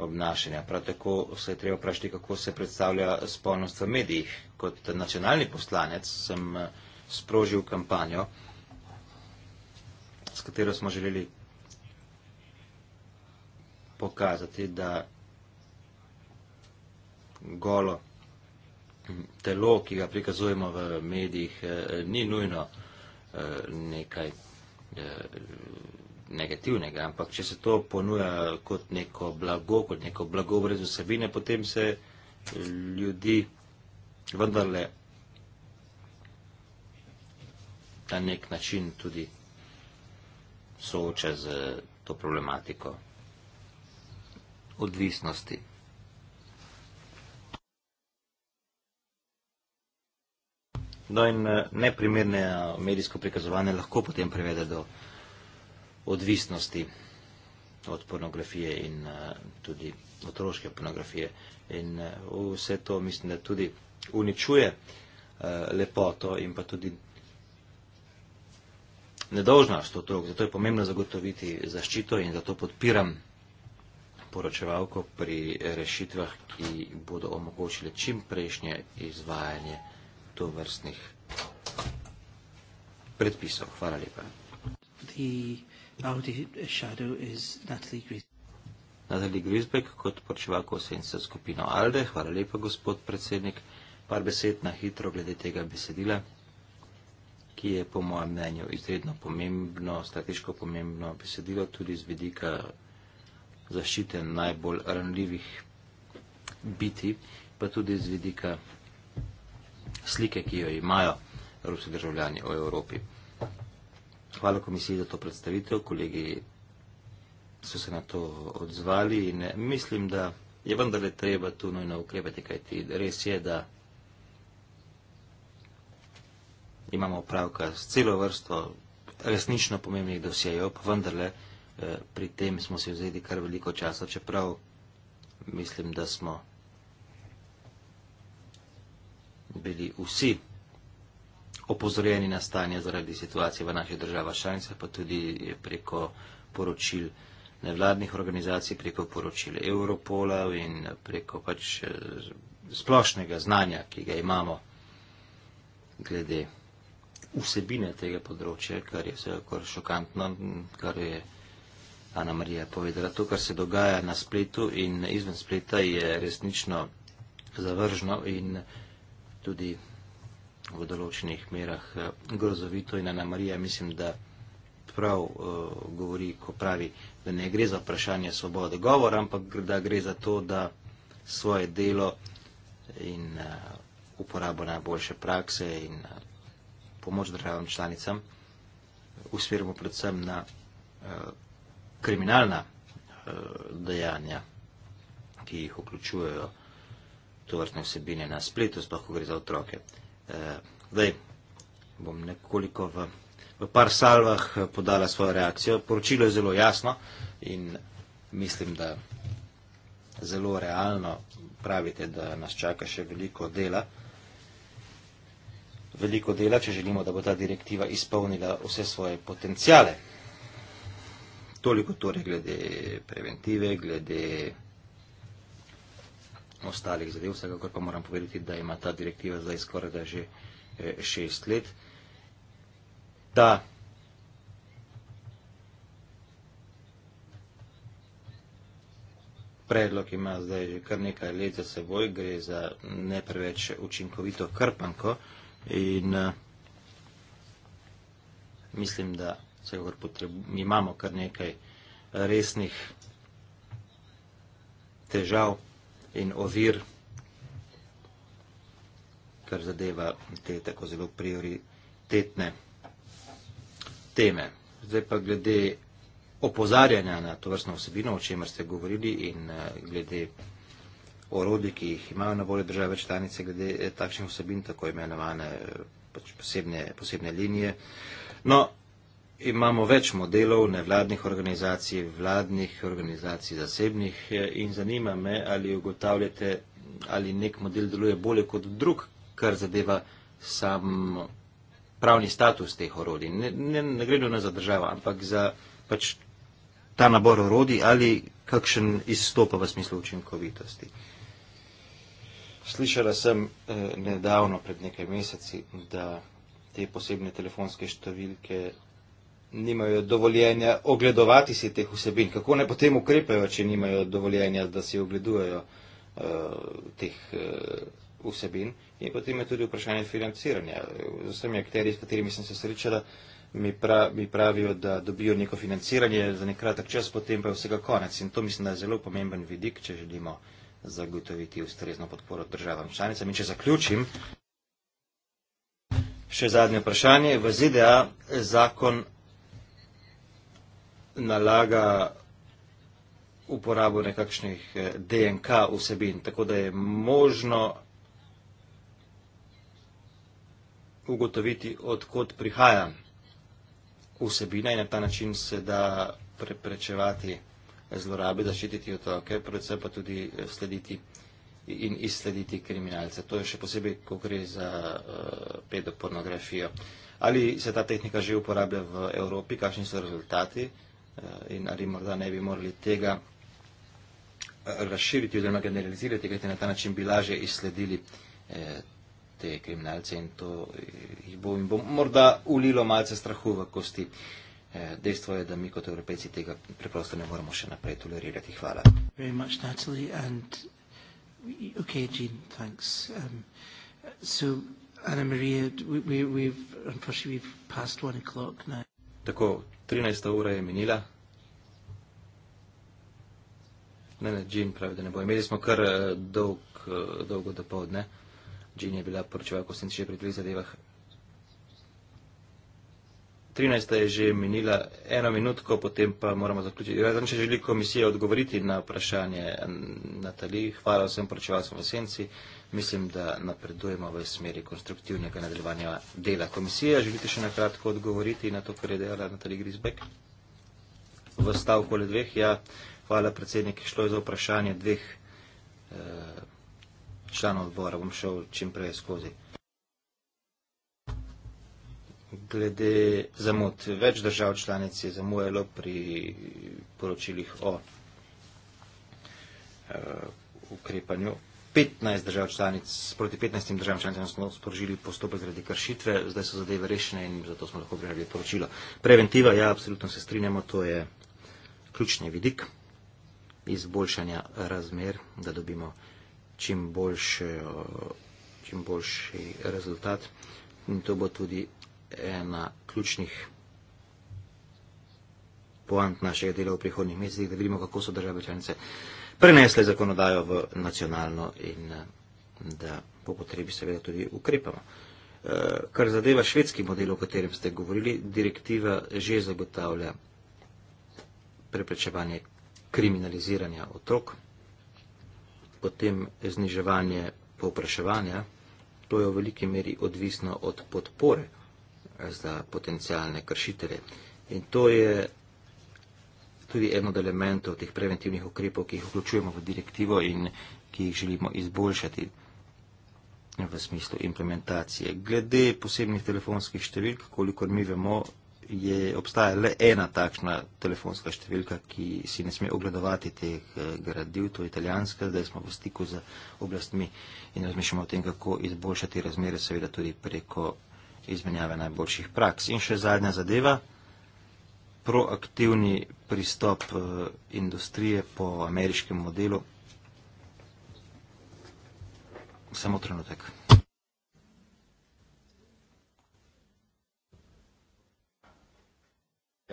obnašanja. Prav tako se je treba vprašati, kako se predstavlja spolnost v medijih. Kot nacionalni poslanec sem eh, sprožil kampanjo, s katero smo želeli pokazati, da golo telo, ki ga prikazujemo v medijih, eh, ni nujno eh, nekaj eh, negativnega, ampak če se to ponuja kot neko blago, kot neko blago brez vsebine, potem se ljudi vendarle na nek način tudi sooča z to problematiko odvisnosti. No in eh, neprimerne eh, medijsko prikazovanje lahko potem prevede do odvisnosti od pornografije in eh, tudi otroške pornografije. In vse to mislim, da tudi uničuje lepoto in pa tudi nedolžnost otrok. Zato je pomembno zagotoviti zaščito in zato podpiram poročevalko pri rešitvah, ki bodo omogočile čim prejšnje izvajanje to vrstnih predpisov. Hvala lepa. Natalie Grisbeck kot počivako senca skupino Alde. Hvala lepa, gospod predsednik. Par besed na hitro glede tega besedila, ki je po mojem mnenju izredno pomembno, strateško pomembno besedilo tudi z vidika zaščite najbolj ranljivih biti, pa tudi z vidika slike, ki jo imajo evropski državljani o Evropi. Hvala komisiji za to predstavitev, kolegi so se na to odzvali in mislim, da je vendarle treba tu nojno ukrepati, kajti res je, da imamo opravka s celo vrsto resnično pomembnih dosjejev, pa vendarle eh, pri tem smo se vzeli kar veliko časa, čeprav mislim, da smo vzeli bili vsi opozorjeni na stanje zaradi situacije v naših državah članicah, pa tudi preko poročil nevladnih organizacij, preko poročil Europola in preko pač eh, splošnega znanja, ki ga imamo glede vsebine tega področja, kar je vsekakor šokantno, kar je Ana Marija povedala. To, kar se dogaja na spletu in izven spleta, je resnično zavržno in tudi v določenih merah eh, grozovito in Ana Marija mislim, da prav uh, govori, ko pravi, da ne gre za vprašanje svobode govora, ampak da gre za to, da svoje delo in uh, uporabo najboljše prakse in uh, pomoč državam članicam usmerimo predvsem na uh, kriminalna uh, dejanja, ki jih vključujejo to vrstne vsebine na spletu, sploh ko gre za otroke. Eh, zdaj bom nekoliko v, v par salvah eh, podala svojo reakcijo. Poročilo je zelo jasno in mislim, da zelo realno pravite, da nas čaka še veliko dela. Veliko dela, če želimo, da bo ta direktiva izpolnila vse svoje potencijale. Toliko torej glede preventive, glede ostalih zadev. Vsekakor pa moram povedati, da ima ta direktiva zdaj skoraj da že eh, šest let. Ta predlog ima zdaj že kar nekaj let za seboj, gre za ne preveč učinkovito krpanko in eh, mislim, da vsekakor imamo kar nekaj resnih težav, in ozir, kar zadeva te tako zelo prioritetne teme. Zdaj pa glede opozarjanja na to vrstno vsebino, o čemer ste govorili in eh, glede orodij, ki jih imajo na voljo države članice, glede eh, takšnih vsebin, tako imenovane eh, pač posebne, posebne linije. No, imamo več modelov nevladnih organizacij, vladnih organizacij, zasebnih eh, in zanima me, ali ugotavljate, ali nek model deluje bolje kot drug, kar zadeva sam pravni status teh orodij. Ne, ne, ne gre le za državo, ampak za pač ta nabor orodij ali kakšen izstopa v smislu učinkovitosti. Slišala sem eh, nedavno, pred nekaj meseci, da te posebne telefonske številke nimajo dovoljenja ogledovati si teh vsebin. Kako ne potem ukrepejo, če nimajo dovoljenja, da si ogledujejo uh, teh uh, vsebin. In potem je tudi vprašanje financiranja. Z vsemi akteri, s katerimi sem se srečala, mi, pra, mi pravijo, da dobijo neko financiranje za nek kratek čas, potem pa je vsega konec. In to mislim, da je zelo pomemben vidik, če želimo zagotoviti ustrezno podporo državam članicam. In če zaključim. Še zadnje vprašanje. V ZDA zakon nalaga uporabo nekakšnih eh, DNK vsebin, tako da je možno ugotoviti, odkot prihaja vsebina in na ta način se da preprečevati zlorabe, zaščititi otroke, predvsem pa tudi eh, slediti in izslediti kriminalce. To je še posebej, ko gre za eh, pedopornografijo. Ali se ta tehnika že uporablja v Evropi, kakšni so rezultati? Eh, in ali morda ne bi morali tega eh, razširiti oziroma generalizirati, kajti na ta način bi lažje izsledili eh, te kriminalce in to jih bo, jih bo morda ulilo malce strahu v kosti. Dejstvo je, da mi kot evropejci tega preprosto ne moremo še naprej tolerirati. Hvala. Very much, Natalie. And, okay, Jean, thanks. Um, so, Anna Maria, we, we, we've, unfortunately, we've passed one o'clock now. Tako, 13. ura je minila. Ne, ne, Jean pravi, da ne bo. Imeli smo kar eh, dolg, eh, dolgo do povdne. Jean je bila poročevala, ko sem še pri dveh zadevah. 13. je že minila eno minutko, potem pa moramo zaključiti. Razen, ja, če želi komisija odgovoriti na vprašanje Natali, hvala vsem poročevalcem v senci mislim, da napredujemo v smeri konstruktivnega nadaljevanja dela komisije. Želite še nakratko odgovoriti na to, kar je dejala Natalija Grisbek? V stavku le dveh, ja, hvala predsednik, šlo je za vprašanje dveh eh, članov odbora, bom šel čim prej skozi. Glede zamud, več držav članic je zamujalo pri poročilih o eh, ukrepanju 15 držav članic, proti 15 držav članicam smo sporožili postopek zaradi kršitve, zdaj so zadeve rešene in zato smo lahko prijavili poročilo. Preventiva, ja, absolutno se strinjamo, to je ključni vidik izboljšanja razmer, da dobimo čim boljši, čim boljši rezultat. In to bo tudi ena ključnih poant našega dela v prihodnjih mesecih, da vidimo, kako so države članice prenesle zakonodajo v nacionalno in eh, da po potrebi seveda tudi ukrepamo. Eh, kar zadeva švedski model, o katerem ste govorili, direktiva že zagotavlja preprečevanje kriminaliziranja otrok, potem zniževanje povpraševanja, to je v veliki meri odvisno od podpore eh, za potencijalne kršitelje. In to je tudi en od elementov teh preventivnih ukrepov, ki jih vključujemo v direktivo in ki jih želimo izboljšati v smislu implementacije. Glede posebnih telefonskih številk, koliko mi vemo, je, obstaja le ena takšna telefonska številka, ki si ne sme ogledovati teh eh, gradiv, to je italijanska, zdaj smo v stiku z oblastmi in razmišljamo o tem, kako izboljšati razmere, seveda tudi preko izmenjave najboljših praks. In še zadnja zadeva proaktivni pristop uh, industrije po ameriškem modelu. Samo trenutek.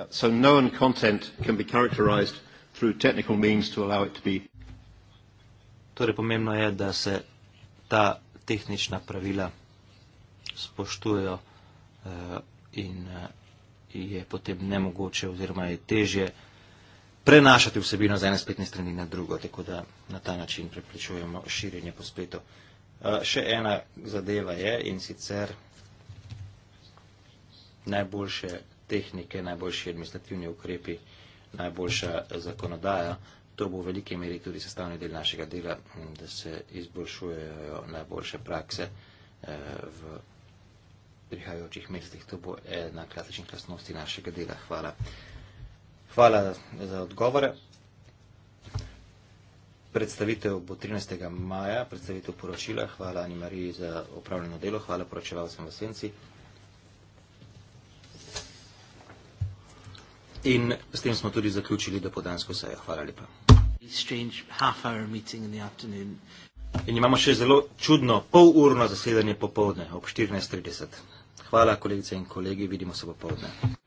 So known content can be characterized through technical means to allow it to be. Torej pomembno je, da se ta tehnična pravila spoštujejo uh, in uh, je potem nemogoče oziroma je težje prenašati vsebino z ene spletne strani na drugo, tako da na ta način preprečujemo širjenje po spletu. Še ena zadeva je in sicer najboljše tehnike, najboljši administrativni ukrepi, najboljša zakonodaja. To bo v veliki meri tudi sestavni del našega dela, da se izboljšujejo najboljše prakse eh, v prihajajočih mesecih. To bo ena klasičnih lastnosti našega dela. Hvala. Hvala za odgovore. Predstavitev bo 13. maja, predstavitev poročila. Hvala Ani Mariji za opravljeno delo, hvala poročevalcem v Senci. In s tem smo tudi zaključili do podansko sejo. Hvala lepa. In imamo še zelo čudno polurno zasedanje popovdne ob 14.30. Hvala kolegice in kolegi, vidimo se popovdne.